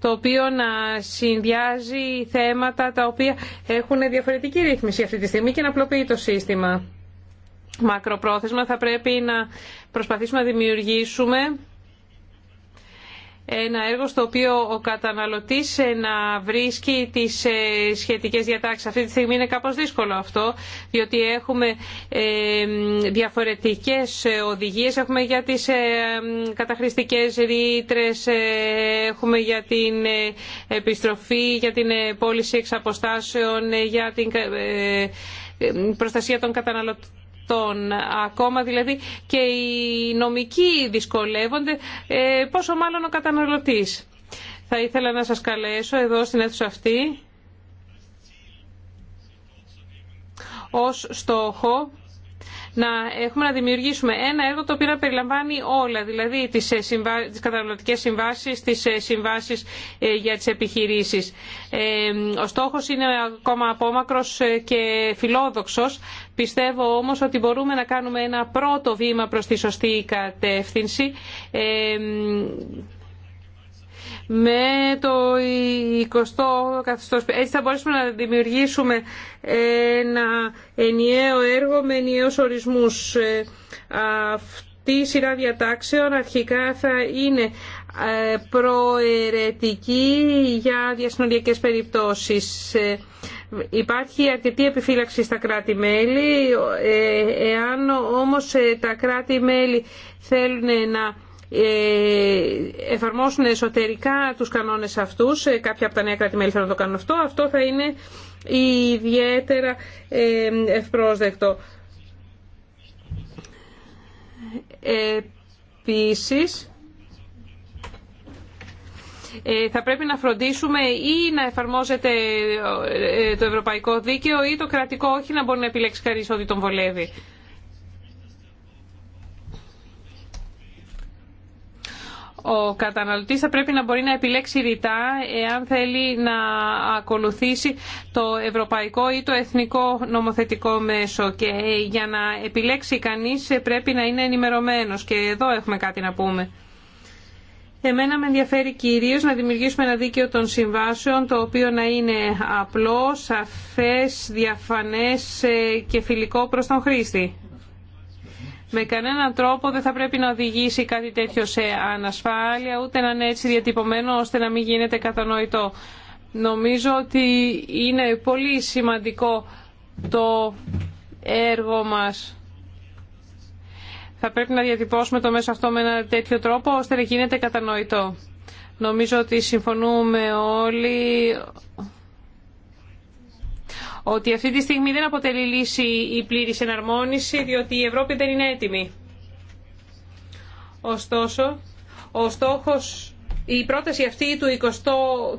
το οποίο να συνδυάζει θέματα τα οποία έχουν διαφορετική ρύθμιση αυτή τη στιγμή και να απλοποιεί το σύστημα μακροπρόθεσμα θα πρέπει να προσπαθήσουμε να δημιουργήσουμε ένα έργο στο οποίο ο καταναλωτής ε, να βρίσκει τις ε, σχετικές διατάξεις. Αυτή τη στιγμή είναι κάπως δύσκολο αυτό, διότι έχουμε ε, διαφορετικές οδηγίες. Έχουμε για τις καταχρηστικές ρήτρες, έχουμε για την επιστροφή, για την πώληση εξαποστάσεων, για την προστασία των καταναλωτών τον ακόμα δηλαδή και οι νομικοί δυσκολεύονται, ε, πόσο μάλλον ο καταναλωτής. Θα ήθελα να σας καλέσω εδώ στην αίθουσα αυτή ως στόχο να έχουμε να δημιουργήσουμε ένα έργο το οποίο να περιλαμβάνει όλα, δηλαδή τις, ε, συμβα... τις καταναλωτικές συμβάσεις, τις ε, συμβάσεις ε, για τις επιχειρήσεις. Ο στόχος είναι ακόμα απόμακρος και φιλόδοξος. Πιστεύω όμως ότι μπορούμε να κάνουμε ένα πρώτο βήμα προς τη σωστή κατεύθυνση με το 20ο καθεστώ. Έτσι θα μπορέσουμε να δημιουργήσουμε ένα ενιαίο έργο με ενιαίους ορισμούς. Ε, αυτή η σειρά διατάξεων αρχικά θα είναι ε, προαιρετική για διασυνοριακές περιπτώσεις. Ε, υπάρχει αρκετή επιφύλαξη στα κράτη-μέλη, εάν όμως τα κράτη-μέλη θέλουν να ε, εφαρμόσουν εσωτερικά τους κανόνες αυτούς, ε, κάποια από τα νέα κράτη-μέλη θέλουν το κάνουν αυτό, αυτό θα είναι ιδιαίτερα ε, ευπρόσδεκτο. Επίσης, θα πρέπει να φροντίσουμε ή να εφαρμόζεται το ευρωπαϊκό δίκαιο ή το κρατικό, όχι να μπορεί να επιλέξει κανείς ότι τον βολεύει. Ο καταναλωτής θα πρέπει να μπορεί να επιλέξει ρητά εάν θέλει να ακολουθήσει το ευρωπαϊκό ή το εθνικό νομοθετικό μέσο και για να επιλέξει κανείς πρέπει να είναι ενημερωμένος και εδώ έχουμε κάτι να πούμε. Εμένα με ενδιαφέρει κυρίως να δημιουργήσουμε ένα δίκαιο των συμβάσεων το οποίο να είναι απλό, σαφές, διαφανές ε, και φιλικό προς τον χρήστη με κανέναν τρόπο δεν θα πρέπει να οδηγήσει κάτι τέτοιο σε ανασφάλεια, ούτε να είναι έτσι διατυπωμένο ώστε να μην γίνεται κατανοητό. Νομίζω ότι είναι πολύ σημαντικό το έργο μας. Θα πρέπει να διατυπώσουμε το μέσο αυτό με ένα τέτοιο τρόπο ώστε να γίνεται κατανοητό. Νομίζω ότι συμφωνούμε όλοι ότι αυτή τη στιγμή δεν αποτελεί λύση η πλήρη εναρμόνιση, διότι η Ευρώπη δεν είναι έτοιμη. Ωστόσο, ο στόχος η πρόταση αυτή του, 20,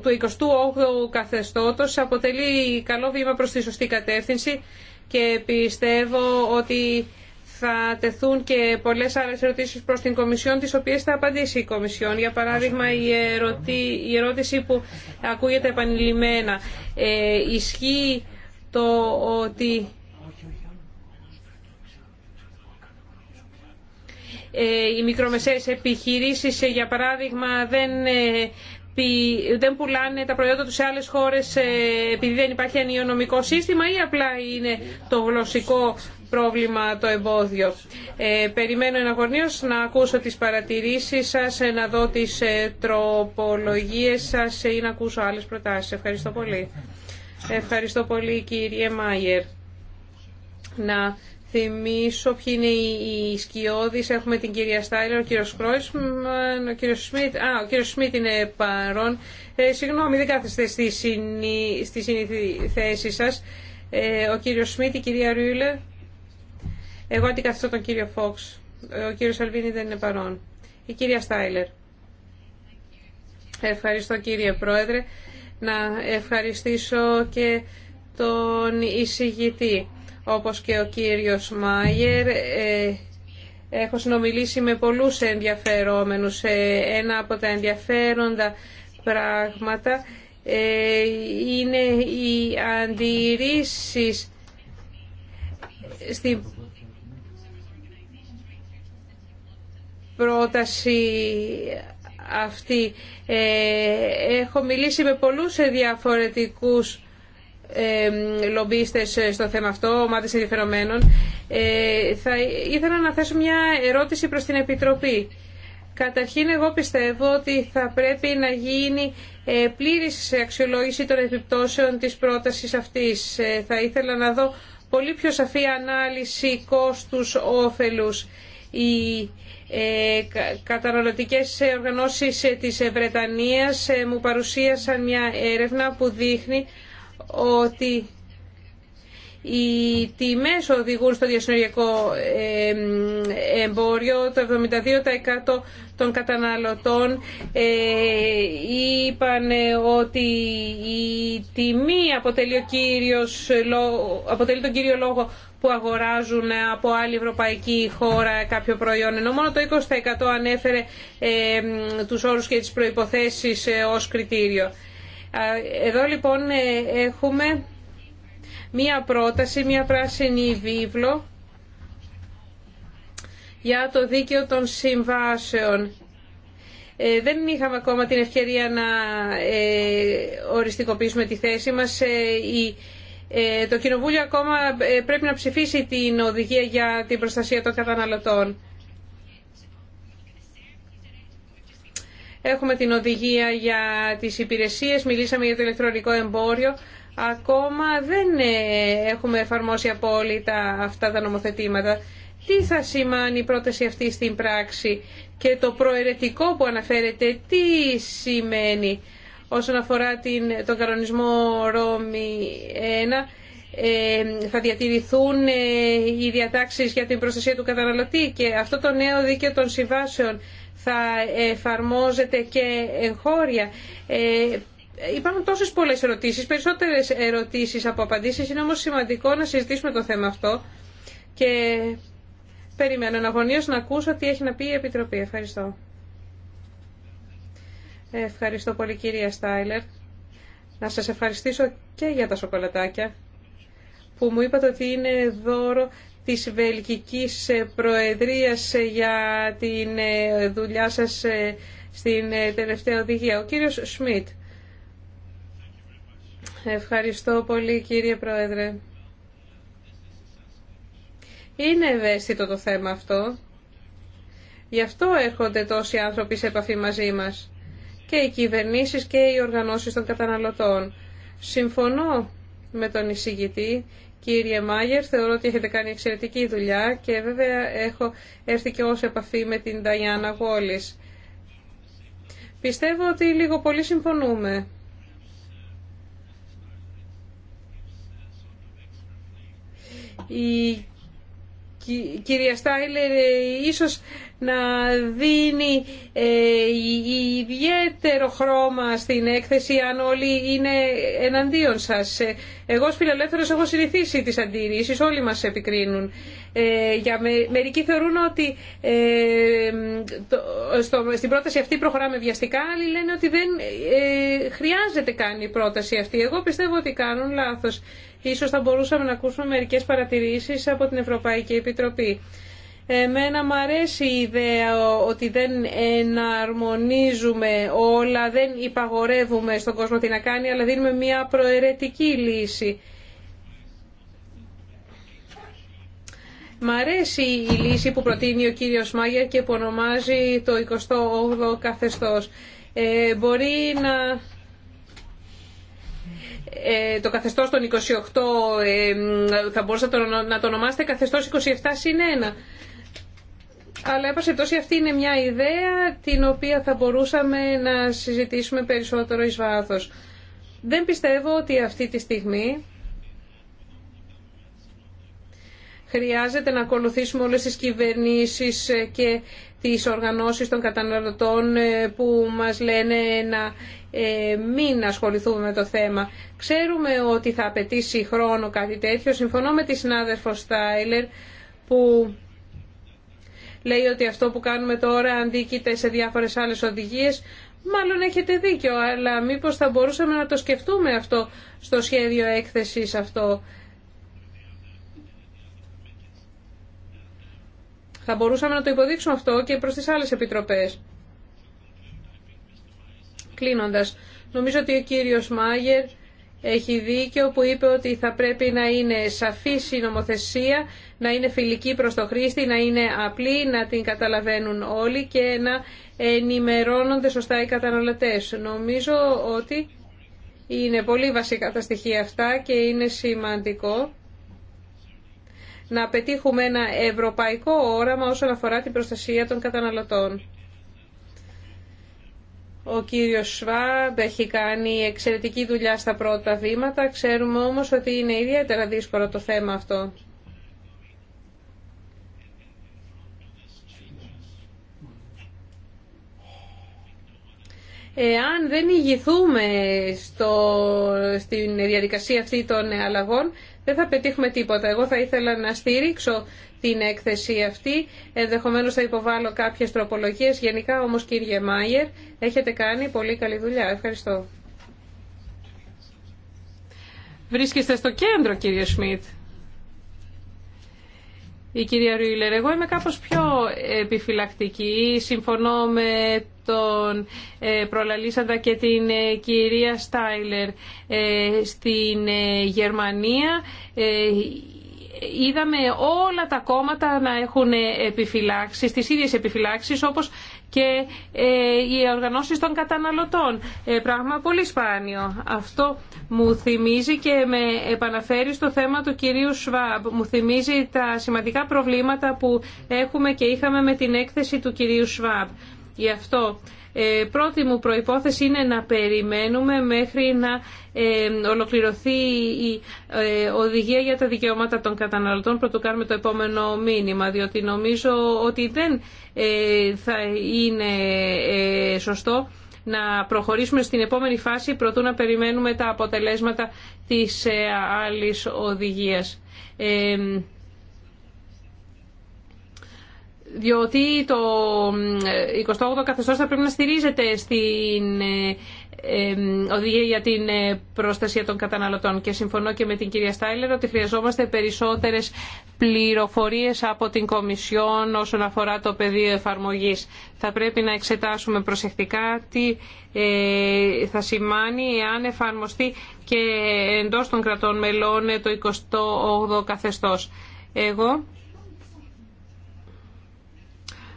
του 28ου καθεστώτος αποτελεί καλό βήμα προς τη σωστή κατεύθυνση και πιστεύω ότι θα τεθούν και πολλές άλλες ερωτήσεις προς την Κομισιόν, τις οποίες θα απαντήσει η Κομισιόν. Για παράδειγμα, η, η ερώτηση που ακούγεται επανειλημμένα. Ε, ισχύει το ότι ε, οι μικρομεσαίες επιχειρήσεις, ε, για παράδειγμα, δεν ε, δεν πουλάνε τα προϊόντα τους σε άλλες χώρες επειδή δεν υπάρχει ανιονομικό σύστημα ή απλά είναι το γλωσσικό πρόβλημα το εμπόδιο. Ε, περιμένω εναγωνίως να ακούσω τις παρατηρήσεις σας, να δω τις τροπολογίες σας ή να ακούσω άλλες προτάσεις. Ευχαριστώ πολύ. Ευχαριστώ πολύ κύριε Μάιερ. Να θυμίσω ποιοι είναι οι σκιώδεις. Έχουμε την κυρία Στάιλερ, ο κύριο Κρόις, ο κύριο Σμιτ. Α, ο κύριος Σμιτ είναι παρόν. Ε, συγγνώμη, δεν κάθεστε στη, συνή, στη θέση σας. Ε, ο κύριος Σμιτ, η κυρία Ρούλε. Εγώ αντικαθιστώ τον κύριο Φόξ. Ε, ο κύριος Αλβίνη δεν είναι παρόν. Η κυρία Στάιλερ. Ευχαριστώ κύριε Πρόεδρε να ευχαριστήσω και τον εισηγητή, όπως και ο κύριος Μάιερ. Ε, έχω συνομιλήσει με πολλούς ενδιαφερόμενους. Ε, ένα από τα ενδιαφέροντα πράγματα ε, είναι οι αντιρρήσεις στην πρόταση αυτή. Ε, έχω μιλήσει με πολλούς διαφορετικούς ε, λομπίστες ε, στο θέμα αυτό, ομάδες ενδιαφερομένων. Θα ήθελα να θέσω μια ερώτηση προς την Επιτροπή. Καταρχήν, εγώ πιστεύω ότι θα πρέπει να γίνει πλήρης αξιολόγηση των επιπτώσεων της πρότασης αυτής. Θα ήθελα να δω πολύ πιο σαφή ανάλυση κόστους-όφελους. Η ε, καταναλωτικές οργανώσεις της Βρετανίας ε, μου παρουσίασαν μια έρευνα που δείχνει ότι οι τιμές οδηγούν στο διασυνοριακό εμπόριο. Το 72% των καταναλωτών ε, είπαν ότι η τιμή αποτελεί, αποτελεί τον κύριο λόγο που αγοράζουν από άλλη ευρωπαϊκή χώρα κάποιο προϊόν, ενώ μόνο το 20% ανέφερε ε, τους όρους και τις προϋποθέσεις ε, ως κριτήριο. Εδώ λοιπόν ε, έχουμε μία πρόταση, μία πράσινη βίβλο για το δίκαιο των συμβάσεων. δεν είχαμε ακόμα την ευκαιρία να οριστικοποιήσουμε τη θέση μας. Ε, το Κοινοβούλιο ακόμα ε, πρέπει να ψηφίσει την οδηγία για την προστασία των καταναλωτών. Έχουμε την οδηγία για τις υπηρεσίες, μιλήσαμε για το ηλεκτρονικό εμπόριο. Ακόμα δεν ε, έχουμε εφαρμόσει απόλυτα αυτά τα νομοθετήματα. Τι θα σημάνει η πρόταση αυτή στην πράξη και το προαιρετικό που αναφέρεται, τι σημαίνει. Όσον αφορά την, τον κανονισμό Ρώμη 1, ε, θα διατηρηθούν ε, οι διατάξεις για την προστασία του καταναλωτή και αυτό το νέο δίκαιο των συμβάσεων θα εφαρμόζεται και εγχώρια. Ε, υπάρχουν τόσες πολλές ερωτήσεις, περισσότερες ερωτήσεις από απαντήσεις. Είναι όμως σημαντικό να συζητήσουμε το θέμα αυτό και περιμένω αναγωνίως να ακούσω τι έχει να πει η Επιτροπή. Ευχαριστώ. Ευχαριστώ πολύ κυρία Στάιλερ. Να σας ευχαριστήσω και για τα σοκολατάκια που μου είπατε ότι είναι δώρο της Βελγικής Προεδρίας για την ε, δουλειά σας ε, στην ε, τελευταία οδηγία. Ο κύριος Σμιτ. Ευχαριστώ πολύ κύριε Πρόεδρε. Είναι ευαίσθητο το θέμα αυτό. Γι' αυτό έρχονται τόσοι άνθρωποι σε επαφή μαζί μας και οι κυβερνήσεις και οι οργανώσεις των καταναλωτών. Συμφωνώ με τον εισηγητή. Κύριε Μάγερ, θεωρώ ότι έχετε κάνει εξαιρετική δουλειά και βέβαια έχω έρθει και ως επαφή με την Νταϊάννα Γόλης. Πιστεύω ότι λίγο πολύ συμφωνούμε. Η κυρία Στάιλερ ε, ίσως να δίνει ε, ιδιαίτερο χρώμα στην έκθεση αν όλοι είναι εναντίον σας. Ε, εγώ ως φιλελεύθερος έχω συνηθίσει τις αντιρρήσεις, όλοι μας επικρίνουν. Ε, για με, μερικοί θεωρούν ότι το, στο, στην πρόταση αυτή προχωράμε βιαστικά, άλλοι λένε ότι δεν χρειάζεται καν η πρόταση αυτή. Εγώ πιστεύω ότι κάνουν λάθος. Ίσως θα μπορούσαμε να ακούσουμε μερικές παρατηρήσεις από την Ευρωπαϊκή Επιτροπή. Εμένα μου αρέσει η ιδέα ότι δεν εναρμονίζουμε όλα, δεν υπαγορεύουμε στον κόσμο τι να κάνει, αλλά δίνουμε μια προαιρετική λύση. Μ' αρέσει η λύση που προτείνει ο κύριος Μάγερ και που ονομάζει το 28ο καθεστώς. Ε, μπορεί να... Ε, το καθεστώς των 28 ε, θα μπορούσατε να το ονομάσετε καθεστώς 27 συν 1. Αλλά, έπασε τόσο αυτή είναι μια ιδέα την οποία θα μπορούσαμε να συζητήσουμε περισσότερο εις βάθος. Δεν πιστεύω ότι αυτή τη στιγμή χρειάζεται να ακολουθήσουμε όλες τις κυβερνήσεις ε, και τις οργανώσεις των καταναλωτών ε, που μας λένε να ε, μην ασχοληθούμε με το θέμα. Ξέρουμε ότι θα απαιτήσει χρόνο κάτι τέτοιο. Συμφωνώ με τη συνάδελφο Στάιλερ που λέει ότι αυτό που κάνουμε τώρα αντίκειται σε διάφορες άλλες οδηγίες. Μάλλον έχετε δίκιο, αλλά μήπως θα μπορούσαμε να το σκεφτούμε αυτό στο σχέδιο έκθεσης αυτό. Θα μπορούσαμε να το υποδείξουμε αυτό και προς τις άλλες επιτροπές. Κλείνοντας, νομίζω ότι ο κύριος Μάγερ έχει δίκιο που είπε ότι θα πρέπει να είναι σαφή η νομοθεσία, να είναι φιλική προς το χρήστη, να είναι απλή, να την καταλαβαίνουν όλοι και να ενημερώνονται σωστά οι καταναλωτές. Νομίζω ότι είναι πολύ βασικά τα στοιχεία αυτά και είναι σημαντικό να πετύχουμε ένα ευρωπαϊκό όραμα όσον αφορά την προστασία των καταναλωτών. Ο κύριο Σβάμπ έχει κάνει εξαιρετική δουλειά στα πρώτα βήματα. Ξέρουμε όμως ότι είναι ιδιαίτερα δύσκολο το θέμα αυτό. Εάν δεν ηγηθούμε στο, στην διαδικασία αυτή των αλλαγών, δεν θα πετύχουμε τίποτα. Εγώ θα ήθελα να στηρίξω την έκθεση αυτή. Ενδεχομένω θα υποβάλω κάποιες τροπολογίες. Γενικά όμως κύριε Μάιερ, έχετε κάνει πολύ καλή δουλειά. Ευχαριστώ. Βρίσκεστε στο κέντρο κύριε Σμιτ. Η κυρία Ρούιλερ, εγώ είμαι κάπως πιο επιφυλακτική. Συμφωνώ με τον ε, προλαλήσαντα και την ε, κυρία Στάιλερ ε, στην Γερμανία είδαμε όλα τα κόμματα να έχουν επιφυλάξεις, τις ίδιες επιφυλάξεις όπως και ε, οι οργανώσεις των καταναλωτών. Ε, πράγμα πολύ σπάνιο. Αυτό μου θυμίζει και με επαναφέρει στο θέμα του κυρίου Σβάμπ. Μου θυμίζει τα σημαντικά προβλήματα που έχουμε και είχαμε με την έκθεση του κυρίου Σβάμπ. Γι' αυτό ε, πρώτη μου προϋπόθεση είναι να περιμένουμε μέχρι να ε, ολοκληρωθεί η ε, οδηγία για τα δικαιώματα των καταναλωτών πρωτού κάνουμε το επόμενο μήνυμα, διότι νομίζω ότι δεν θα είναι σωστό να προχωρήσουμε στην επόμενη φάση προτού να περιμένουμε τα αποτελέσματα της άλλης οδηγίας διότι το 28ο καθεστώς θα πρέπει να στηρίζεται στην ε, ε, οδηγία για την ε, προστασία των καταναλωτών και συμφωνώ και με την κυρία Στάιλερ ότι χρειαζόμαστε περισσότερες πληροφορίες από την Κομισιόν όσον αφορά το πεδίο εφαρμογής. Θα πρέπει να εξετάσουμε προσεκτικά τι θα σημάνει εάν εφαρμοστεί και εντός των κρατών μελών το 28ο καθεστώς. Εγώ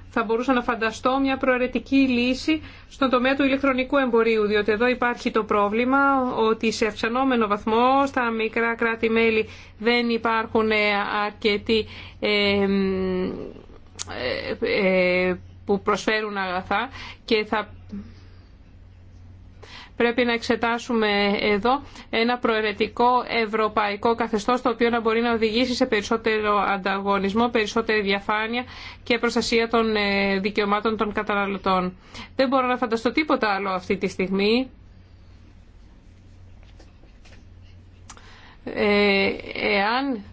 θα μπορούσα να φανταστώ μια προαιρετική λύση στον τομέα του ηλεκτρονικού εμπορίου, διότι εδώ υπάρχει το πρόβλημα ότι σε αυξανόμενο βαθμό στα μικρά κράτη-μέλη δεν υπάρχουν ε, αρκετοί ε, ε, που προσφέρουν αγαθά και θα Πρέπει να εξετάσουμε εδώ ένα προαιρετικό ευρωπαϊκό καθεστώς το οποίο να μπορεί να οδηγήσει σε περισσότερο ανταγωνισμό, περισσότερη διαφάνεια και προστασία των ε, δικαιωμάτων των καταναλωτών. Δεν μπορώ να φανταστώ τίποτα άλλο αυτή τη στιγμή. Ε, εάν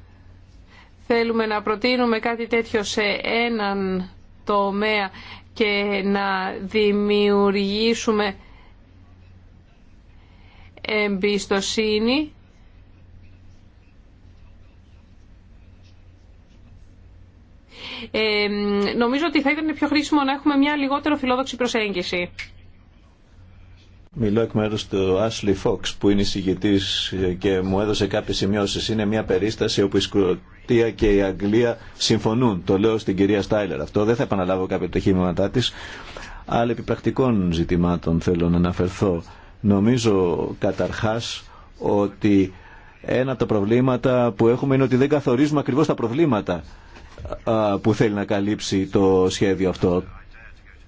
θέλουμε να προτείνουμε κάτι τέτοιο σε έναν τομέα και να δημιουργήσουμε εμπιστοσύνη ε, νομίζω ότι θα ήταν πιο χρήσιμο να έχουμε μια λιγότερο φιλόδοξη προσέγγιση. Μιλώ εκ μέρους του Ashley Fox που είναι εισηγητής και μου έδωσε κάποιες σημειώσεις. Είναι μια περίσταση όπου η Σκοτία και η Αγγλία συμφωνούν. Το λέω στην κυρία Στάιλερ αυτό. Δεν θα επαναλάβω κάποια τοχήματά της. Αλλά επιπρακτικών ζητημάτων θέλω να αναφερθώ. Νομίζω καταρχάς ότι ένα από τα προβλήματα που έχουμε είναι ότι δεν καθορίζουμε ακριβώς τα προβλήματα που θέλει να καλύψει το σχέδιο αυτό.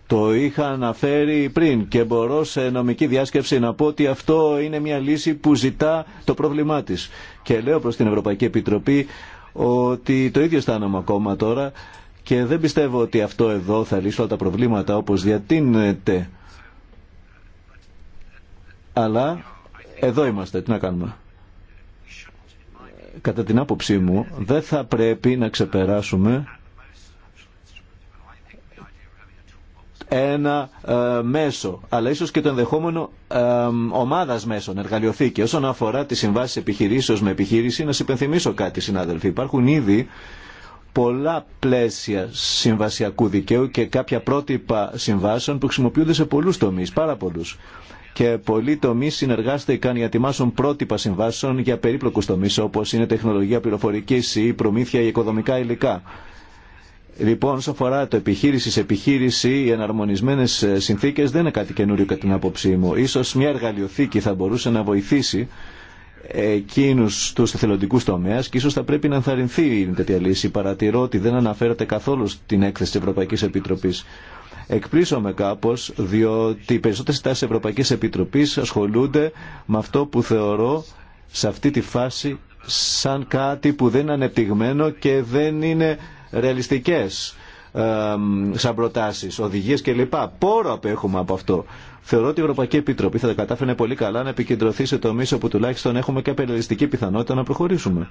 Το είχα αναφέρει πριν και μπορώ σε νομική διάσκεψη να πω ότι αυτό είναι μια λύση που ζητά το πρόβλημά της. Και λέω προς την Ευρωπαϊκή Επιτροπή ότι το ίδιο αισθάνομαι ακόμα τώρα και δεν πιστεύω ότι αυτό εδώ θα λύσει όλα τα προβλήματα όπως διατείνεται αλλά εδώ είμαστε, τι να κάνουμε. Κατά την άποψή μου, δεν θα πρέπει να ξεπεράσουμε ένα ε, μέσο, αλλά ίσως και το ενδεχόμενο ε, ομάδας μέσων, εργαλειοθήκη. Όσον αφορά τις συμβάσεις επιχειρήσεως με επιχείρηση, να σας υπενθυμίσω κάτι, συνάδελφοι. Υπάρχουν ήδη πολλά πλαίσια συμβασιακού δικαίου και κάποια πρότυπα συμβάσεων που χρησιμοποιούνται σε πολλούς τομείς, πάρα πολλούς και πολλοί τομεί συνεργάστηκαν για ετοιμάσουν πρότυπα συμβάσεων για περίπλοκου τομεί όπω είναι τεχνολογία πληροφορική ή προμήθεια ή οικοδομικά υλικά. Λοιπόν, όσο αφορά το επιχείρηση σε επιχείρηση, οι εναρμονισμένε ε, συνθήκε δεν είναι κάτι καινούριο κατά την άποψή μου. σω μια εργαλειοθήκη θα μπορούσε να βοηθήσει ε, εκείνου του εθελοντικού τομέα και ίσω θα πρέπει να ενθαρρυνθεί η τέτοια λύση. Παρατηρώ ότι δεν αναφέρεται καθόλου στην έκθεση τη Ευρωπαϊκή Επιτροπή. Εκπλήσωμαι κάπω, διότι οι περισσότερε τάσει Ευρωπαϊκή Επιτροπή ασχολούνται με αυτό που θεωρώ σε αυτή τη φάση σαν κάτι που δεν είναι ανεπτυγμένο και δεν είναι ρεαλιστικές σαν προτάσεις, οδηγίες κλπ. Πόρο απέχουμε από αυτό. Θεωρώ ότι η Ευρωπαϊκή Επιτροπή θα τα κατάφερνε πολύ καλά να επικεντρωθεί σε τομεί όπου τουλάχιστον έχουμε και απεριαλιστική πιθανότητα να προχωρήσουμε.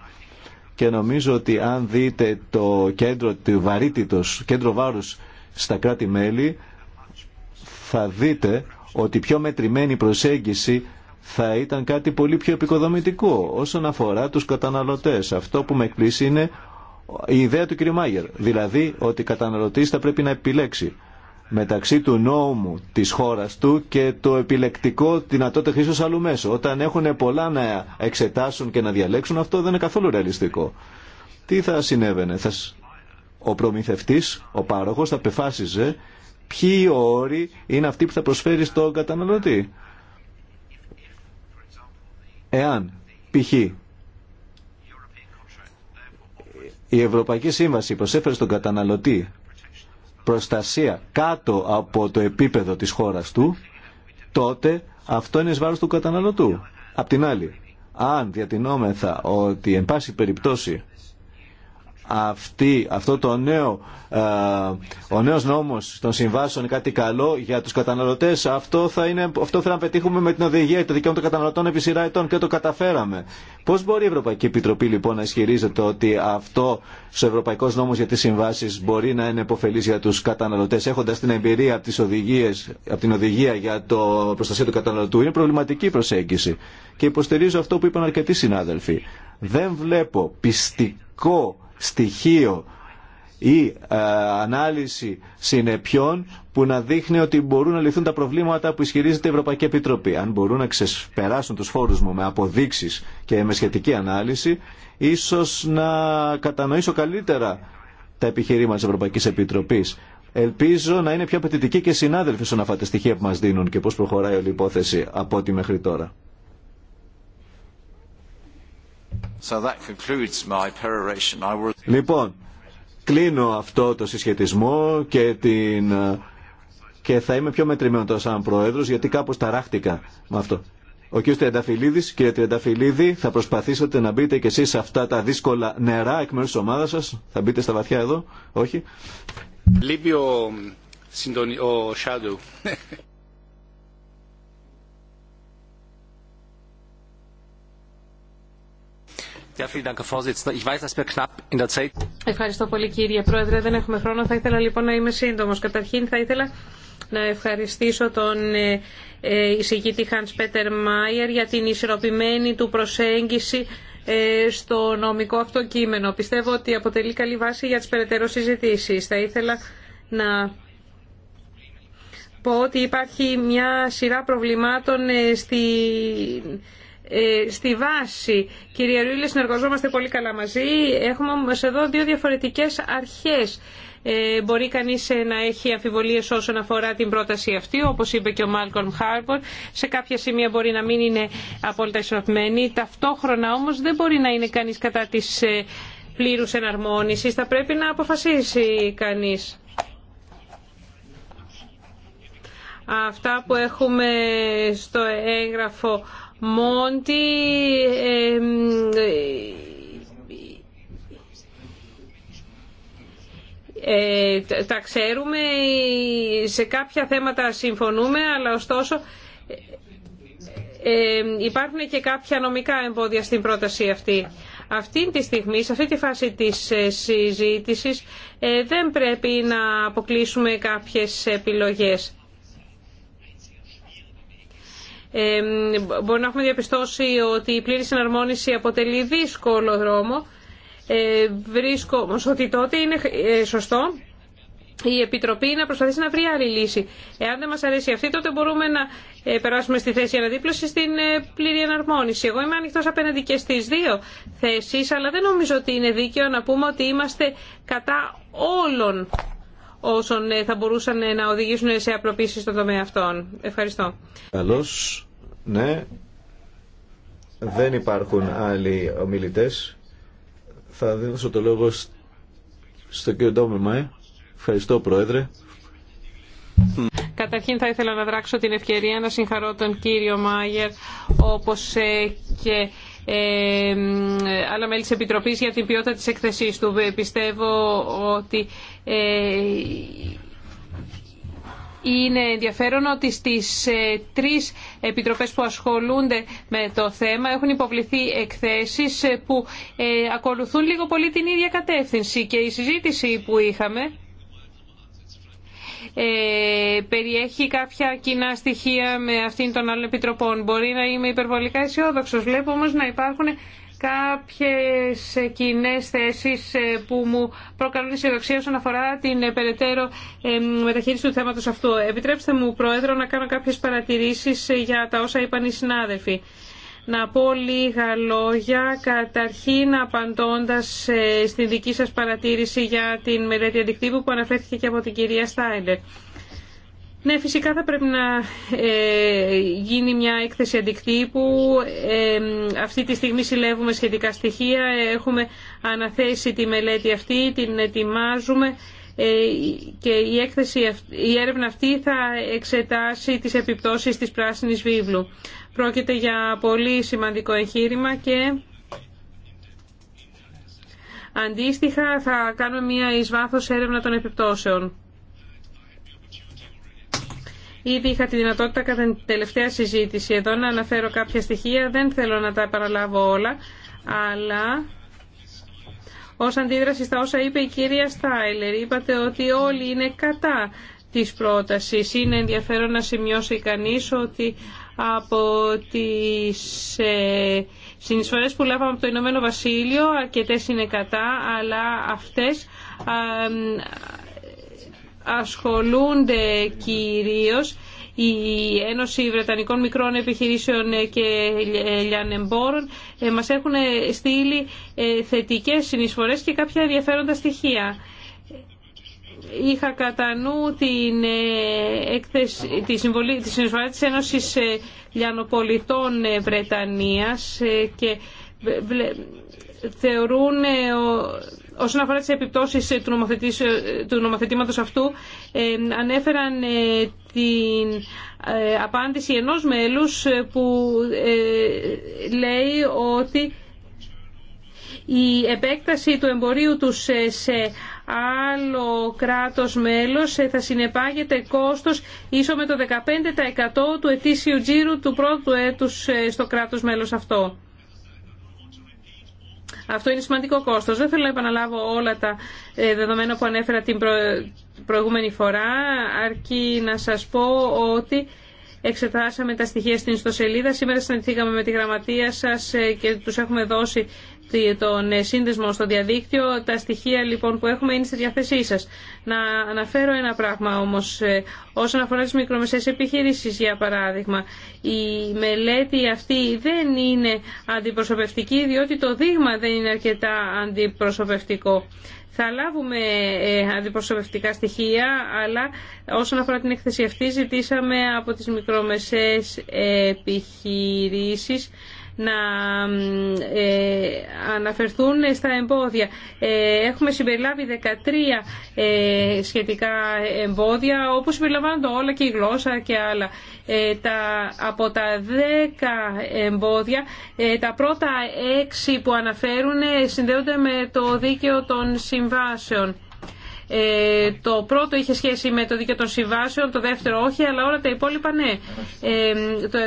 Και νομίζω ότι αν δείτε το κέντρο του βαρύτητος, κέντρο βάρους στα κράτη-μέλη θα δείτε ότι πιο μετρημένη προσέγγιση θα ήταν κάτι πολύ πιο επικοδομητικό όσον αφορά τους καταναλωτές. Αυτό που με εκπλήσει είναι η ιδέα του κ. Μάγερ, δηλαδή ότι καταναλωτής θα πρέπει να επιλέξει μεταξύ του νόμου της χώρας του και το επιλεκτικό δυνατότητα χρήσεως άλλου μέσου. Όταν έχουν πολλά να εξετάσουν και να διαλέξουν, αυτό δεν είναι καθόλου ρεαλιστικό. Τι θα συνέβαινε, θα, ο προμηθευτής, ο πάροχος θα πεφάσιζε ποιοι όροι είναι αυτοί που θα προσφέρει στον καταναλωτή. Εάν, π.χ. Η Ευρωπαϊκή Σύμβαση προσέφερε στον καταναλωτή προστασία κάτω από το επίπεδο της χώρας του, τότε αυτό είναι εις του καταναλωτού. Απ' την άλλη, αν διατηνόμεθα ότι εν πάση περιπτώσει αυτή, αυτό το νέο, ε, ο νέος νόμος των συμβάσεων είναι κάτι καλό για τους καταναλωτές. Αυτό θα είναι, αυτό θέλαμε να πετύχουμε με την οδηγία το δικαίωμα των καταναλωτών επί σειρά ετών και το καταφέραμε. Πώς μπορεί η Ευρωπαϊκή Επιτροπή λοιπόν να ισχυρίζεται ότι αυτό ο Ευρωπαϊκός Νόμος για τις συμβάσεις μπορεί να είναι υποφελής για τους καταναλωτές έχοντας την εμπειρία από, τις οδηγίες, από την οδηγία για το προστασία του καταναλωτού. Είναι προβληματική προσέγγιση και υποστηρίζω αυτό που είπαν αρκετοί συνάδελφοι. Δεν βλέπω πιστικό στοιχείο ή ε, ανάλυση συνεπιών που να δείχνει ότι μπορούν να λυθούν τα προβλήματα που ισχυρίζεται η Ευρωπαϊκή Επιτροπή. Αν μπορούν να ξεπεράσουν τους φόρους μου με αποδείξεις και με σχετική ανάλυση, ίσως να κατανοήσω καλύτερα τα επιχειρήματα της Ευρωπαϊκής Επιτροπής. Ελπίζω να είναι πιο απαιτητικοί και συνάδελφοι στον αυτά στοιχεία που μας δίνουν και πώς προχωράει όλη η υπόθεση από ό,τι μέχρι τώρα. Λοιπόν, κλείνω αυτό το συσχετισμό και, την... και θα είμαι πιο μετρημένο σαν προέδρο γιατί κάπως ταράχτηκα με αυτό. Ο κ. Τριανταφυλλίδη, κ. Τριανταφυλλίδη, θα προσπαθήσετε να μπείτε κι εσεί σε αυτά τα δύσκολα νερά εκ μέρου τη ομάδα σα. Θα μπείτε στα βαθιά εδώ, όχι. Λείπει ο, ο Shadow. Ευχαριστώ πολύ κύριε Πρόεδρε. Δεν έχουμε χρόνο. Θα ήθελα λοιπόν να είμαι σύντομος. Καταρχήν θα ήθελα να ευχαριστήσω τον ε, ε, εισηγήτη Hans Peter Mayer για την ισορροπημένη του προσέγγιση ε, στο νομικό αυτό κείμενο. Πιστεύω ότι αποτελεί καλή βάση για τις περαιτέρω συζητήσεις. Θα ήθελα να πω ότι υπάρχει μια σειρά προβλημάτων στην ε, στη βάση. Κυρία Ρούλη συνεργαζόμαστε πολύ καλά μαζί. Έχουμε εδώ δύο διαφορετικές αρχές. Ε, μπορεί κανείς ε, να έχει αμφιβολίες όσον αφορά την πρόταση αυτή, όπως είπε και ο Μάλκολμ Χάρμπορ. Σε κάποια σημεία μπορεί να μην είναι απόλυτα ισορροπημένη. Ταυτόχρονα όμως δεν μπορεί να είναι κανείς κατά της ε, πλήρους εναρμόνισης. Θα πρέπει να αποφασίσει κανείς. Αυτά που έχουμε στο έγγραφο Μόντι ε, τα ξέρουμε, σε κάποια θέματα συμφωνούμε, αλλά ωστόσο ε, υπάρχουν και κάποια νομικά εμπόδια στην πρόταση αυτή. Αυτή τη στιγμή, σε αυτή τη φάση της ε, συζήτησης, δεν πρέπει να αποκλείσουμε κάποιες επιλογές μπορεί να έχουμε διαπιστώσει ότι η πλήρη συναρμόνιση αποτελεί δύσκολο δρόμο. Ε, βρίσκω όμως ότι τότε είναι ε, σωστό η Επιτροπή να προσπαθήσει να βρει άλλη λύση. Εάν δεν μα αρέσει αυτή, τότε μπορούμε να ε, περάσουμε στη θέση αναδίπλωση στην πλήρη εναρμόνιση. Εγώ είμαι ανοιχτό απέναντι και στι δύο θέσει, αλλά δεν νομίζω ότι είναι δίκαιο να πούμε ότι είμαστε κατά όλων όσων ε, θα μπορούσαν ε, να οδηγήσουν σε απλοποίηση στον τομέα αυτών. Ευχαριστώ. Καλώς. Ναι. Δεν υπάρχουν άλλοι ομιλητές. Θα δώσω το λόγο στο κύριο Μάι. Ε. Ευχαριστώ, Πρόεδρε. Καταρχήν θα ήθελα να δράξω την ευκαιρία να συγχαρώ τον κύριο Μάγερ όπως και άλλα μέλη της Επιτροπής για την ποιότητα της εκθεσής του. Πιστεύω ότι ε, είναι ενδιαφέρον ότι στις ε, τρεις επιτροπές που ασχολούνται με το θέμα έχουν υποβληθεί εκθέσεις ε, που ακολουθούν λίγο πολύ την ίδια κατεύθυνση και η συζήτηση που είχαμε ε, περιέχει κάποια κοινά στοιχεία με αυτήν των άλλων επιτροπών. Μπορεί να είμαι υπερβολικά αισιόδοξο. Βλέπω όμως να υπάρχουν κάποιες κοινέ θέσεις ε, που μου προκαλούν αισιοδοξία όσον αφορά την ε, περαιτέρω ε, μεταχείριση του θέματος αυτού. Επιτρέψτε μου, Πρόεδρο, να κάνω κάποιες παρατηρήσεις για τα όσα είπαν οι συνάδελφοι. Να πω λίγα λόγια, καταρχήν απαντώντας στην δική σας παρατήρηση για την μελέτη αντικτύπου που αναφέρθηκε και από την κυρία Στάιλερ. Ναι, φυσικά θα πρέπει να ε, γίνει μια έκθεση αντικτύπου. Ε, αυτή τη στιγμή συλλέγουμε σχετικά στοιχεία. Έχουμε αναθέσει τη μελέτη αυτή, την ετοιμάζουμε ε, και η, έκθεση, η έρευνα αυτή θα εξετάσει τις επιπτώσεις της πράσινης βίβλου. Πρόκειται για πολύ σημαντικό εγχείρημα και αντίστοιχα θα κάνουμε μια εισβάθος έρευνα των επιπτώσεων. Ήδη είχα τη δυνατότητα κατά την τελευταία συζήτηση εδώ να αναφέρω κάποια στοιχεία. Δεν θέλω να τα παραλάβω όλα, αλλά ως αντίδραση στα όσα είπε η κυρία Στάιλερ, είπατε ότι όλοι είναι κατά της πρότασης. Είναι ενδιαφέρον να σημειώσει κανείς ότι από τις ε, συνεισφορές που λάβαμε από το Ηνωμένο Βασίλειο αρκετές είναι κατά, αλλά αυτές ασχολούνται κυρίως η Ένωση Βρετανικών Μικρών Επιχειρήσεων και Λιανεμπόρων ε, μας έχουν στείλει ε, θετικές συνεισφορές και κάποια ενδιαφέροντα στοιχεία. Είχα κατά νου την ε, έκθεση, τη, συμβολή, τη συνεισφορά της Ένωσης Λιανοπολιτών Βρετανίας και θεωρούν Όσον αφορά τις επιπτώσεις ε, του, ε, του νομοθετήματος αυτού, ε, ανέφεραν την απάντηση ενός μέλους που λέει ότι η επέκταση του εμπορίου του σε άλλο κράτος μέλος θα συνεπάγεται κόστος ίσο με το 15% του ετήσιου τζίρου του πρώτου έτους στο κράτος μέλος αυτό. Αυτό είναι σημαντικό κόστος. Δεν θέλω να επαναλάβω όλα τα ε, δεδομένα που ανέφερα την προηγούμενη φορά, αρκεί να σας πω ότι εξετάσαμε τα στοιχεία στην ιστοσελίδα. Σήμερα συναντηθήκαμε με τη γραμματεία σας ε, και τους έχουμε δώσει τον ε, σύνδεσμο στο διαδίκτυο. Τα στοιχεία λοιπόν που έχουμε είναι στη διάθεσή σας. Να αναφέρω ένα πράγμα όμως ε, όσον αφορά τις μικρομεσαίες επιχειρήσεις για παράδειγμα. Η μελέτη αυτή δεν είναι αντιπροσωπευτική διότι το δείγμα δεν είναι αρκετά αντιπροσωπευτικό. Θα λάβουμε ε, αντιπροσωπευτικά στοιχεία, αλλά όσον αφορά την εκθέση αυτή ζητήσαμε από τις μικρομεσαίες επιχειρήσεις να ε, αναφερθούν στα εμπόδια. Ε, έχουμε συμπεριλάβει 13 ε, σχετικά εμπόδια, όπως συμπεριλαμβάνονται όλα και η γλώσσα και άλλα. τα, από τα 10 εμπόδια, τα πρώτα 6 που αναφέρουν συνδέονται με το δίκαιο των συμβάσεων. Ε, το πρώτο είχε σχέση με το δίκαιο των συμβάσεων, το δεύτερο όχι, αλλά όλα τα υπόλοιπα ναι. Ε, το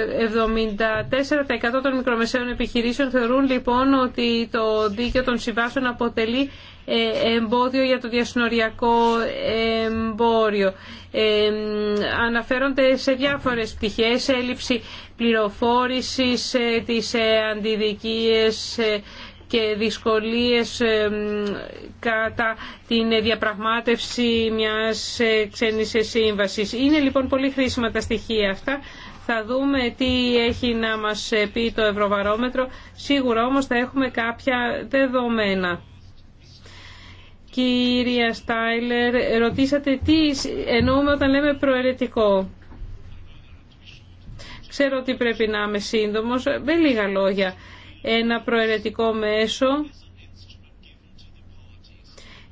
74% των μικρομεσαίων επιχειρήσεων θεωρούν λοιπόν ότι το δίκαιο των συμβάσεων αποτελεί ε, εμπόδιο για το διασυνοριακό εμπόριο. Ε, αναφέρονται σε διάφορες πτυχές, έλλειψη πληροφόρησης, ε, τις ε, αντιδικίες, και δυσκολίες κατά την διαπραγμάτευση μιας ε, ξένης σύμβασης. Είναι λοιπόν πολύ χρήσιμα τα στοιχεία αυτά. Θα δούμε τι έχει να μας πει το Ευρωβαρόμετρο. Σίγουρα όμως θα έχουμε κάποια δεδομένα. Κυρία Στάιλερ, ρωτήσατε τι εννοούμε όταν λέμε προαιρετικό. Ξέρω ότι πρέπει να είμαι σύντομος, με λίγα λόγια ένα προαιρετικό μέσο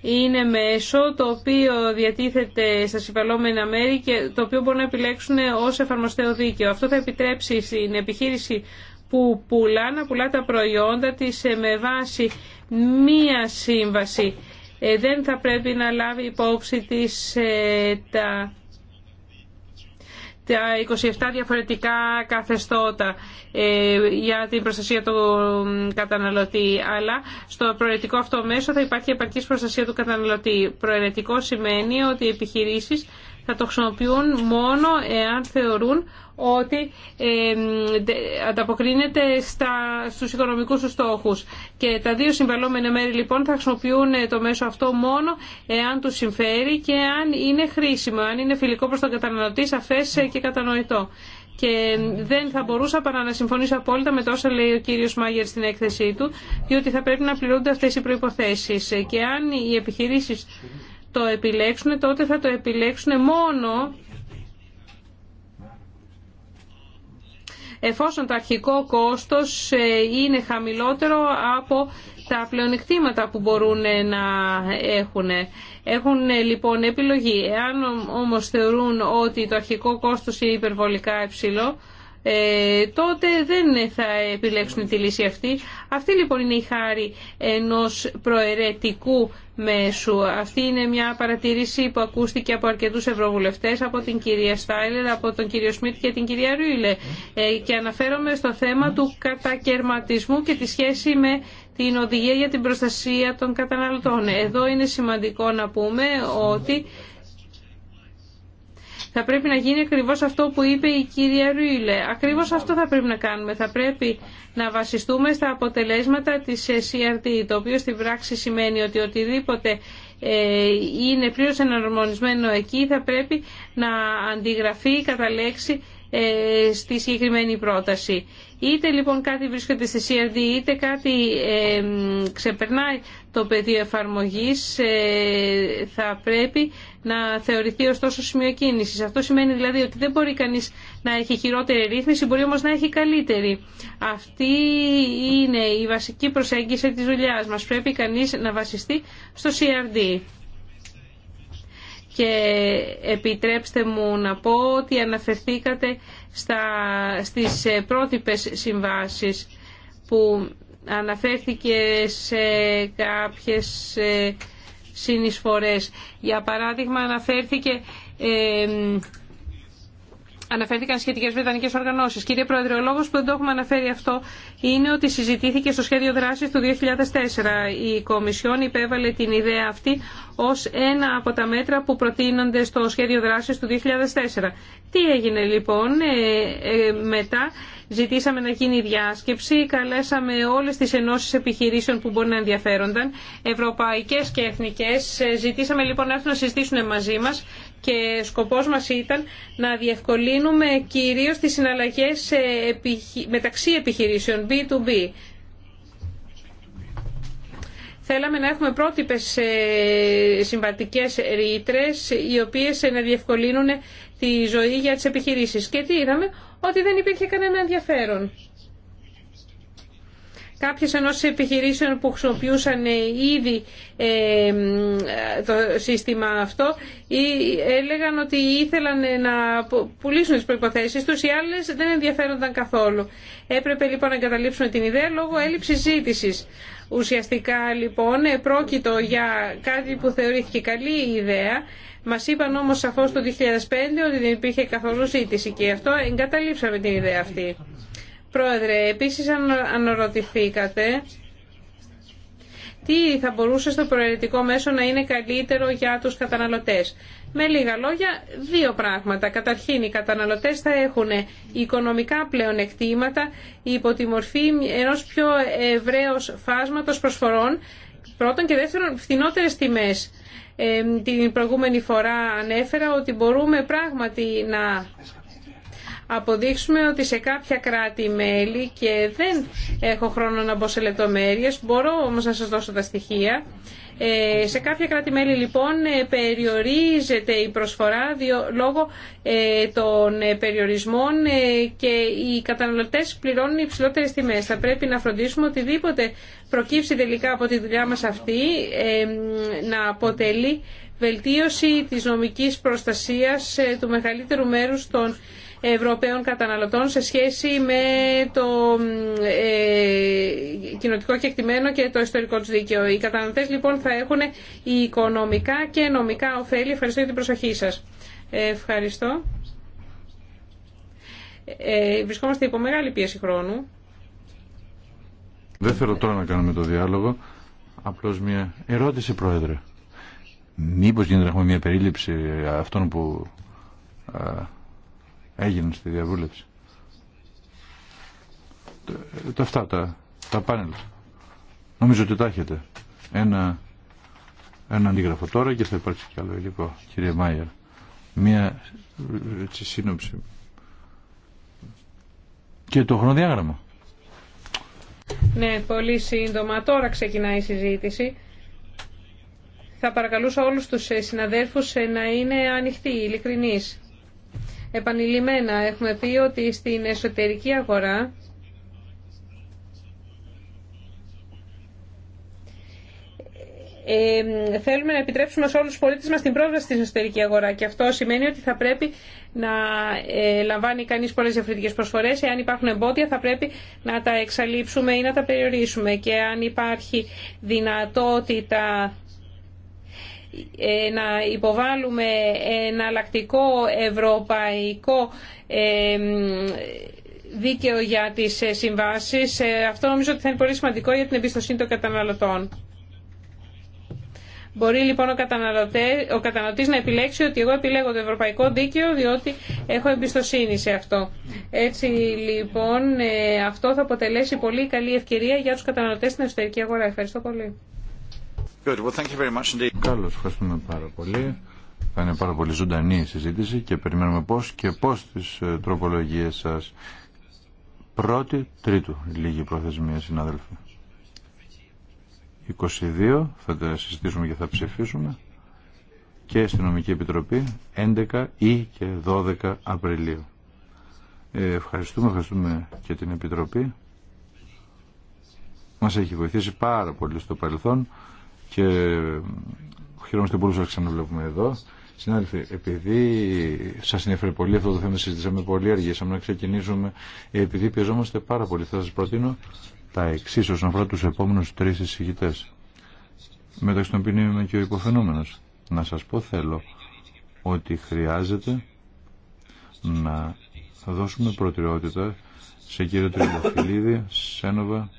είναι μέσο το οποίο διατίθεται στα συμβαλόμενα μέρη και το οποίο μπορούν να επιλέξουν ως εφαρμοστέο δίκαιο. Αυτό θα επιτρέψει στην επιχείρηση που πουλά να πουλά τα προϊόντα της με βάση μία σύμβαση. Ε, δεν θα πρέπει να λάβει υπόψη της ε, τα τα 27 διαφορετικά καθεστώτα ε, για την προστασία του καταναλωτή. Αλλά στο προαιρετικό αυτό μέσο θα υπάρχει επαρκής προστασία του καταναλωτή. Προαιρετικό σημαίνει ότι οι επιχειρήσεις θα το χρησιμοποιούν μόνο εάν θεωρούν ότι ανταποκρίνεται στα, στους οικονομικούς τους στόχους. Και τα δύο συμβαλόμενα μέρη λοιπόν θα χρησιμοποιούν ε, το μέσο αυτό μόνο εάν του συμφέρει και αν είναι χρήσιμο, αν είναι φιλικό προς τον καταναλωτή, σαφές ε, και κατανοητό. Και δεν θα μπορούσα παρά να συμφωνήσω απόλυτα με τόσα λέει ο κύριος Μάγερ στην έκθεσή του, διότι θα πρέπει να πληρούνται αυτές οι προϋποθέσεις. Ε, και αν οι επιχειρήσεις το επιλέξουν, τότε θα το επιλέξουν μόνο εφόσον το αρχικό κόστος ε, είναι χαμηλότερο από τα πλεονεκτήματα που μπορούν ε, να έχουν. Έχουν ε, λοιπόν επιλογή. Εάν όμως θεωρούν ότι το αρχικό κόστος είναι υπερβολικά υψηλό, ε, τότε δεν θα επιλέξουν τη λύση αυτή. Αυτή λοιπόν είναι η χάρη ενός προαιρετικού μέσου. Αυτή είναι μια παρατήρηση που ακούστηκε από αρκετούς ευρωβουλευτές, από την κυρία Στάιλερ, από τον κύριο Σμιτ και την κυρία Ρούιλε. Ε, και αναφέρομαι στο θέμα του κατακαιρματισμού και τη σχέση με την οδηγία για την προστασία των καταναλωτών. Εδώ είναι σημαντικό να πούμε ότι θα πρέπει να γίνει ακριβώς αυτό που είπε η κυρία Ρούιλε. Ακριβώς αυτό θα πρέπει να κάνουμε. Θα πρέπει να βασιστούμε στα αποτελέσματα της CRT, το οποίο στην πράξη σημαίνει ότι οτιδήποτε ε, είναι πλήρως εναρμονισμένο εκεί θα πρέπει να αντιγραφεί κατά λέξη ε, στη συγκεκριμένη πρόταση. Είτε λοιπόν κάτι βρίσκεται στη CRD είτε κάτι ε, ξεπερνάει το πεδίο εφαρμογής ε, θα πρέπει να θεωρηθεί ωστόσο σημείο κίνησης. Αυτό σημαίνει δηλαδή ότι δεν μπορεί κανείς να έχει χειρότερη ρύθμιση, μπορεί όμως να έχει καλύτερη. Αυτή είναι η βασική προσέγγιση της δουλειά μας. Πρέπει κανείς να βασιστεί στο CRD και επιτρέψτε μου να πω ότι αναφερθήκατε στα, στις ε, πρότυπες συμβάσεις που αναφέρθηκε σε κάποιες ε, συνεισφορές. Για παράδειγμα αναφέρθηκε ε, αναφέρθηκαν σχετικέ βρετανικέ οργανώσει. Κύριε Πρόεδρε, ο λόγο που δεν το έχουμε αναφέρει αυτό είναι ότι συζητήθηκε στο σχέδιο δράση του 2004. Η Κομισιόν υπέβαλε την ιδέα αυτή ω ένα από τα μέτρα που προτείνονται στο σχέδιο δράση του 2004. Τι έγινε λοιπόν ε, ε, μετά. Ζητήσαμε να γίνει διάσκεψη, καλέσαμε όλες τις ενώσεις επιχειρήσεων που μπορεί να ενδιαφέρονταν, ευρωπαϊκές και εθνικές. Ε, ζητήσαμε λοιπόν να έρθουν να συζητήσουν μαζί μας και σκοπός μας ήταν να διευκολύνουμε κυρίως τις συναλλαγές μεταξύ επιχειρήσεων B2B. Θέλαμε να έχουμε πρότυπες ε, συμβατικές ρήτρες οι οποίες να διευκολύνουν τη ζωή για τις επιχειρήσεις. Και τι είδαμε, ότι δεν υπήρχε κανένα ενδιαφέρον κάποιες ενώσεις επιχειρήσεων που χρησιμοποιούσαν ήδη ε, το σύστημα αυτό ή έλεγαν ότι ήθελαν να πουλήσουν τις προϋποθέσεις τους, οι άλλες δεν ενδιαφέρονταν καθόλου. Έπρεπε λοιπόν να εγκαταλείψουμε την ιδέα λόγω έλλειψης ζήτησης. Ουσιαστικά λοιπόν πρόκειτο για κάτι που θεωρήθηκε καλή ιδέα, Μα είπαν όμω σαφώ το 2005 ότι δεν υπήρχε καθόλου ζήτηση και αυτό εγκαταλείψαμε την ιδέα αυτή. Πρόεδρε, επίσης αναρωτηθήκατε τι θα μπορούσε στο προαιρετικό μέσο να είναι καλύτερο για τους καταναλωτές. Με λίγα λόγια, δύο πράγματα. Καταρχήν, οι καταναλωτές θα έχουν οικονομικά πλεονεκτήματα υπό τη μορφή ενός πιο ευρέως φάσματος προσφορών, πρώτον και δεύτερον, φθηνότερες τιμές. Ε, την προηγούμενη φορά ανέφερα ότι μπορούμε πράγματι να αποδείξουμε ότι σε κάποια κράτη-μέλη και δεν έχω χρόνο να μπω σε λεπτομέρειες, μπορώ όμως να σας δώσω τα στοιχεία. Ε, σε κάποια κράτη-μέλη λοιπόν ε, περιορίζεται η προσφορά λόγω ε, των ε, περιορισμών και οι καταναλωτές πληρώνουν υψηλότερες τιμές. Θα πρέπει να φροντίσουμε οτιδήποτε προκύψει τελικά από τη δουλειά μας αυτή να αποτελεί βελτίωση της νομικής προστασίας του μεγαλύτερου μέρους των Ευρωπαίων καταναλωτών σε σχέση με το ε, κοινοτικό κεκτημένο και το ιστορικό του δίκαιο. Οι καταναλωτέ λοιπόν θα έχουν οικονομικά και νομικά ωφέλη. Ευχαριστώ για την προσοχή σας. Ε, ευχαριστώ. Ε, βρισκόμαστε υπό μεγάλη πίεση χρόνου. Δεν θέλω τώρα να κάνουμε το διάλογο. Απλώς μια ερώτηση, Πρόεδρε. Μήπω γίνεται να έχουμε μια περίληψη αυτών που έγιναν στη διαβούλευση. Τα αυτά τα, τα πάνελ. Νομίζω ότι τα έχετε. Ένα, ένα αντίγραφο τώρα και θα υπάρξει κι άλλο υλικό, κύριε Μάιερ. Μία έτσι, σύνοψη. Και το χρονοδιάγραμμα. Ναι, πολύ σύντομα. Τώρα ξεκινάει η συζήτηση. Θα παρακαλούσα όλους τους συναδέλφους να είναι ανοιχτοί, ειλικρινείς. Επανειλημμένα έχουμε πει ότι στην εσωτερική αγορά θέλουμε να επιτρέψουμε σε όλους τους πολίτες μας την πρόσβαση στην εσωτερική αγορά και αυτό σημαίνει ότι θα πρέπει να ε, λαμβάνει κανείς πολλές διαφορετικές προσφορές. Εάν υπάρχουν εμπόδια θα πρέπει να τα εξαλείψουμε ή να τα περιορίσουμε και αν υπάρχει δυνατότητα ε, να υποβάλουμε εναλλακτικό ευρωπαϊκό ε, δίκαιο για τις ε, συμβάσεις. Αυτό νομίζω ότι θα είναι πολύ σημαντικό για την εμπιστοσύνη των καταναλωτών. Μπορεί λοιπόν ο, ο καταναλωτής να επιλέξει ότι εγώ επιλέγω το ευρωπαϊκό δίκαιο διότι έχω εμπιστοσύνη σε αυτό. Έτσι λοιπόν αυτό θα αποτελέσει πολύ καλή ευκαιρία για τους καταναλωτές στην εσωτερική αγορά. Ευχαριστώ πολύ. Good. Καλώς, ευχαριστούμε πάρα πολύ. Θα είναι πάρα πολύ ζωντανή η συζήτηση και περιμένουμε πώς και πώς τις ε, τροπολογίες σας. Πρώτη, τρίτου, λίγη προθεσμία, συνάδελφοι. 22 θα τα συζητήσουμε και θα ψηφίσουμε και στην Νομική Επιτροπή 11 ή και 12 Απριλίου. Ε, ευχαριστούμε, ευχαριστούμε και την Επιτροπή. Μας έχει βοηθήσει πάρα πολύ στο παρελθόν και χαιρόμαστε που σας ξαναβλέπουμε εδώ. Συνάδελφοι, επειδή σα ενδιαφέρει πολύ αυτό το θέμα, συζητήσαμε πολύ, αργήσαμε να ξεκινήσουμε. Επειδή πιεζόμαστε πάρα πολύ, θα σα προτείνω τα εξή όσον αφορά του επόμενου τρει εισηγητέ. Μεταξύ των οποίων είμαι και ο υποφαινόμενο. Να σα πω θέλω ότι χρειάζεται να δώσουμε προτεραιότητα σε κύριο Τριμποφιλίδη, Σένοβα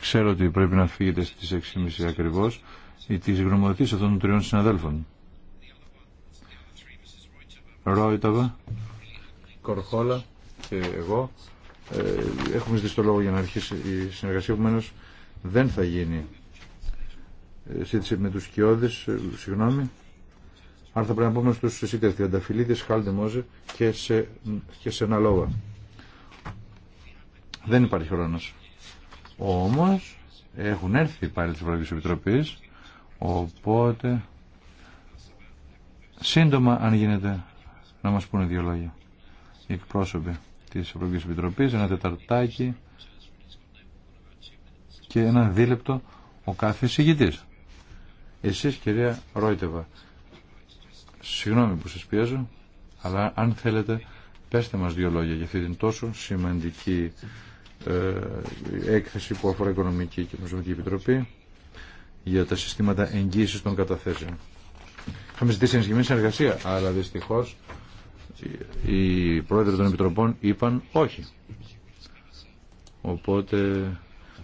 ξέρω ότι πρέπει να φύγετε στις 6.30 ακριβώς ή τις γνωμοδοτήσεις αυτών των τριών συναδέλφων. Ρόιταβα, Κορχόλα και εγώ ε, έχουμε ζητήσει το λόγο για να αρχίσει η συνεργασία επομένως δεν θα γίνει σύντηση ε, με τους Κιώδης, ε, συγγνώμη. Άρα θα πρέπει να πούμε στους σύντες Τριανταφυλίδες, χάλτε Μόζε και σε, και σε Δεν υπάρχει χρόνος. Όμως έχουν έρθει πάλι της Ευρωπαϊκής Επιτροπής, οπότε σύντομα αν γίνεται να μας πούνε δύο λόγια οι εκπρόσωποι της Ευρωπαϊκής Επιτροπής, ένα τεταρτάκι και ένα δίλεπτο ο κάθε εισηγητής. Εσείς κυρία Ρόιτεβα, συγγνώμη που σας πιέζω, αλλά αν θέλετε πέστε μας δύο λόγια για αυτή την τόσο σημαντική ε, έκθεση που αφορά Οικονομική και Νομισματική Επιτροπή για τα συστήματα εγγύηση των καταθέσεων. Είχαμε ζητήσει ενισχυμένη συνεργασία, αλλά δυστυχώ οι πρόεδροι των Επιτροπών είπαν όχι. Οπότε,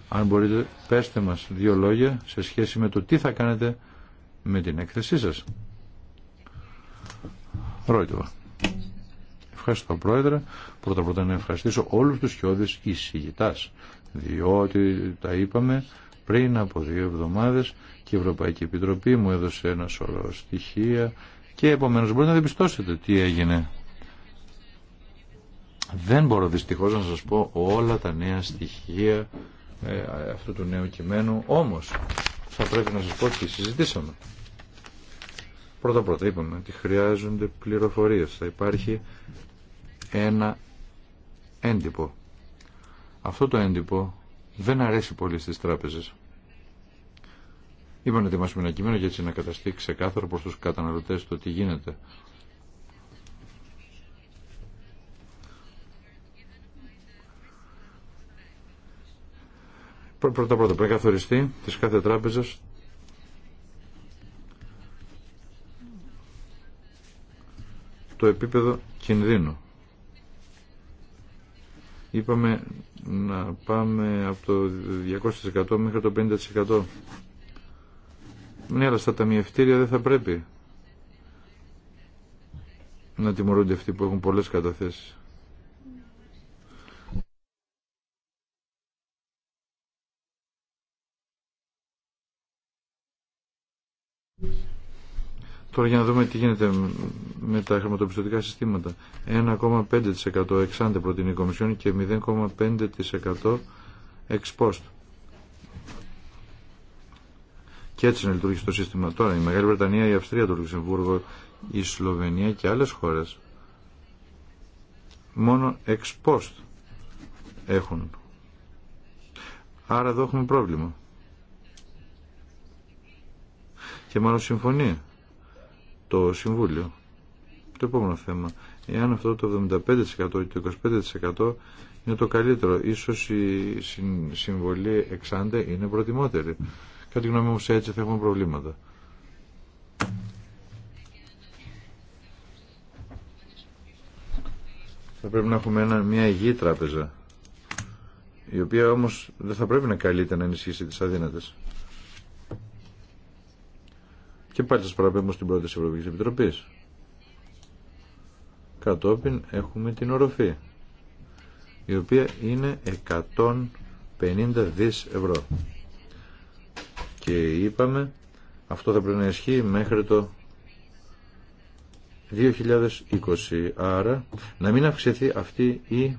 αν μπορείτε, πέστε μας δύο λόγια σε σχέση με το τι θα κάνετε με την έκθεσή σας. Ρόιτοβα. Ευχαριστώ Πρόεδρε. Πρώτα πρώτα να ευχαριστήσω όλους τους χιώδεις εισηγητά. Διότι τα είπαμε πριν από δύο εβδομάδες και η Ευρωπαϊκή Επιτροπή μου έδωσε ένα σωρό στοιχεία και επομένω μπορείτε να διαπιστώσετε τι έγινε. Δεν μπορώ δυστυχώ να σα πω όλα τα νέα στοιχεία ε, αυτού του νέου κειμένου, όμως θα πρέπει να σας πω τι συζητήσαμε. Πρώτα πρώτα είπαμε ότι χρειάζονται πληροφορίες. Θα υπάρχει ένα έντυπο. Αυτό το έντυπο δεν αρέσει πολύ στις τράπεζες. Είπαμε να ετοιμάσουμε ένα κείμενο για έτσι να καταστεί ξεκάθαρο προς τους καταναλωτές το τι γίνεται. Πρώτα πρώτα πρέπει να καθοριστεί της κάθε τράπεζας το επίπεδο κινδύνου είπαμε να πάμε από το 200% μέχρι το 50%. Ναι, αλλά στα ταμιευτήρια δεν θα πρέπει να τιμωρούνται αυτοί που έχουν πολλές καταθέσεις. Τώρα για να δούμε τι γίνεται με τα χρηματοπιστωτικά συστήματα. 1,5% εξάντε προτείνει η Κομισιόν και 0,5% εξπόστ Και έτσι να λειτουργήσει το σύστημα τώρα. Η Μεγάλη Βρετανία, η Αυστρία, το Λουξεμβούργο, η Σλοβενία και άλλες χώρες μόνο εξπόστ έχουν. Άρα εδώ έχουμε πρόβλημα. Και μάλλον συμφωνία το Συμβούλιο. Το επόμενο θέμα. Εάν αυτό το 75% ή το 25% είναι το καλύτερο, ίσως η συμβολή εξάντε είναι προτιμότερη. κάτι τη γνώμη μου σε έτσι θα έχουμε προβλήματα. Θα πρέπει να έχουμε μια υγιή τράπεζα, η οποία όμως δεν θα πρέπει να καλείται να ενισχύσει τις αδύνατες. Και πάλι σας παραπέμπω στην πρώτη Ευρωπαϊκή Επιτροπής. Κατόπιν έχουμε την οροφή, η οποία είναι 150 δις ευρώ. Και είπαμε, αυτό θα πρέπει να ισχύει μέχρι το 2020. Άρα, να μην αυξηθεί αυτή η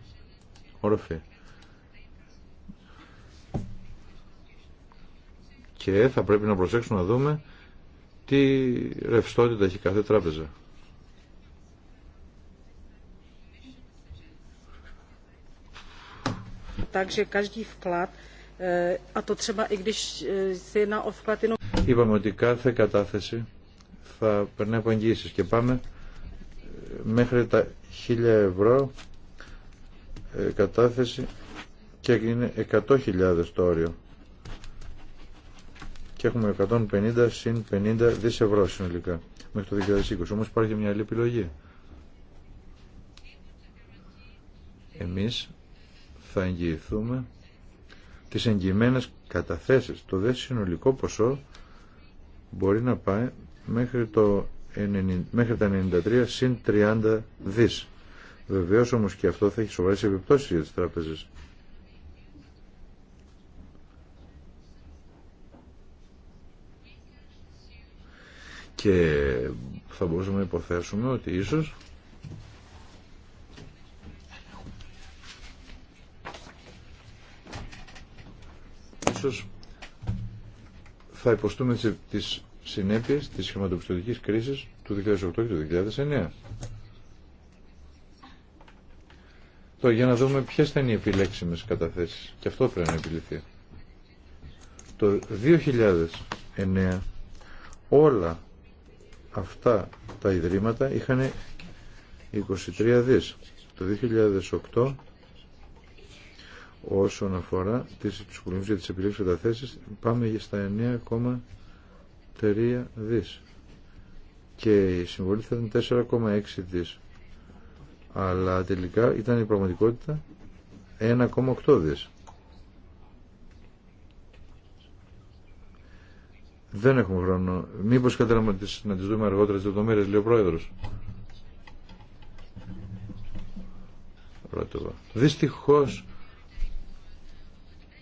οροφή. Και θα πρέπει να προσέξουμε να δούμε τι ρευστότητα έχει κάθε τράπεζα. Είπαμε ότι κάθε κατάθεση θα περνάει από εγγύησεις και πάμε ε, μέχρι τα 1000 ευρώ ε, κατάθεση και είναι 100.000 το όριο και έχουμε 150 συν 50 δις ευρώ συνολικά μέχρι το 2020. Όμως υπάρχει μια άλλη επιλογή. Εμείς θα εγγυηθούμε τις εγγυημένες καταθέσεις. Το δε συνολικό ποσό μπορεί να πάει μέχρι, το, μέχρι τα 93 συν 30 δις. Βεβαίως όμως και αυτό θα έχει σοβαρές επιπτώσεις για τις τράπεζες. και θα μπορούσαμε να υποθέσουμε ότι ίσως ίσως θα υποστούμε τις συνέπειες της χρηματοπιστωτικής κρίσης του 2008 και του 2009. Τώρα για να δούμε ποιες θα είναι οι επιλέξιμες καταθέσεις. Και αυτό πρέπει να επιληθεί. Το 2009 όλα αυτά τα ιδρύματα είχαν 23 δις. Το 2008 όσον αφορά τις, τους και για τις επιλέξεις πάμε στα 9,3 δις και η συμβολή θα ήταν 4,6 δις αλλά τελικά ήταν η πραγματικότητα 1,8 δις Δεν έχουμε χρόνο. Μήπως καλύτερα να τις, να τις δούμε αργότερα τις λεπτομέρειες, λέει ο Πρόεδρος. Πρώτο. Δυστυχώς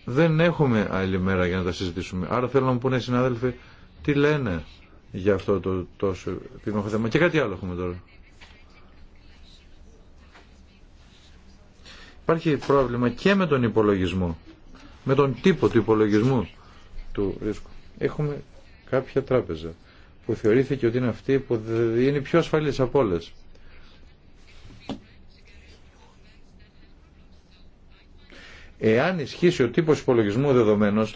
δεν έχουμε άλλη μέρα για να τα συζητήσουμε. Άρα θέλω να μου πούνε οι συνάδελφοι τι λένε για αυτό το τόσο επίμαχο θέμα. Και κάτι άλλο έχουμε τώρα. Υπάρχει πρόβλημα και με τον υπολογισμό. Με τον τύπο του υπολογισμού του ρίσκου. Έχουμε κάποια τράπεζα που θεωρήθηκε ότι είναι αυτή που είναι πιο ασφαλής από όλε. Εάν ισχύσει ο τύπος υπολογισμού δεδομένος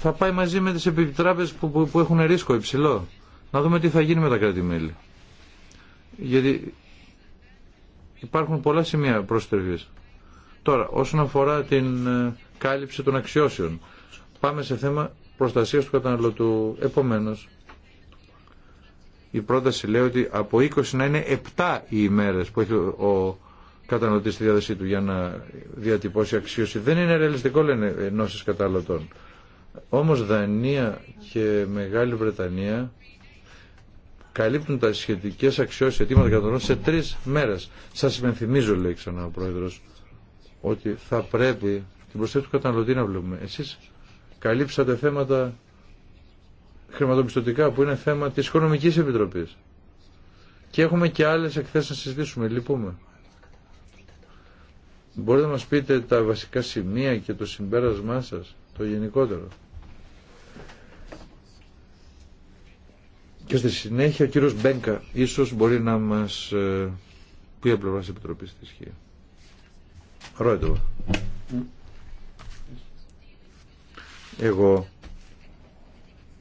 θα πάει μαζί με τις επιτράπεζες που, που έχουν ρίσκο υψηλό. Να δούμε τι θα γίνει με τα κράτη-μέλη. Γιατί υπάρχουν πολλά σημεία προστριβής. Τώρα, όσον αφορά την ε, κάλυψη των αξιώσεων. Πάμε σε θέμα προστασίας του καταναλωτού. Επομένως, η πρόταση λέει ότι από 20 να είναι 7 οι ημέρες που έχει ο καταναλωτής στη διάθεσή του για να διατυπώσει αξίωση. Δεν είναι ρεαλιστικό, λένε ενώσεις καταναλωτών. Όμως Δανία και Μεγάλη Βρετανία καλύπτουν τα σχετικές αξιώσεις αιτήματα καταναλωτών σε τρεις μέρες. Σας υπενθυμίζω, λέει ξανά ο Πρόεδρος, ότι θα πρέπει την προσθέτει του καταναλωτή να βλέπουμε. Εσείς καλύψατε θέματα χρηματοπιστωτικά που είναι θέμα της οικονομική Επιτροπής. Και έχουμε και άλλες εκθέσει να συζητήσουμε, λυπούμε. Μπορείτε να μας πείτε τα βασικά σημεία και το συμπέρασμά σας, το γενικότερο. Και στη συνέχεια ο κύριος Μπέγκα ίσως μπορεί να μας ε, πει από Επιτροπής της Χία. Ρόιτοβα. Εγώ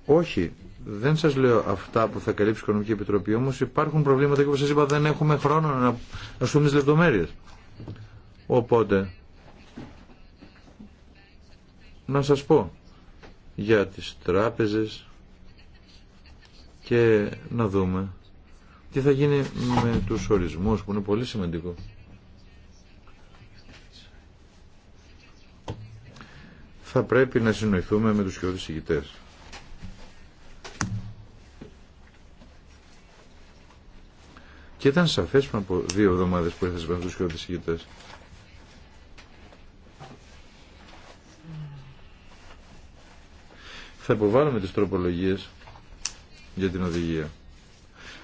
όχι, δεν σας λέω αυτά που θα καλύψει η Οικονομική Επιτροπή, όμως υπάρχουν προβλήματα και όπως σας είπα δεν έχουμε χρόνο να δούμε τις λεπτομέρειες. Οπότε, να σας πω για τις τράπεζες και να δούμε τι θα γίνει με τους ορισμούς που είναι πολύ σημαντικό. θα πρέπει να συνοηθούμε με τους κοιόδης ηγητές. Και ήταν σαφές πριν από δύο εβδομάδες που ήρθα με τους κοιόδης ηγητές. Θα υποβάλουμε τις τροπολογίες για την οδηγία.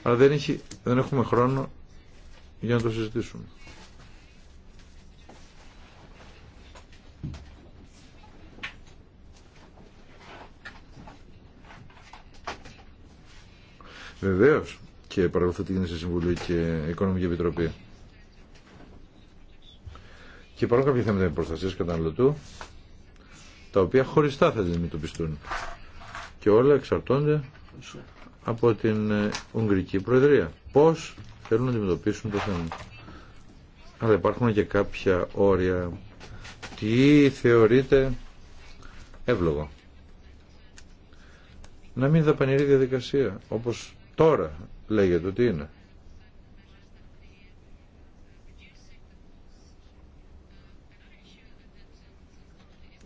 Αλλά δεν, έχει, δεν έχουμε χρόνο για να το συζητήσουμε. Βεβαίω και παρακολουθώ τι γίνεται σε Συμβουλή και Οικονομική Επιτροπή. Και υπάρχουν κάποια θέματα προστασία καταναλωτού, τα οποία χωριστά θα αντιμετωπιστούν. Και όλα εξαρτώνται από την ε, Ουγγρική Προεδρία. Πώ θέλουν να αντιμετωπίσουν το θέμα. Αλλά υπάρχουν και κάποια όρια. Τι θεωρείται εύλογο. Να μην δαπανηρεί διαδικασία, όπως Τώρα λέγεται ότι είναι.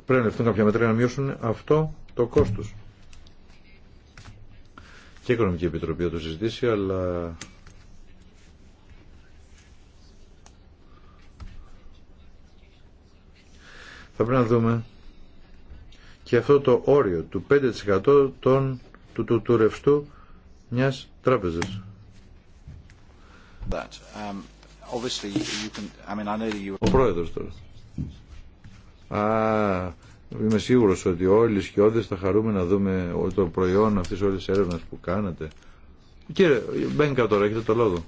Πρέπει να λεφτούν κάποια μέτρα να μειώσουν αυτό το κόστος. Και η Οικονομική Επιτροπή θα το συζητήσει, αλλά θα πρέπει να δούμε και αυτό το όριο του 5% των, του, του, του ρευστού μιας τράπεζας. Ο πρόεδρος τώρα. Α, είμαι σίγουρος ότι όλοι οι σκιώδες θα χαρούμε να δούμε το προϊόν αυτής όλης της έρευνας που κάνατε. Κύριε, μπαίνκα τώρα, έχετε το λόγο.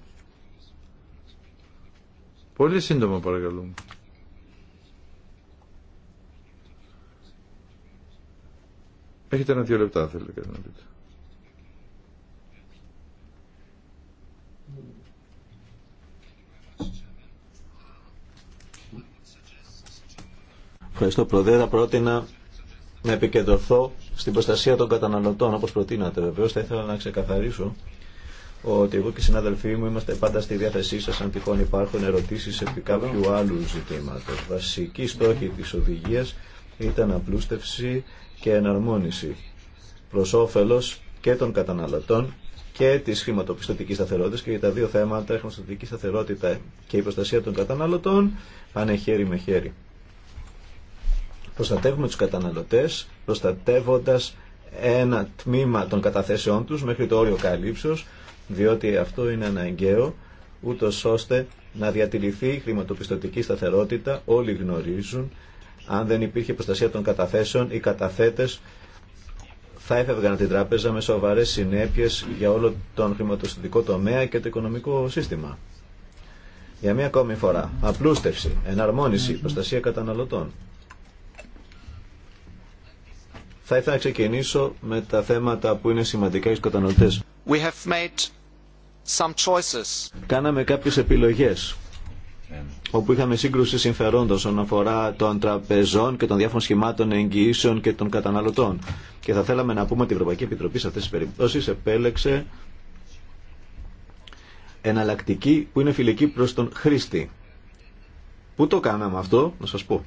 Πολύ σύντομα παρακαλούμε. Έχετε ένα-δύο λεπτά, θέλετε να πείτε. Ευχαριστώ Πρόεδρε. Θα πρότεινα να επικεντρωθώ στην προστασία των καταναλωτών όπως προτείνατε. Βεβαίω, θα ήθελα να ξεκαθαρίσω ότι εγώ και οι συναδελφοί μου είμαστε πάντα στη διάθεσή σας αν τυχόν υπάρχουν ερωτήσεις επί κάποιου άλλου ζητήματος. Βασική στόχη της οδηγίας ήταν απλούστευση και εναρμόνιση προς όφελος και των καταναλωτών και τη χρηματοπιστωτική σταθερότητα και για τα δύο θέματα, η χρηματοπιστωτική σταθερότητα και η προστασία των καταναλωτών, πάνε χέρι με χέρι. Προστατεύουμε τους καταναλωτές προστατεύοντας ένα τμήμα των καταθέσεών τους μέχρι το όριο καλύψεως διότι αυτό είναι αναγκαίο ούτω ώστε να διατηρηθεί η χρηματοπιστωτική σταθερότητα όλοι γνωρίζουν αν δεν υπήρχε προστασία των καταθέσεων οι καταθέτες θα έφευγαν την τράπεζα με σοβαρέ συνέπειε για όλο τον χρηματοστατικό τομέα και το οικονομικό σύστημα. Για μία ακόμη φορά, απλούστευση, εναρμόνιση, προστασία καταναλωτών. Θα ήθελα να ξεκινήσω με τα θέματα που είναι σημαντικά για τους καταναλωτές. We have made some choices. Κάναμε κάποιες επιλογές ε. όπου είχαμε σύγκρουση συμφερόντων όσον αφορά των τραπεζών και των διάφορων σχημάτων εγγυήσεων και των καταναλωτών. Και θα θέλαμε να πούμε ότι η Ευρωπαϊκή Επιτροπή σε αυτές τις περιπτώσεις επέλεξε εναλλακτική που είναι φιλική προς τον χρήστη. Πού το κάναμε αυτό, να σας πω.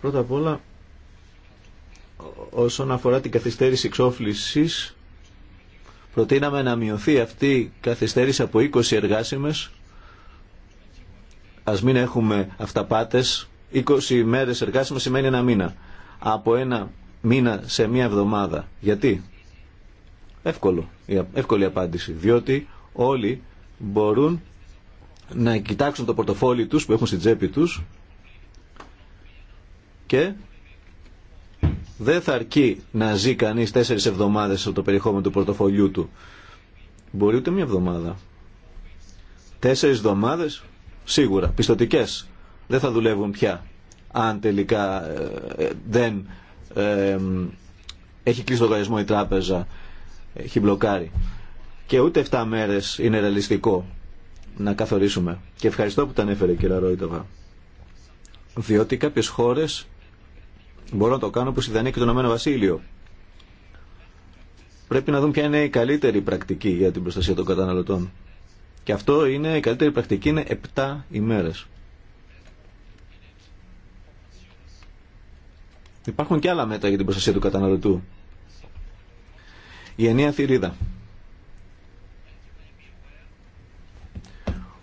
Πρώτα απ' όλα όσον αφορά την καθυστέρηση εξόφλησης προτείναμε να μειωθεί αυτή η καθυστέρηση από 20 εργάσιμες ας μην έχουμε αυταπάτες 20 μέρες εργάσιμες σημαίνει ένα μήνα από ένα μήνα σε μία εβδομάδα γιατί εύκολο εύκολη απάντηση διότι όλοι μπορούν να κοιτάξουν το πορτοφόλι τους που έχουν στην τσέπη τους και δεν θα αρκεί να ζει κανείς τέσσερις εβδομάδες από το περιεχόμενο του πορτοφολιού του. Μπορεί ούτε μια εβδομάδα. Τέσσερις εβδομάδες, σίγουρα, πιστοτικές, δεν θα δουλεύουν πια. Αν τελικά ε, ε, δεν ε, έχει κλείσει το λογαριασμό η τράπεζα, έχει μπλοκάρει. Και ούτε 7 μέρες είναι ρεαλιστικό να καθορίσουμε. Και ευχαριστώ που τα έφερε η κυρία Ρόιτοβα. Διότι κάποιες χώρες Μπορώ να το κάνω που Δανία και το Ηνωμένο Βασίλειο. Πρέπει να δούμε ποια είναι η καλύτερη πρακτική για την προστασία των καταναλωτών. Και αυτό είναι, η καλύτερη πρακτική είναι 7 ημέρες. Υπάρχουν και άλλα μέτρα για την προστασία του καταναλωτού. Η ενία θηρίδα.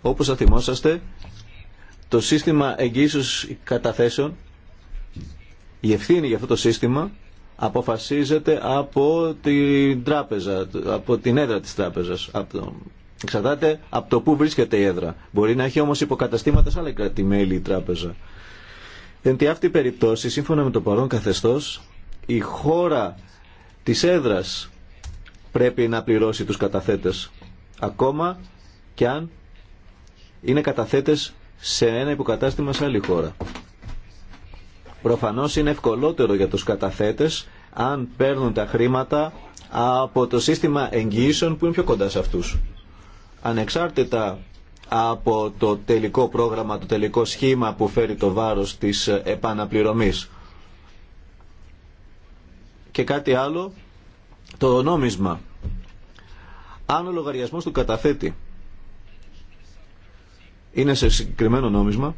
Όπως θα θυμόσαστε, το σύστημα εγγύησεως καταθέσεων η ευθύνη για αυτό το σύστημα αποφασίζεται από την τράπεζα, από την έδρα της τράπεζας. Από από το πού βρίσκεται η έδρα. Μπορεί να έχει όμως υποκαταστήματα σε άλλα κρατημέλη η τράπεζα. Εν τη αυτή περιπτώσει, σύμφωνα με το παρόν καθεστώς, η χώρα της έδρας πρέπει να πληρώσει τους καταθέτες. Ακόμα και αν είναι καταθέτες σε ένα υποκατάστημα σε άλλη χώρα. Προφανώς είναι ευκολότερο για τους καταθέτες αν παίρνουν τα χρήματα από το σύστημα εγγυήσεων που είναι πιο κοντά σε αυτούς. Ανεξάρτητα από το τελικό πρόγραμμα, το τελικό σχήμα που φέρει το βάρος της επαναπληρωμής. Και κάτι άλλο, το νόμισμα. Αν ο λογαριασμός του καταθέτη είναι σε συγκεκριμένο νόμισμα,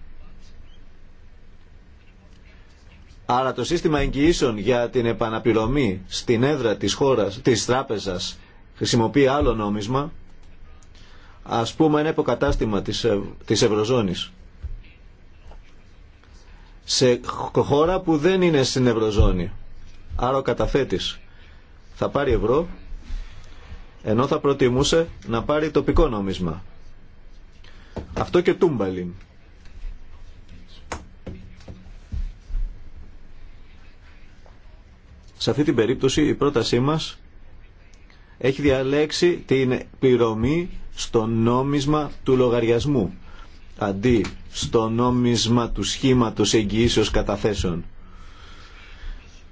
Άρα το σύστημα εγγυήσεων για την επαναπληρωμή στην έδρα της χώρας, της τράπεζας, χρησιμοποιεί άλλο νόμισμα, ας πούμε ένα υποκατάστημα της, της Ευρωζώνης. Σε χώρα που δεν είναι στην Ευρωζώνη. Άρα ο καταθέτης θα πάρει ευρώ, ενώ θα προτιμούσε να πάρει τοπικό νόμισμα. Αυτό και τούμπαλιν. Σε αυτή την περίπτωση η πρότασή μας έχει διαλέξει την πληρωμή στο νόμισμα του λογαριασμού αντί στο νόμισμα του σχήματος εγγυήσεως καταθέσεων.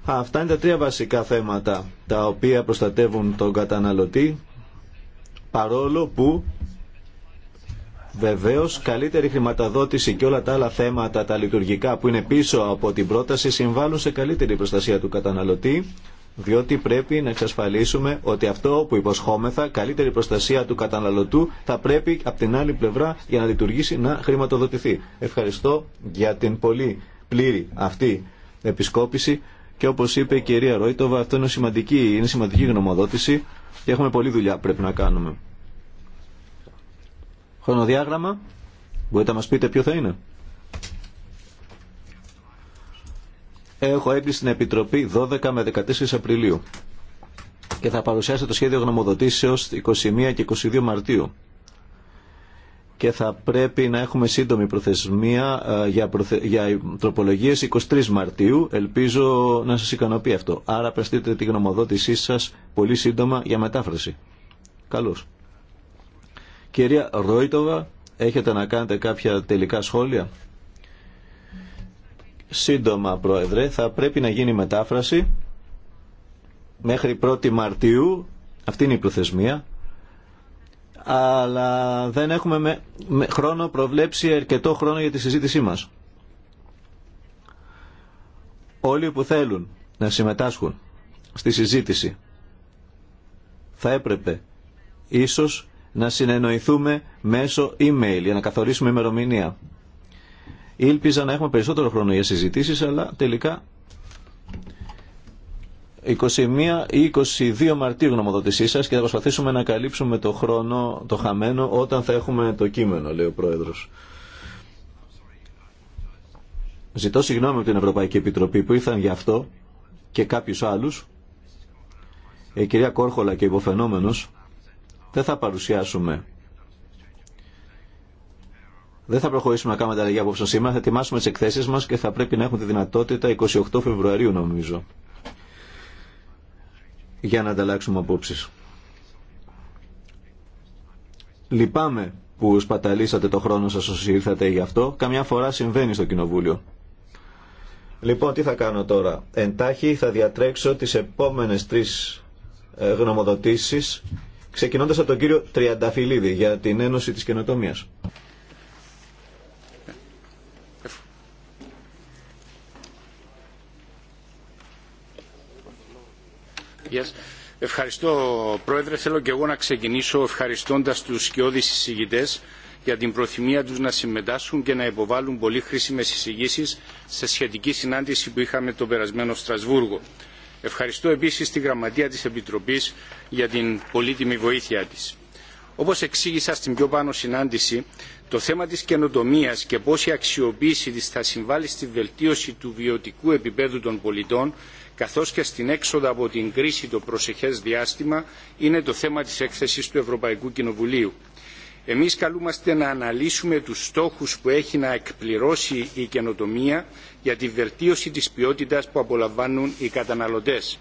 Αυτά είναι τα τρία βασικά θέματα τα οποία προστατεύουν τον καταναλωτή παρόλο που Βεβαίω, καλύτερη χρηματοδότηση και όλα τα άλλα θέματα, τα λειτουργικά που είναι πίσω από την πρόταση, συμβάλλουν σε καλύτερη προστασία του καταναλωτή, διότι πρέπει να εξασφαλίσουμε ότι αυτό που υποσχόμεθα, καλύτερη προστασία του καταναλωτού, θα πρέπει από την άλλη πλευρά για να λειτουργήσει να χρηματοδοτηθεί. Ευχαριστώ για την πολύ πλήρη αυτή επισκόπηση και όπως είπε η κυρία Ρόιτοβα, αυτό είναι σημαντική, είναι σημαντική γνωμοδότηση και έχουμε πολλή δουλειά πρέπει να κάνουμε. Χρονοδιάγραμμα, μπορείτε να μας πείτε ποιο θα είναι. Έχω έγκριση στην Επιτροπή 12 με 14 Απριλίου και θα παρουσιάσω το σχέδιο γνωμοδοτήσεως 21 και 22 Μαρτίου και θα πρέπει να έχουμε σύντομη προθεσμία ε, για, προθε... τροπολογίες 23 Μαρτίου. Ελπίζω να σας ικανοποιεί αυτό. Άρα πραστείτε τη γνωμοδότησή σας πολύ σύντομα για μετάφραση. Καλώς. Κυρία Ρόιτοβα, έχετε να κάνετε κάποια τελικά σχόλια. Σύντομα, Πρόεδρε, θα πρέπει να γίνει μετάφραση μέχρι 1η Μαρτίου, αυτή είναι η προθεσμία, αλλά δεν έχουμε με, χρόνο προβλέψει αρκετό χρόνο για τη συζήτησή μας. Όλοι που θέλουν να συμμετάσχουν στη συζήτηση θα έπρεπε ίσως να συνεννοηθούμε μέσω email για να καθορίσουμε ημερομηνία. Ήλπιζα να έχουμε περισσότερο χρόνο για συζητήσεις, αλλά τελικά 21 ή 22 Μαρτίου γνωμοδοτησή σα και θα προσπαθήσουμε να καλύψουμε το χρόνο, το χαμένο, όταν θα έχουμε το κείμενο, λέει ο Πρόεδρος. Ζητώ συγγνώμη από την Ευρωπαϊκή Επιτροπή που ήρθαν γι' αυτό και κάποιου άλλους, Η ε, κυρία Κόρχολα και υποφαινόμενος δεν θα παρουσιάσουμε δεν θα προχωρήσουμε να κάνουμε λεγιά απόψε σήμερα. Θα ετοιμάσουμε τι εκθέσει μα και θα πρέπει να έχουμε τη δυνατότητα 28 Φεβρουαρίου, νομίζω, για να ανταλλάξουμε απόψει. Λυπάμαι που σπαταλήσατε το χρόνο σας όσοι ήρθατε γι' αυτό. Καμιά φορά συμβαίνει στο Κοινοβούλιο. Λοιπόν, τι θα κάνω τώρα. Εντάχει θα διατρέξω τι επόμενε τρει ε, γνωμοδοτήσεις ξεκινώντας από τον κύριο Τριανταφυλλίδη για την Ένωση της Καινοτομίας. Yes. Ευχαριστώ Πρόεδρε. Θέλω και εγώ να ξεκινήσω ευχαριστώντας τους σκιώδεις εισηγητές για την προθυμία τους να συμμετάσχουν και να υποβάλουν πολύ χρήσιμες εισηγήσεις σε σχετική συνάντηση που είχαμε το περασμένο Στρασβούργο. Ευχαριστώ επίσης τη Γραμματεία της Επιτροπής για την πολύτιμη βοήθειά της. Όπως εξήγησα στην πιο πάνω συνάντηση, το θέμα της καινοτομία και πώς η αξιοποίηση τη θα συμβάλλει στη βελτίωση του βιωτικού επίπεδου των πολιτών, καθώς και στην έξοδα από την κρίση το προσεχές διάστημα, είναι το θέμα της έκθεσης του Ευρωπαϊκού Κοινοβουλίου. Εμείς καλούμαστε να αναλύσουμε τους στόχους που έχει να εκπληρώσει η καινοτομία για τη βελτίωση της ποιότητας που απολαμβάνουν οι καταναλωτές.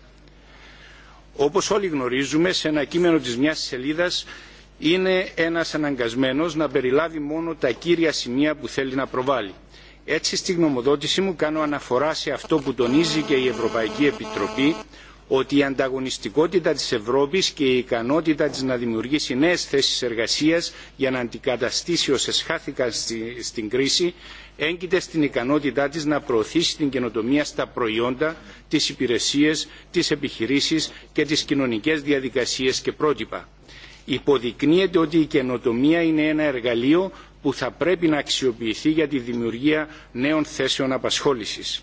Όπως όλοι γνωρίζουμε, σε ένα κείμενο της μιας σελίδας είναι ένας αναγκασμένος να περιλάβει μόνο τα κύρια σημεία που θέλει να προβάλλει. Έτσι στη γνωμοδότηση μου κάνω αναφορά σε αυτό που τονίζει και η Ευρωπαϊκή Επιτροπή ότι η ανταγωνιστικότητα της Ευρώπης και η ικανότητα της να δημιουργήσει νέες θέσεις εργασίας για να αντικαταστήσει όσες χάθηκαν στην κρίση έγκυται στην ικανότητά της να προωθήσει την καινοτομία στα προϊόντα, τις υπηρεσίες, τις επιχειρήσεις και τις κοινωνικές διαδικασίες και πρότυπα. Υποδεικνύεται ότι η καινοτομία είναι ένα εργαλείο που θα πρέπει να αξιοποιηθεί για τη δημιουργία νέων θέσεων απασχόλησης.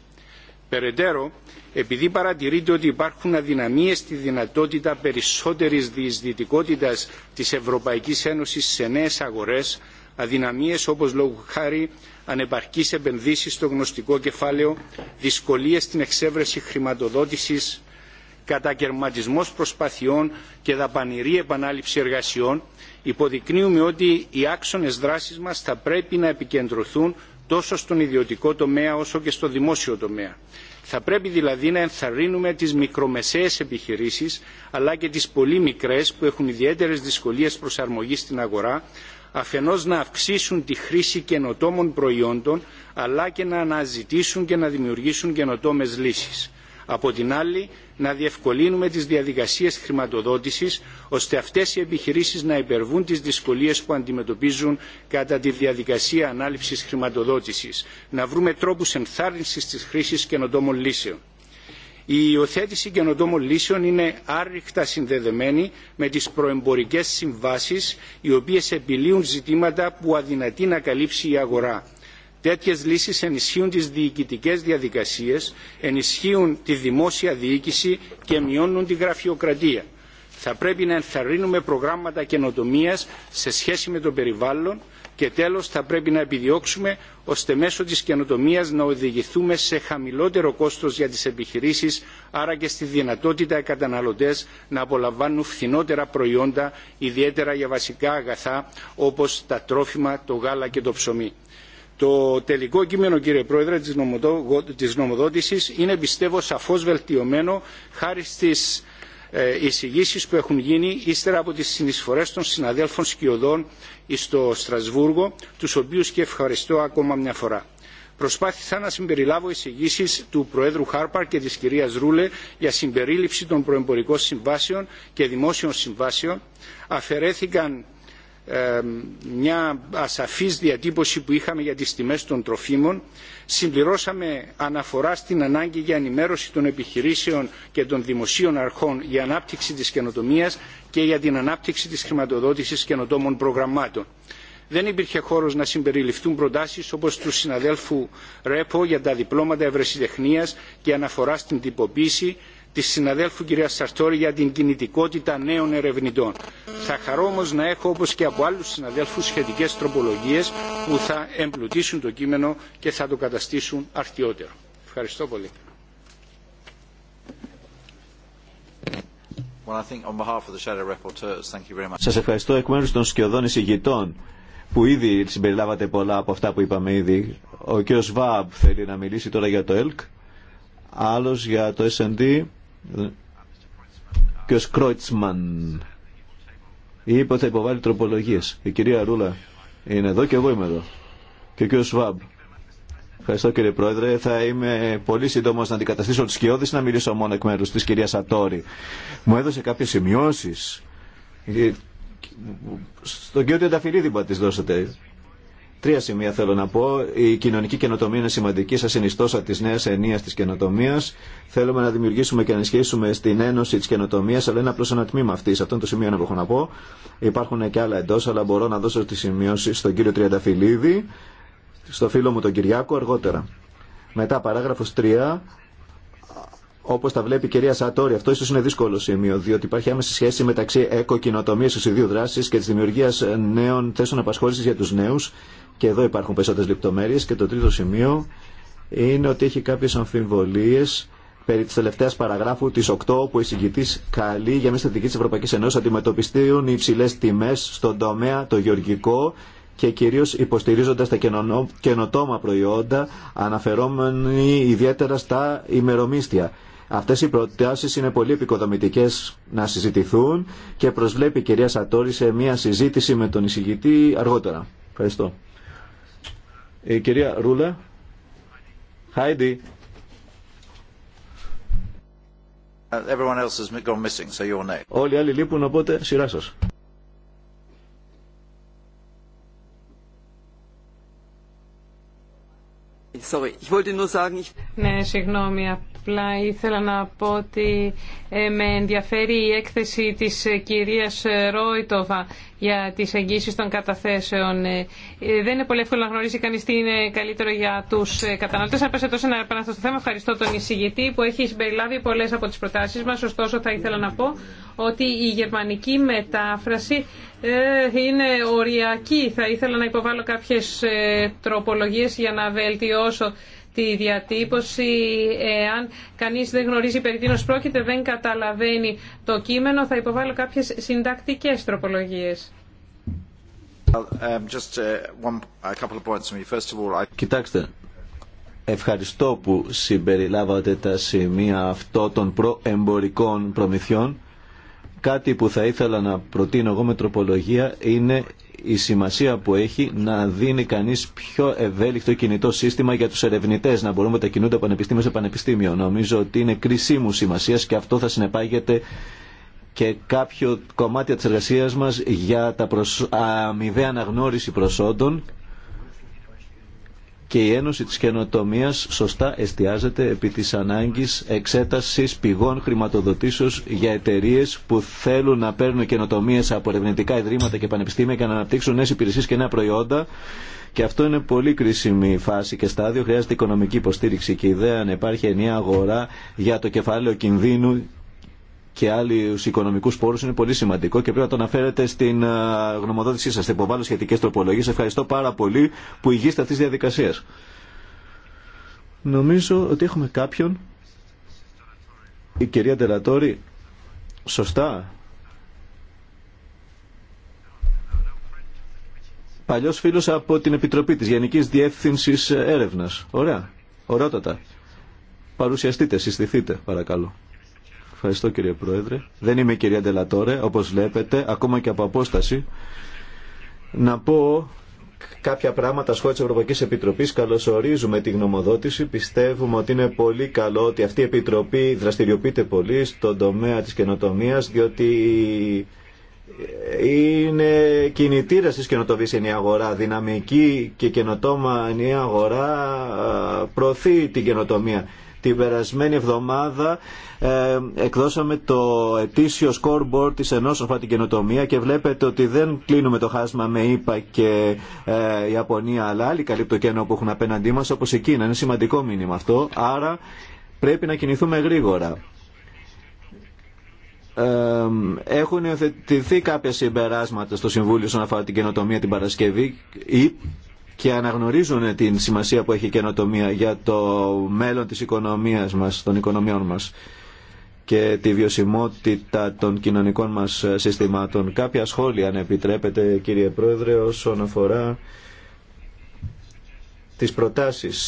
Περαιτέρω, επειδή παρατηρείται ότι υπάρχουν αδυναμίες στη δυνατότητα περισσότερης διεισδυτικότητας της Ευρωπαϊκής Ένωσης σε νέες αγορές, αδυναμίες όπως λόγου χάρη ανεπαρκείς επενδύσεις στο γνωστικό κεφάλαιο, δυσκολίες στην εξέβρεση χρηματοδότησης, κατακαιρματισμός προσπαθειών και δαπανηρή επανάληψη εργασιών, υποδεικνύουμε ότι οι άξονες δράσης μας θα πρέπει να επικεντρωθούν τόσο στον ιδιωτικό τομέα όσο και στο δημόσιο τομέα θα πρέπει δηλαδή να ενθαρρύνουμε τις μικρομεσαίες επιχειρήσεις αλλά και τις πολύ μικρές που έχουν ιδιαίτερες δυσκολίες προσαρμογής στην αγορά αφενός να αυξήσουν τη χρήση καινοτόμων προϊόντων αλλά και να αναζητήσουν και να δημιουργήσουν καινοτόμες λύσεις. Από την άλλη να διευκολύνουμε τις διαδικασίες χρηματοδότησης ώστε αυτές οι επιχειρήσεις να υπερβούν τις δυσκολίες που αντιμετωπίζουν κατά τη διαδικασία ανάληψης χρηματοδότησης να βρούμε τρόπους ενθάρρυνσης της χρήσης καινοτόμων λύσεων. Η υιοθέτηση καινοτόμων λύσεων είναι άρρηκτα συνδεδεμένη με τις προεμπορικές συμβάσεις οι οποίες επιλύουν ζητήματα που αδυνατεί να καλύψει η αγορά Τέτοιες λύσεις ενισχύουν τις διοικητικές διαδικασίες, ενισχύουν τη δημόσια διοίκηση και μειώνουν τη γραφειοκρατία. Θα πρέπει να ενθαρρύνουμε προγράμματα καινοτομία σε σχέση με το περιβάλλον και τέλος θα πρέπει να επιδιώξουμε ώστε μέσω της καινοτομία να οδηγηθούμε σε χαμηλότερο κόστος για τις επιχειρήσεις, άρα και στη δυνατότητα οι καταναλωτές να απολαμβάνουν φθηνότερα προϊόντα, ιδιαίτερα για βασικά αγαθά όπως τα τρόφιμα, το γάλα και το ψωμί. Το τελικό κείμενο, κύριε Πρόεδρε, της νομοδότησης είναι πιστεύω σαφώς βελτιωμένο χάρη στις ε, εισηγήσεις που έχουν γίνει ύστερα από τις συνεισφορές των συναδέλφων σκιωδών στο Στρασβούργο, τους οποίους και ευχαριστώ ακόμα μια φορά. Προσπάθησα να συμπεριλάβω εισηγήσει του Προέδρου Χάρπαρ και της κυρίας Ρούλε για συμπερίληψη των προεμπορικών συμβάσεων και δημόσιων συμβάσεων. Αφαιρέθηκαν μια ασαφής διατύπωση που είχαμε για τις τιμές των τροφίμων συμπληρώσαμε αναφορά στην ανάγκη για ενημέρωση των επιχειρήσεων και των δημοσίων αρχών για ανάπτυξη της καινοτομίας και για την ανάπτυξη της χρηματοδότησης καινοτόμων προγραμμάτων. Δεν υπήρχε χώρος να συμπεριληφθούν προτάσεις όπως του συναδέλφου Ρέπο για τα διπλώματα ευρεσιτεχνίας και αναφορά στην τυποποίηση της συναδέλφου κυρία Σαρτόρη για την κινητικότητα νέων ερευνητών. Θα χαρώ όμως να έχω όπως και από άλλους συναδέλφους σχετικές τροπολογίες που θα εμπλουτίσουν το κείμενο και θα το καταστήσουν αρτιότερο. Ευχαριστώ πολύ. Σα ευχαριστώ εκ μέρους των σκιωδών εισηγητών που ήδη συμπεριλάβατε πολλά από αυτά που είπαμε ήδη. Ο κ. Βάμπ θέλει να μιλήσει τώρα για το ΕΛΚ, άλλο για το S&D και ο Σκρόιτσμαν είπε ότι θα υποβάλει τροπολογίες. Η κυρία Ρούλα είναι εδώ και εγώ είμαι εδώ. Και ο κύριος Σβάμπ. Ευχαριστώ κύριε Πρόεδρε. Θα είμαι πολύ σύντομο να αντικαταστήσω του Σκιώδη, να μιλήσω μόνο εκ μέρου τη κυρία Ατόρη. Μου έδωσε κάποιε σημειώσει. Ε, στον κύριο Τενταφυλλίδη που τη δώσετε. Τρία σημεία θέλω να πω. Η κοινωνική καινοτομία είναι σημαντική σα συνιστώσα, τη νέα ενία τη καινοτομία. Θέλουμε να δημιουργήσουμε και να ενισχύσουμε στην Ένωση τη Καινοτομία, αλλά είναι απλώ ένα τμήμα αυτή. Αυτό είναι το σημείο που έχω να πω. Υπάρχουν και άλλα εντό, αλλά μπορώ να δώσω τη σημείωση στον κύριο Τριανταφυλλίδη, στο φίλο μου τον Κυριάκο αργότερα. Μετά παράγραφος 3 Όπω τα βλέπει η κυρία Σατόρη, αυτό ίσω είναι δύσκολο σημείο, διότι υπάρχει άμεση σχέση μεταξύ εκοκοινοτομία στου ιδίου δράση και τη δημιουργία νέων θέσεων απασχόληση για του νέου. Και εδώ υπάρχουν περισσότερε λεπτομέρειε. Και το τρίτο σημείο είναι ότι έχει κάποιε αμφιβολίε περί τη τελευταία παραγράφου τη 8, όπου η συγκητή καλεί για μια στρατηγική τη Ευρωπαϊκή Ενώση αντιμετωπιστήριων οι υψηλέ τιμέ στον τομέα το γεωργικό και κυρίω υποστηρίζοντα τα καινοτόμα προϊόντα, αναφερόμενοι ιδιαίτερα στα ημερομίστια. Αυτές οι προτάσεις είναι πολύ επικοδομητικές να συζητηθούν και προσβλέπει η κυρία Σατόρη σε μια συζήτηση με τον εισηγητή αργότερα. Ευχαριστώ. Η κυρία Ρούλα. Χάιντι. Όλοι οι άλλοι λείπουν, οπότε σειρά σας. Sorry. Ich wollte nur sagen... Ναι, συγγνώμη, Απλά ήθελα να πω ότι ε, με ενδιαφέρει η έκθεση της ε, κυρίας ε, Ρόιτοβα για τις εγγύσεις των καταθέσεων. Δεν είναι πολύ εύκολο να γνωρίζει κανείς τι είναι καλύτερο για τους καταναλωτές. Αν πέσε τόσο να επαναστώ στο θέμα, ευχαριστώ τον εισηγητή που έχει συμπεριλάβει πολλές από τις προτάσεις μας. Ωστόσο θα ήθελα να πω ότι η γερμανική μετάφραση είναι οριακή. Θα ήθελα να υποβάλω κάποιες τροπολογίες για να βελτιώσω τη διατύπωση. Εάν κανείς δεν γνωρίζει περί τίνος πρόκειται, δεν καταλαβαίνει το κείμενο, θα υποβάλω κάποιες συντακτικές τροπολογίες. Κοιτάξτε, ευχαριστώ που συμπεριλάβατε τα σημεία αυτών των προεμπορικών προμηθειών. Κάτι που θα ήθελα να προτείνω εγώ με τροπολογία είναι η σημασία που έχει να δίνει κανεί πιο ευέλικτο κινητό σύστημα για του ερευνητέ, να μπορούν να κινούνται από πανεπιστήμιο σε πανεπιστήμιο. Νομίζω ότι είναι κρισίμου σημασία και αυτό θα συνεπάγεται και κάποιο κομμάτι της εργασίας μας για τα αμοιβαία αναγνώριση προσόντων και η Ένωση της Καινοτομίας σωστά εστιάζεται επί της ανάγκης εξέτασης πηγών χρηματοδοτήσεως για εταιρείε που θέλουν να παίρνουν καινοτομίες από ερευνητικά ιδρύματα και πανεπιστήμια και να αναπτύξουν νέες υπηρεσίες και νέα προϊόντα και αυτό είναι πολύ κρίσιμη φάση και στάδιο. Χρειάζεται οικονομική υποστήριξη και ιδέα αν υπάρχει ενιαία αγορά για το κεφάλαιο κινδύνου και άλλου οικονομικού πόρου είναι πολύ σημαντικό και πρέπει να το αναφέρετε στην ε, γνωμοδότησή σα. Θα υποβάλω σχετικέ τροπολογίε. Ευχαριστώ πάρα πολύ που υγείστε αυτή τη διαδικασία. Νομίζω ότι έχουμε κάποιον. Η κυρία Τελατόρη, σωστά. Παλιός φίλος από την Επιτροπή της Γενικής Διεύθυνσης Έρευνας. Ωραία. Ωραίτατα. Παρουσιαστείτε, συστηθείτε, παρακαλώ. Ευχαριστώ κύριε Πρόεδρε. Δεν είμαι κυρία Ντελατόρε, όπως βλέπετε, ακόμα και από απόσταση. Να πω κάποια πράγματα σχόλια της Ευρωπαϊκής Επιτροπής. Καλωσορίζουμε τη γνωμοδότηση. Πιστεύουμε ότι είναι πολύ καλό ότι αυτή η Επιτροπή δραστηριοποιείται πολύ στον τομέα της καινοτομίας, διότι είναι κινητήρας της καινοτοβή ενιαία αγορά, δυναμική και καινοτόμα ενιαία αγορά ε, προωθεί την καινοτομία. Την περασμένη εβδομάδα ε, εκδώσαμε το ετήσιο scoreboard της ενός αφορά καινοτομία και βλέπετε ότι δεν κλείνουμε το χάσμα με ΙΠΑ και ε, Ιαπωνία αλλά άλλοι καλύπτω κενό που έχουν απέναντί μας όπως εκείνα Είναι σημαντικό μήνυμα αυτό. Άρα πρέπει να κινηθούμε γρήγορα. Ε, έχουν υιοθετηθεί κάποια συμπεράσματα στο Συμβούλιο όσον αφορά την καινοτομία την Παρασκευή και αναγνωρίζουν την σημασία που έχει η καινοτομία για το μέλλον της οικονομίας μας, των οικονομιών μας και τη βιωσιμότητα των κοινωνικών μας συστημάτων. Κάποια σχόλια, αν επιτρέπετε, κύριε Πρόεδρε, όσον αφορά τις προτάσεις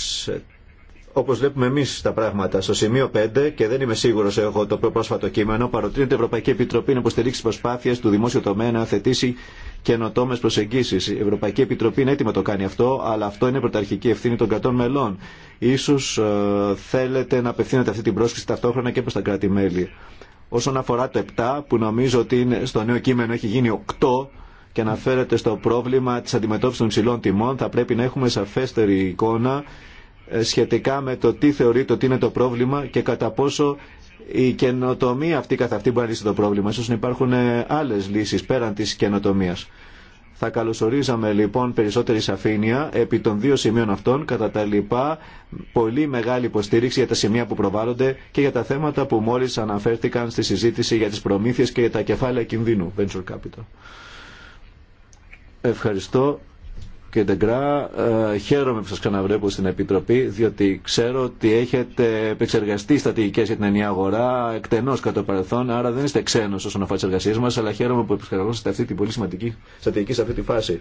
όπως βλέπουμε εμείς τα πράγματα στο σημείο 5 και δεν είμαι σίγουρος έχω το πιο πρόσφατο κείμενο παροτρύνεται η Ευρωπαϊκή Επιτροπή να υποστηρίξει τις προσπάθειες του δημόσιου τομέα να θετήσει καινοτόμες προσεγγίσεις. Η Ευρωπαϊκή Επιτροπή είναι έτοιμη να το κάνει αυτό αλλά αυτό είναι πρωταρχική ευθύνη των κρατών μελών. Ίσως ε, θέλετε να απευθύνετε αυτή την πρόσκληση ταυτόχρονα και προς τα κράτη-μέλη. Όσον αφορά το 7 που νομίζω ότι είναι, στο νέο κείμενο έχει γίνει 8 και αναφέρεται στο πρόβλημα της αντιμετώπισης των υψηλών τιμών, θα πρέπει να έχουμε σαφέστερη εικόνα ε, σχετικά με το τι θεωρείται ότι είναι το πρόβλημα και κατά πόσο η καινοτομία αυτή καθ' αυτή μπορεί να λύσει το πρόβλημα. Ίσως να υπάρχουν ε, άλλες λύσεις πέραν της καινοτομίας. Θα καλωσορίζαμε λοιπόν περισσότερη σαφήνεια επί των δύο σημείων αυτών, κατά τα λοιπά πολύ μεγάλη υποστήριξη για τα σημεία που προβάλλονται και για τα θέματα που μόλις αναφέρθηκαν στη συζήτηση για τις προμήθειες και για τα κεφάλαια κινδύνου, venture capital. Ευχαριστώ και Ντεγκρά, ε, χαίρομαι που σα ξαναβλέπω στην Επιτροπή, διότι ξέρω ότι έχετε επεξεργαστεί στατηγικέ για την ενιαία αγορά εκτενώς κατά το παρελθόν, άρα δεν είστε ξένος όσον αφορά τι εργασίε μα, αλλά χαίρομαι που επεξεργαζόμαστε αυτή την πολύ σημαντική στατηγική σε αυτή τη φάση.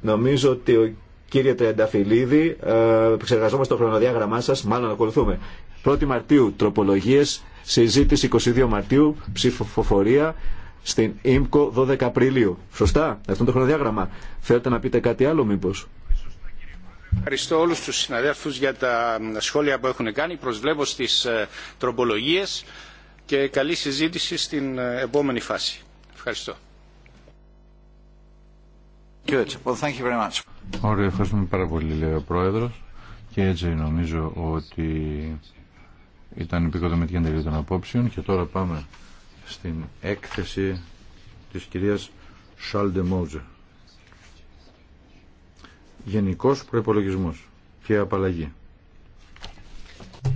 Νομίζω ότι ο κύριε Τριανταφυλλίδη, ε, επεξεργαζόμαστε το χρονοδιάγραμμά σα, μάλλον ακολουθούμε. 1η Μαρτίου τροπολογίε, συζήτηση 22 Μαρτίου, ψηφοφορία, στην ΙΜΚΟ 12 Απριλίου. Σωστά, αυτό είναι το χρονοδιάγραμμα. Θέλετε να πείτε κάτι άλλο μήπως. Ευχαριστώ όλους τους συναδέλφους για τα σχόλια που έχουν κάνει. Προσβλέπω στις ε, τροπολογίες και καλή συζήτηση στην ε, επόμενη φάση. Ευχαριστώ. Good. Well, thank you very much. Ωραία, ευχαριστούμε πάρα πολύ, λέει ο Πρόεδρος. Και έτσι νομίζω ότι ήταν επικοδομητική εντελή των απόψεων και τώρα πάμε στην έκθεση της κυρίας Σάλντε Μότζε. Γενικός προϋπολογισμός και απαλλαγή.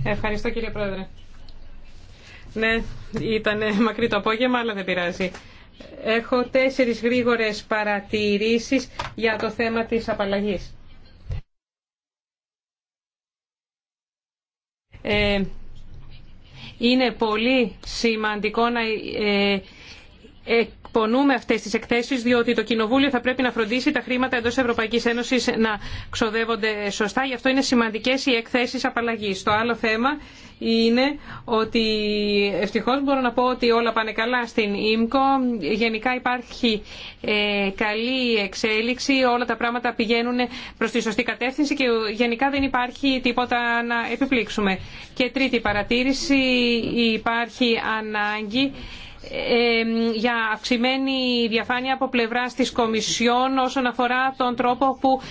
Ευχαριστώ κύριε Πρόεδρε. Ναι, ήταν μακρύ το απόγευμα, αλλά δεν πειράζει. Έχω τέσσερις γρήγορες παρατηρήσεις για το θέμα της απαλλαγής. Ε, είναι πολύ σημαντικό να ε, εκπονούμε αυτές τις εκθέσει, διότι το Κοινοβούλιο θα πρέπει να φροντίσει τα χρήματα εντό ευρωπαϊκή Ένωση να ξοδεύονται σωστά. Γι' αυτό είναι σημαντικές οι εκθέσει απαλλαγή. Το άλλο θέμα είναι ότι ευτυχώς μπορώ να πω ότι όλα πάνε καλά στην ΙΜΚΟ. Γενικά υπάρχει ε, καλή εξέλιξη, όλα τα πράγματα πηγαίνουν προς τη σωστή κατεύθυνση και γενικά δεν υπάρχει τίποτα να επιπλήξουμε. Και τρίτη παρατήρηση, υπάρχει ανάγκη για αυξημένη διαφάνεια από πλευρά τη Κομισιόν όσον αφορά τον τρόπο που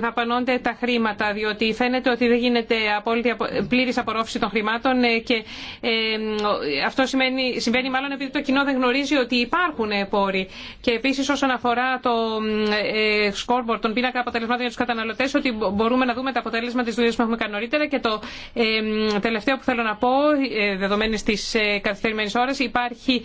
δαπανώνται τα χρήματα. Διότι φαίνεται ότι δεν γίνεται απόλυτη, πλήρης απορρόφηση των χρημάτων ε, και αυτό σημαίνει, συμβαίνει μάλλον επειδή το κοινό δεν γνωρίζει ότι υπάρχουν πόροι. Και επίση όσον αφορά το ε, scoreboard, τον πίνακα αποτελεσμάτων για του καταναλωτέ, ότι μπορούμε να δούμε τα αποτέλεσμα τη δουλειά που έχουμε κάνει νωρίτερα. Και το τελευταίο που θέλω να πω, ε, δεδομένη τη καθυστερημένη ώρα, υπάρχει έχει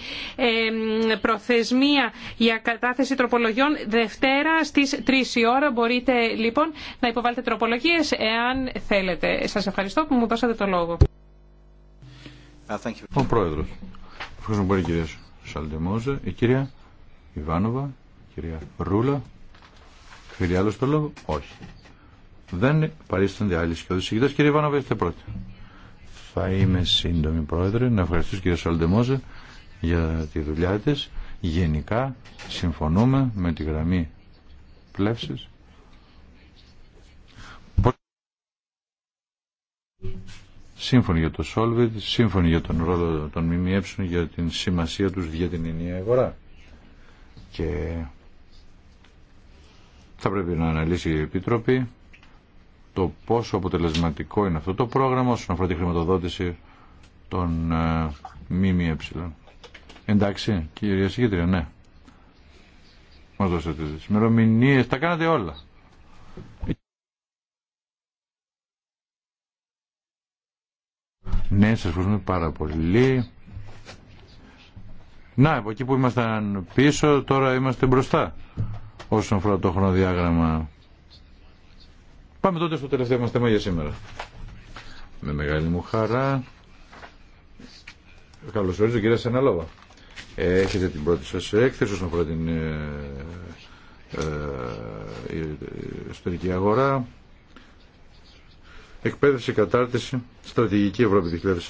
προθεσμία για κατάθεση τροπολογιών Δευτέρα στις 3 η ώρα. Μπορείτε λοιπόν να υποβάλλετε τροπολογίες εάν θέλετε. Σας ευχαριστώ που μου δώσατε το λόγο. Ο Πρόεδρος. Ευχαριστώ πολύ κυρία Σαλτεμόζα, η κυρία Ιβάνοβα, η κυρία Ρούλα. Θέλει άλλο το λόγο. Όχι. Δεν παρίστανται άλλοι σκιώδεις Κύριε Ιβάνοβα, είστε πρώτοι. Θα είμαι σύντομη, Πρόεδρε. Να ευχαριστήσω κύριε Σαλντεμόζε για τη δουλειά της. Γενικά συμφωνούμε με τη γραμμή πλεύσης. Σύμφωνοι για το Solvit, σύμφωνοι για τον ρόλο των ΜΜΕ, για την σημασία τους για την ενιαία αγορά. Και θα πρέπει να αναλύσει η Επιτροπή το πόσο αποτελεσματικό είναι αυτό το πρόγραμμα όσον αφορά τη χρηματοδότηση των ε, ΜΜΕ. Εντάξει, κυρία Συγκέντρια, ναι. Μα δώσατε τι ημερομηνίε, τα κάνατε όλα. Ναι, σα ευχαριστούμε πάρα πολύ. Να, από εκεί που ήμασταν πίσω, τώρα είμαστε μπροστά όσον αφορά το χρονοδιάγραμμα. Πάμε τότε στο τελευταίο μας θέμα για σήμερα. Με μεγάλη μου χαρά. Καλώς ορίζω κύριε Σεναλόβα. Έχετε την πρώτη σας έκθεση όσον αφορά την ε, ε, εσωτερική αγορά. Εκπαίδευση, κατάρτιση, στρατηγική Ευρώπη 2020.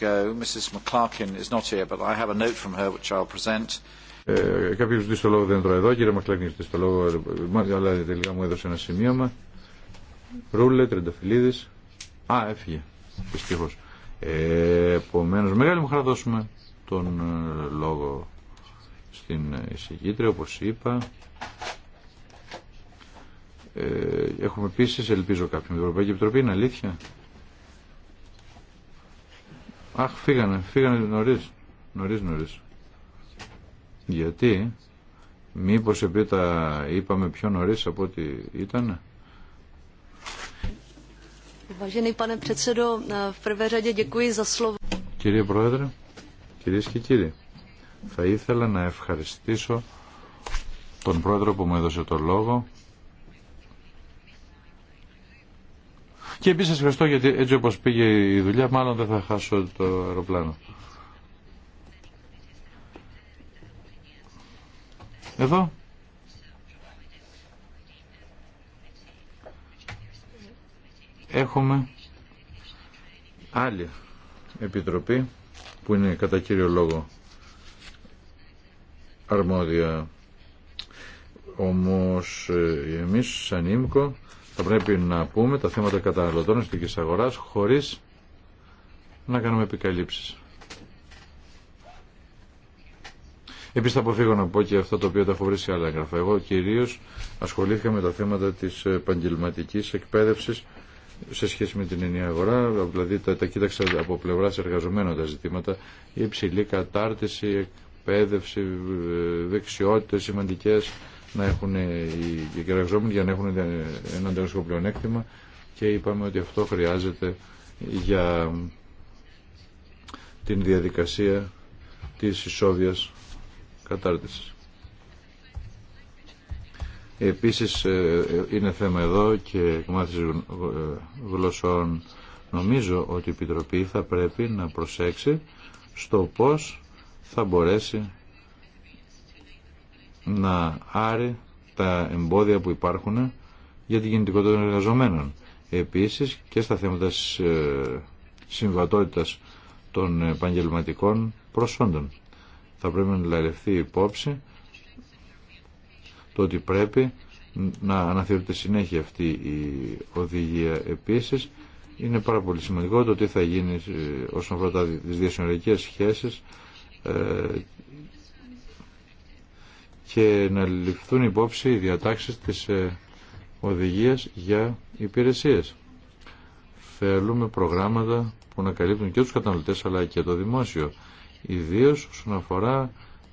Go. Mrs. McClarkin το λόγο, δεν είναι εδώ. Κύριε Μαχλάκη, ζητεί το λόγο, αλλά τελικά μου έδωσε ένα σημείωμα. Ρούλε, Τρενταφυλλίδη. Α, έφυγε. Δυστυχώ. Επομένω, μεγάλη μου χαρά δώσουμε τον ε, λόγο στην εισηγήτρια, όπως είπα. Ε, έχουμε επίση, ελπίζω κάποιον την Ευρωπαϊκή Επιτροπή, είναι αλήθεια. Αχ, φύγανε, φύγανε νωρίς, νωρί νωρίς. Γιατί, μήπω επειδή είπαμε πιο νωρίς από ό,τι ήταν. Eh, Κύριε Πρόεδρε, κυρίες και κύριοι, θα ήθελα να ευχαριστήσω τον Πρόεδρο που μου έδωσε το λόγο και επίσης ευχαριστώ γιατί έτσι όπως πήγε η δουλειά μάλλον δεν θα χάσω το αεροπλάνο. Εδώ έχουμε άλλη επιτροπή που είναι κατά κύριο λόγο αρμόδια. Όμως ε, εμείς σαν ΙΜΚΟ θα πρέπει να πούμε τα θέματα καταναλωτών της αγοράς χωρίς να κάνουμε επικαλύψεις. Επίσης θα αποφύγω να πω και αυτό το οποίο τα έχω βρει σε άλλα έγγραφα. Εγώ κυρίως ασχολήθηκα με τα θέματα της επαγγελματική εκπαίδευσης σε σχέση με την ενιαία αγορά, δηλαδή τα, τα κοίταξα από πλευρά εργαζομένων τα ζητήματα, η υψηλή κατάρτιση, εκπαίδευση, ε, δεξιότητε σημαντικέ να έχουν οι εργαζόμενοι για να έχουν ένα ανταγωνιστικό πλεονέκτημα και είπαμε ότι αυτό χρειάζεται για την διαδικασία της ισόβιας κατάρτισης. Επίσης ε, ε, είναι θέμα εδώ και της ε, γλωσσών. Νομίζω ότι η Επιτροπή θα πρέπει να προσέξει στο πώς θα μπορέσει να άρει τα εμπόδια που υπάρχουν για την κινητικότητα των εργαζομένων. Επίσης και στα θέματα της συμβατότητας των επαγγελματικών προσόντων. Θα πρέπει να λαρευτεί υπόψη το ότι πρέπει να αναθεωρείται συνέχεια αυτή η οδηγία επίσης. Είναι πάρα πολύ σημαντικό το τι θα γίνει ε, όσον αφορά τις διασυνοριακές σχέσεις ε, και να ληφθούν υπόψη οι διατάξεις της ε, οδηγίας για υπηρεσίες. Θέλουμε προγράμματα που να καλύπτουν και τους καταναλωτές αλλά και το δημόσιο, ιδίως όσον αφορά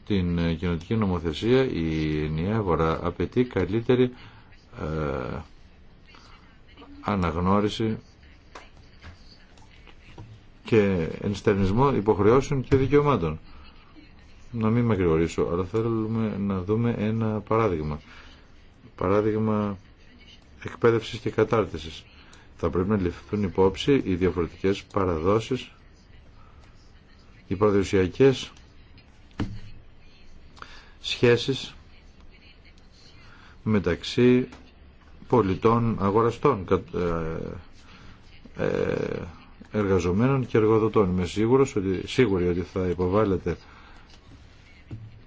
την κοινωτική νομοθεσία η ενιαία αγορά απαιτεί καλύτερη ε, αναγνώριση και ενστερνισμό υποχρεώσεων και δικαιωμάτων. Να μην με γρηγορήσω, αλλά θέλουμε να δούμε ένα παράδειγμα. Παράδειγμα εκπαίδευσης και κατάρτισης. Θα πρέπει να ληφθούν υπόψη οι διαφορετικές παραδόσεις, οι παραδοσιακές σχέσεις μεταξύ πολιτών αγοραστών ε, ε, εργαζομένων και εργοδοτών. Είμαι σίγουρος ότι, σίγουροι ότι θα υποβάλλετε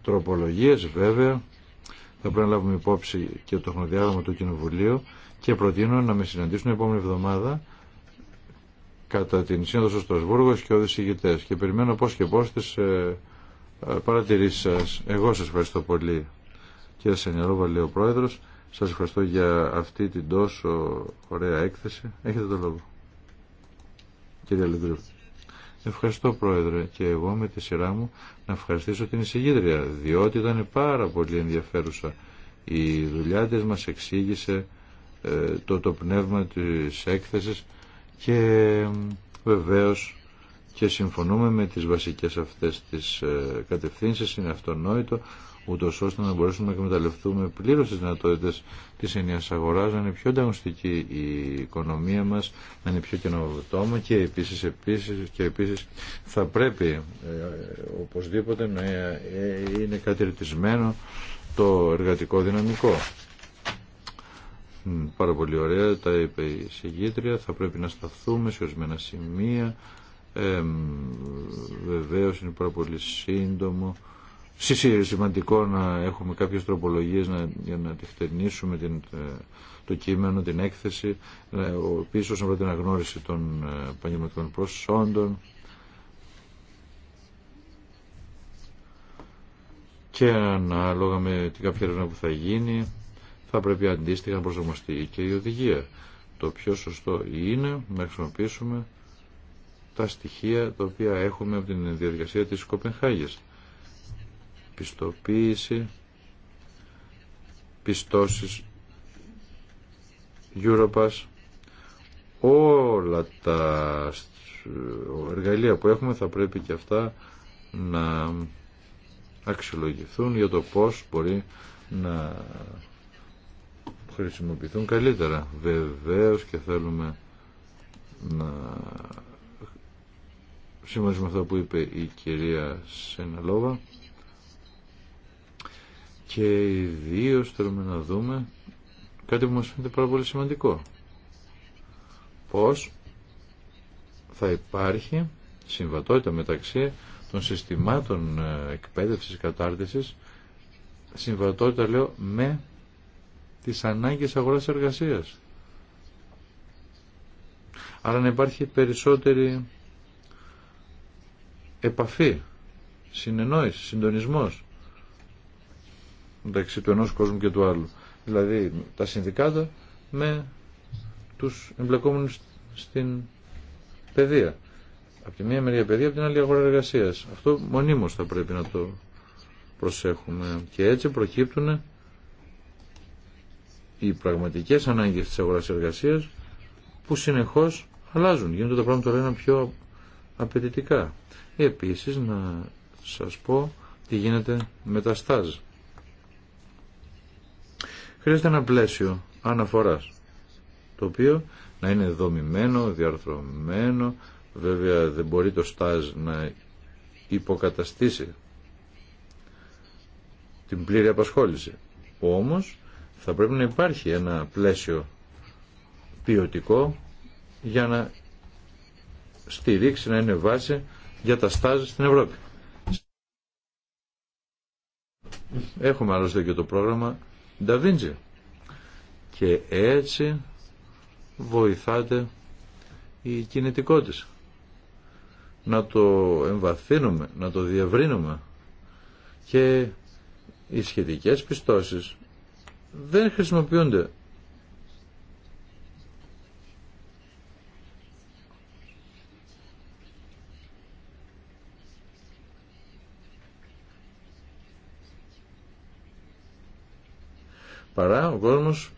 τροπολογίες βέβαια θα πρέπει να λάβουμε υπόψη και το χρονοδιάγραμμα του Κοινοβουλίου και προτείνω να με συναντήσουν την επόμενη εβδομάδα κατά την σύνοδο στο Στρασβούργο και ο Δησηγητές. και περιμένω πώς και πώς τις ε, ε, παρατηρήσεις σας. Εγώ σας ευχαριστώ πολύ. Κύριε Σενιαρόβα, λέει ο Πρόεδρος, σας ευχαριστώ για αυτή την τόσο ωραία έκθεση. Έχετε το λόγο. Κύριε Λεγκρού. Ευχαριστώ Πρόεδρε και εγώ με τη σειρά μου να ευχαριστήσω την εισηγήτρια διότι ήταν πάρα πολύ ενδιαφέρουσα. Η δουλειά της μας εξήγησε ε, το, το πνεύμα της έκθεσης και ε, βεβαίως και συμφωνούμε με τις βασικές αυτές τις ε, κατευθύνσεις, είναι αυτονόητο, ούτω ώστε να μπορέσουμε να εκμεταλλευτούμε πλήρως τις δυνατότητες της ενιαίας αγοράς, να είναι πιο ανταγωνιστική η οικονομία μας, να είναι πιο καινοτόμα και επίσης, επίσης, και επίσης θα πρέπει ε, οπωσδήποτε να ε, είναι κατηρτισμένο το εργατικό δυναμικό. Πάρα πολύ ωραία, τα είπε η συγκήτρια. Θα πρέπει να σταθούμε σε ορισμένα σημεία ε, βεβαίως είναι πάρα πολύ σύντομο. Σημαντικό να έχουμε κάποιες τροπολογίες να, για να χτενίσουμε την, ε, το κείμενο, την έκθεση, ε, πίσω από την αγνώριση των ε, πανεπιστημιακών προσόντων και ανάλογα με την κάποια έρευνα που θα γίνει θα πρέπει αντίστοιχα να προσαρμοστεί και η οδηγία. Το πιο σωστό είναι να χρησιμοποιήσουμε τα στοιχεία τα οποία έχουμε από την διαδικασία της Κοπενχάγης. Πιστοποίηση, πιστώσεις, Europass, όλα τα εργαλεία που έχουμε θα πρέπει και αυτά να αξιολογηθούν για το πώς μπορεί να χρησιμοποιηθούν καλύτερα. Βεβαίως και θέλουμε να σύμφωνα με αυτό που είπε η κυρία Σεναλόβα και ιδίω θέλουμε να δούμε κάτι που μας φαίνεται πάρα πολύ σημαντικό πως θα υπάρχει συμβατότητα μεταξύ των συστημάτων ε, εκπαίδευσης κατάρτισης συμβατότητα λέω με τις ανάγκες αγοράς εργασίας άρα να υπάρχει περισσότερη επαφή, συνεννόηση, συντονισμός μεταξύ του ενός κόσμου και του άλλου. Δηλαδή τα συνδικάτα με τους εμπλεκόμενους στην παιδεία. Από τη μία μεριά παιδεία, από την άλλη αγορά εργασία. Αυτό μονίμως θα πρέπει να το προσέχουμε. Και έτσι προκύπτουν οι πραγματικές ανάγκες της αγοράς εργασία που συνεχώς αλλάζουν. Γίνονται τα πράγματα τώρα πιο απαιτητικά. Επίσης να σας πω τι γίνεται με τα στάζ. Χρειάζεται ένα πλαίσιο αναφοράς, το οποίο να είναι δομημένο, διαρθρωμένο, βέβαια δεν μπορεί το στάζ να υποκαταστήσει την πλήρη απασχόληση. Όμως θα πρέπει να υπάρχει ένα πλαίσιο ποιοτικό για να στηρίξει, να είναι βάση για τα στάζ στην Ευρώπη. Έχουμε άλλωστε και το πρόγραμμα Da Vinci. Και έτσι βοηθάτε η κινητικότητα. Να το εμβαθύνουμε, να το διευρύνουμε. Και οι σχετικές πιστώσεις δεν χρησιμοποιούνται παρά ο κόσμος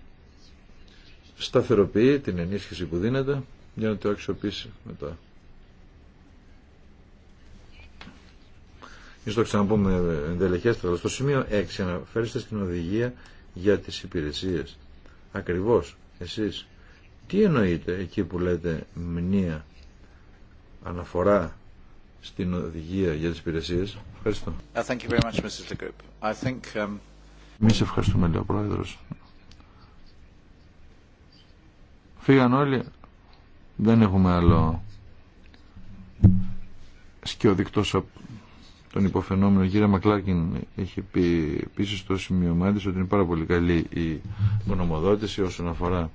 σταθεροποιεί την ενίσχυση που δίνεται για να το αξιοποιήσει μετά. Ίσως το ξαναπούμε ενδελεχέστερα. Στο σημείο 6 αναφέρεστε στην οδηγία για τις υπηρεσίες. Ακριβώς εσείς τι εννοείτε εκεί που λέτε μνήα αναφορά στην οδηγία για τις υπηρεσίες. Ευχαριστώ. Uh, thank you very much, Mrs. Um, Εμεί ευχαριστούμε, λέει ο πρόεδρο. Φύγαν όλοι. Δεν έχουμε άλλο σκιωδικτός από τον υποφαινόμενο. Η κυρία Μακλάρκιν έχει πει επίση στο σημείωμά τη ότι είναι πάρα πολύ καλή η γνωμοδότηση όσον αφορά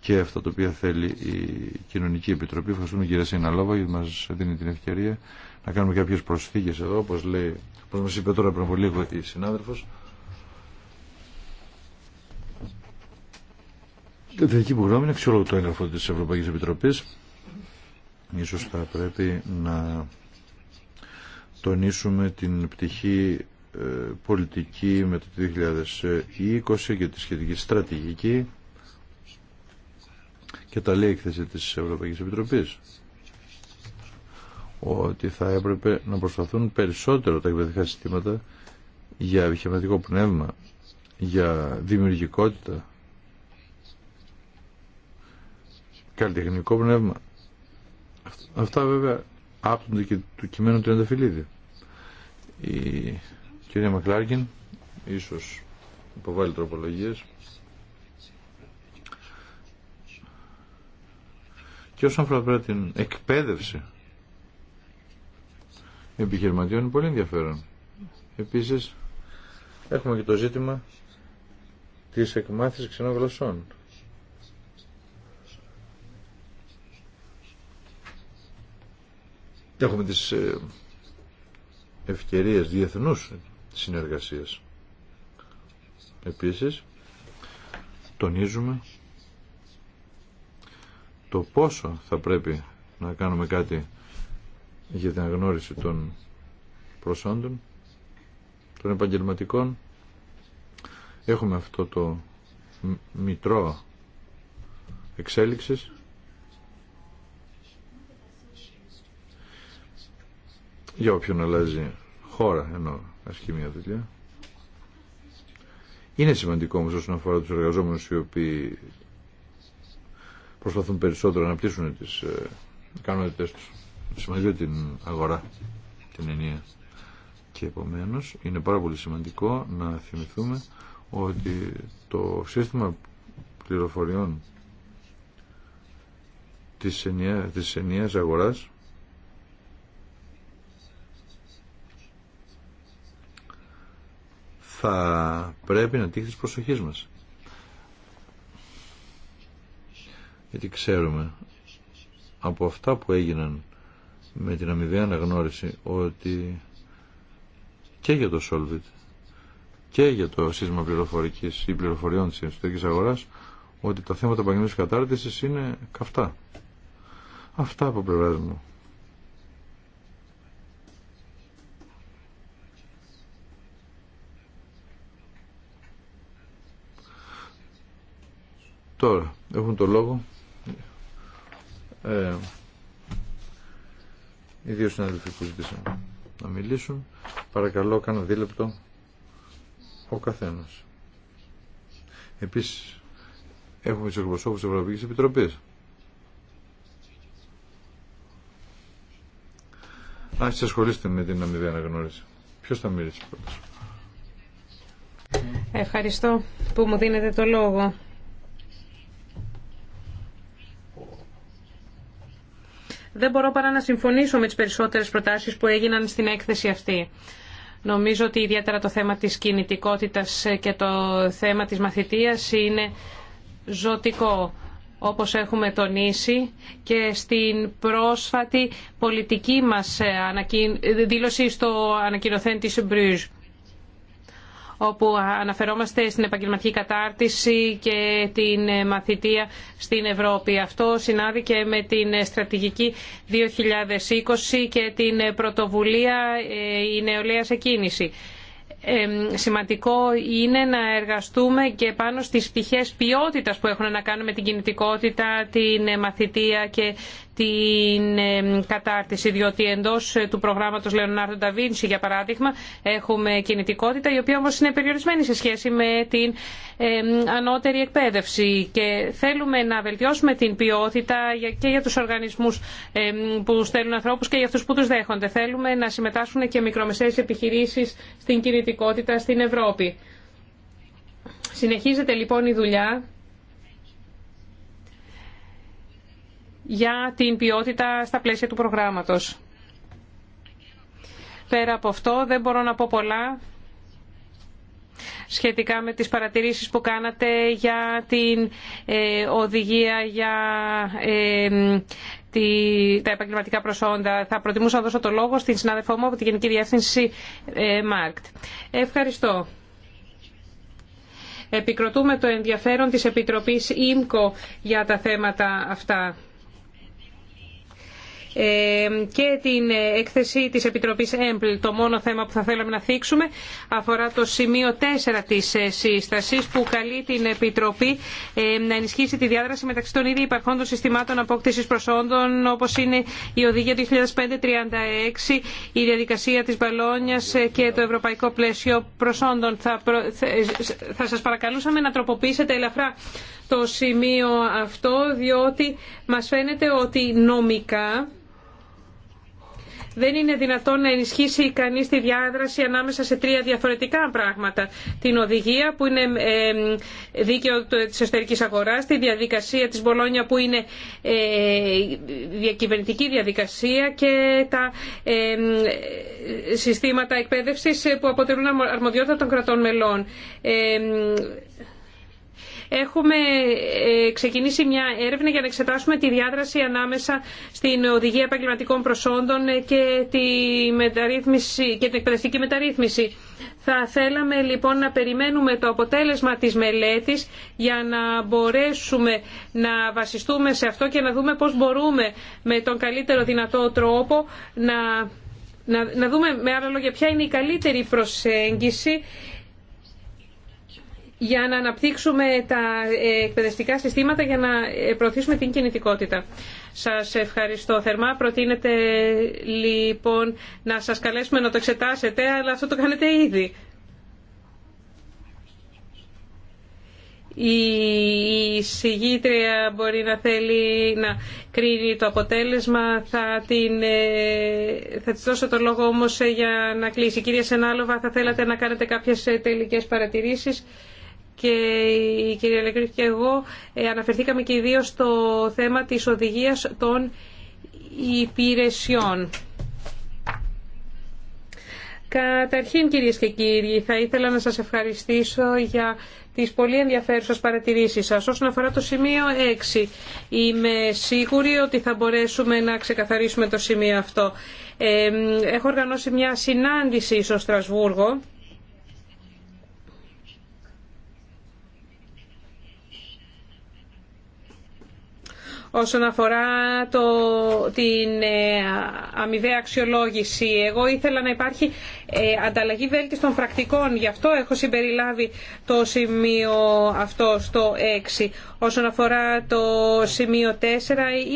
και αυτά τα οποία θέλει η Κοινωνική Επιτροπή. Ευχαριστούμε κυρία Σιναλόβα γιατί μα δίνει την ευκαιρία να κάνουμε κάποιε προσθήκε εδώ, όπω λέει, όπω μα είπε τώρα πριν από λίγο η συνάδελφο. θετική που γνώμη είναι αξιόλογο το έγγραφο της Ευρωπαϊκής Επιτροπής. Ίσως θα πρέπει να τονίσουμε την πτυχή ε, πολιτική με το 2020 και τη σχετική στρατηγική και τα λέει έκθεση της Ευρωπαϊκής Επιτροπής ότι θα έπρεπε να προσπαθούν περισσότερο τα εκπαιδευτικά συστήματα για επιχειρηματικό πνεύμα, για δημιουργικότητα, καλλιτεχνικό πνεύμα. Αυτά βέβαια άπτονται και του κειμένου του Ενταφυλίδη. Η κυρία Μακλάρκιν ίσως υποβάλλει τροπολογίες και όσον αφορά την εκπαίδευση επιχειρηματιών είναι πολύ ενδιαφέρον. Επίσης έχουμε και το ζήτημα της εκμάθησης ξενών γλωσσών. Έχουμε τις ε, ευκαιρίες διεθνούς συνεργασίας. Επίσης, τονίζουμε το πόσο θα πρέπει να κάνουμε κάτι για την αγνώριση των προσόντων, των επαγγελματικών. Έχουμε αυτό το μητρό εξέλιξης για όποιον αλλάζει χώρα ενώ ασκεί μια δουλειά. Είναι σημαντικό όμως όσον αφορά τους εργαζόμενους οι οποίοι προσπαθούν περισσότερο να πτήσουν τις ε, ικανότητες τους. Σημαντικό την αγορά, την ενία. Και επομένως είναι πάρα πολύ σημαντικό να θυμηθούμε ότι το σύστημα πληροφοριών της ενιαίας, της αγοράς θα πρέπει να τύχει τη προσοχής μας. Γιατί ξέρουμε από αυτά που έγιναν με την αμοιβαία αναγνώριση ότι και για το Solvit και για το σύστημα πληροφορικής ή πληροφοριών της εσωτερικής αγοράς ότι τα θέματα παγκοσμίου κατάρτισης είναι καυτά. Αυτά από πλευρά μου. Τώρα έχουν το λόγο ε, οι δύο συνάδελφοι που ζητήσαμε να μιλήσουν. Παρακαλώ, κάνω δίλεπτο ο καθένας. Επίσης, έχουμε τους εκπροσώπους της Ευρωπαϊκής Επιτροπής. Α, σας ασχολείστε με την αμοιβή αναγνώριση. Ποιος θα μιλήσει πρώτα. Ευχαριστώ που μου δίνετε το λόγο. δεν μπορώ παρά να συμφωνήσω με τις περισσότερες προτάσεις που έγιναν στην έκθεση αυτή. Νομίζω ότι ιδιαίτερα το θέμα της κινητικότητας και το θέμα της μαθητείας είναι ζωτικό όπως έχουμε τονίσει και στην πρόσφατη πολιτική μας δήλωση στο ανακοινωθέν της Μπρουζ όπου αναφερόμαστε στην επαγγελματική κατάρτιση και την μαθητεία στην Ευρώπη. Αυτό συνάδει και με την στρατηγική 2020 και την πρωτοβουλία ε, «Η νεολαία σε κίνηση» σημαντικό είναι να εργαστούμε και πάνω στις πτυχές ποιότητας που έχουν να κάνουν με την κινητικότητα, την ε, μαθητεία και την κατάρτιση, διότι εντός ε, του προγράμματος Λεωνάρντο Νταβίνση για παράδειγμα, έχουμε κινητικότητα, η οποία όμως είναι περιορισμένη σε σχέση με την ανώτερη εκπαίδευση και θέλουμε να βελτιώσουμε την ποιότητα και για τους οργανισμούς που στέλνουν ανθρώπους και για αυτούς που τους δέχονται. Θέλουμε να συμμετάσχουν και μικρομεσαίες επιχειρήσεις στην κινητικότητα στην Ευρώπη. Συνεχίζεται λοιπόν η δουλειά για την ποιότητα στα πλαίσια του προγράμματος. Πέρα από αυτό δεν μπορώ να πω πολλά σχετικά με τις παρατηρήσεις που κάνατε για την ε, οδηγία για ε, τα επαγγελματικά προσόντα. Θα προτιμούσα να δώσω το λόγο στην συνάδελφό μου από την Γενική Διεύθυνση ε, ΜΑΡΚΤ. Ευχαριστώ. Επικροτούμε το ενδιαφέρον της Επιτροπής ΙΜΚΟ για τα θέματα αυτά και την ε, έκθεση της Επιτροπής ΕΜΠΛ. Το μόνο θέμα που θα θέλαμε να θίξουμε αφορά το σημείο 4 της ε, σύστασης που καλεί την Επιτροπή να ενισχύσει τη διάδραση μεταξύ των ήδη υπαρχόντων συστημάτων απόκτησης προσόντων όπως είναι η Οδηγία 2005-36, η διαδικασία της Μπαλόνιας ε, και το Ευρωπαϊκό Πλαίσιο Προσόντων. Θα, προ... θα σας παρακαλούσαμε να τροποποιήσετε ελαφρά το σημείο αυτό διότι μας φαίνεται ότι νομικά δεν είναι δυνατόν να ενισχύσει κανείς τη διάδραση ανάμεσα σε τρία διαφορετικά πράγματα. Την οδηγία που είναι ε, δίκαιο της εσωτερικής αγοράς, τη διαδικασία της Μπολόνια που είναι ε, διακυβερνητική διαδικασία και τα συστήματα εκπαίδευσης που αποτελούν αρμοδιότητα των κρατών μελών έχουμε ε, ξεκινήσει μια έρευνα για να εξετάσουμε τη διάδραση ανάμεσα στην Οδηγία Επαγγελματικών Προσόντων και, τη μεταρρύθμιση, και την εκπαιδευτική μεταρρύθμιση. Θα θέλαμε λοιπόν να περιμένουμε το αποτέλεσμα της μελέτης για να μπορέσουμε να βασιστούμε σε αυτό και να δούμε πώς μπορούμε με τον καλύτερο δυνατό τρόπο να να, να δούμε με άλλα λόγια ποια είναι η καλύτερη προσέγγιση για να αναπτύξουμε τα ε, εκπαιδευτικά συστήματα για να ε, προωθήσουμε την κινητικότητα. Σας ευχαριστώ θερμά. Προτείνετε λοιπόν να σας καλέσουμε να το εξετάσετε, αλλά αυτό το κάνετε ήδη. Η συγγήτρια μπορεί να θέλει να κρίνει το αποτέλεσμα. Θα, την, ε, θα της δώσω το λόγο όμως για να κλείσει. Κυρία Σενάλοβα, θα θέλατε να κάνετε κάποιες τελικές παρατηρήσεις και η κυρία Λεκρή και εγώ ε, αναφερθήκαμε και ιδίως στο θέμα της οδηγίας των υπηρεσιών. Καταρχήν κυρίες και κύριοι, θα ήθελα να σας ευχαριστήσω για τις πολύ ενδιαφέρουσες παρατηρήσεις σας. Όσον αφορά το σημείο 6, είμαι σίγουρη ότι θα μπορέσουμε να ξεκαθαρίσουμε το σημείο αυτό. Ε, έχω οργανώσει μια συνάντηση στο Στρασβούργο όσον αφορά το, την ε, αμοιβαία αξιολόγηση. Εγώ ήθελα να υπάρχει ε, ανταλλαγή βέλτιστων πρακτικών. Γι' αυτό έχω συμπεριλάβει το σημείο αυτό στο 6. Όσον αφορά το σημείο 4,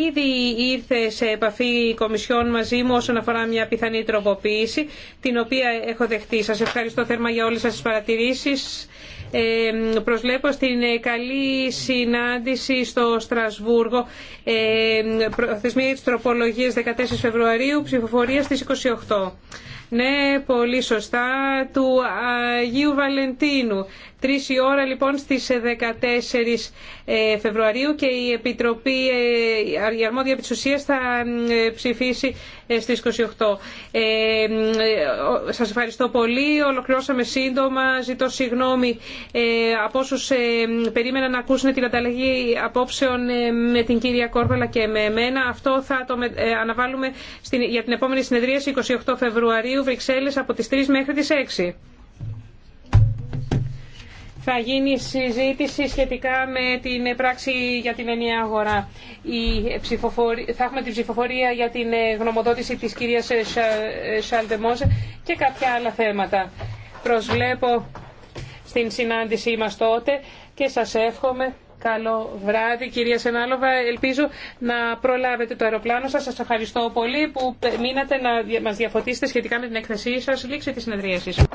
ήδη ήρθε σε επαφή η Κομισιόν μαζί μου όσον αφορά μια πιθανή τροποποίηση, την οποία έχω δεχτεί. Σας ευχαριστώ θερμά για όλες σας τις παρατηρήσεις προσλέπω στην ε, καλή συνάντηση στο Στρασβούργο. Προθεσμία της τροπολογίας 14 Φεβρουαρίου, ψηφοφορία στις 28. Ναι, πολύ σωστά, του Αγίου Βαλεντίνου. Τρεις η ώρα λοιπόν στις 14 ε, ε, Φεβρουαρίου και η Επιτροπή, η αρμόδια της θα ψηφίσει Στι 28. Ε, ε, σας ευχαριστώ πολύ. Ολοκληρώσαμε σύντομα. Ζητώ συγγνώμη ε, από όσους ε, περίμεναν να ακούσουν την ανταλλαγή απόψεων με την κυρία Κόρβαλα και με εμένα. Αυτό θα το αναβάλουμε για την επόμενη συνεδρίαση 28 Φεβρουαρίου, Βρυξέλλες, από τι 3 μέχρι τι 6 θα γίνει συζήτηση σχετικά με την πράξη για την ενιαία αγορά. Η ψηφοφορία, θα έχουμε την ψηφοφορία για την ε, γνωμοδότηση της κυρίας ε, ε, Σαλτεμόζε και κάποια άλλα θέματα. Προσβλέπω στην συνάντησή μας τότε και σας εύχομαι καλό βράδυ κυρία Σενάλοβα. Ελπίζω να προλάβετε το αεροπλάνο σας. Σας ευχαριστώ πολύ που μείνατε να μας διαφωτίσετε σχετικά με την έκθεσή σας. Λήξε τη συνεδρίαση.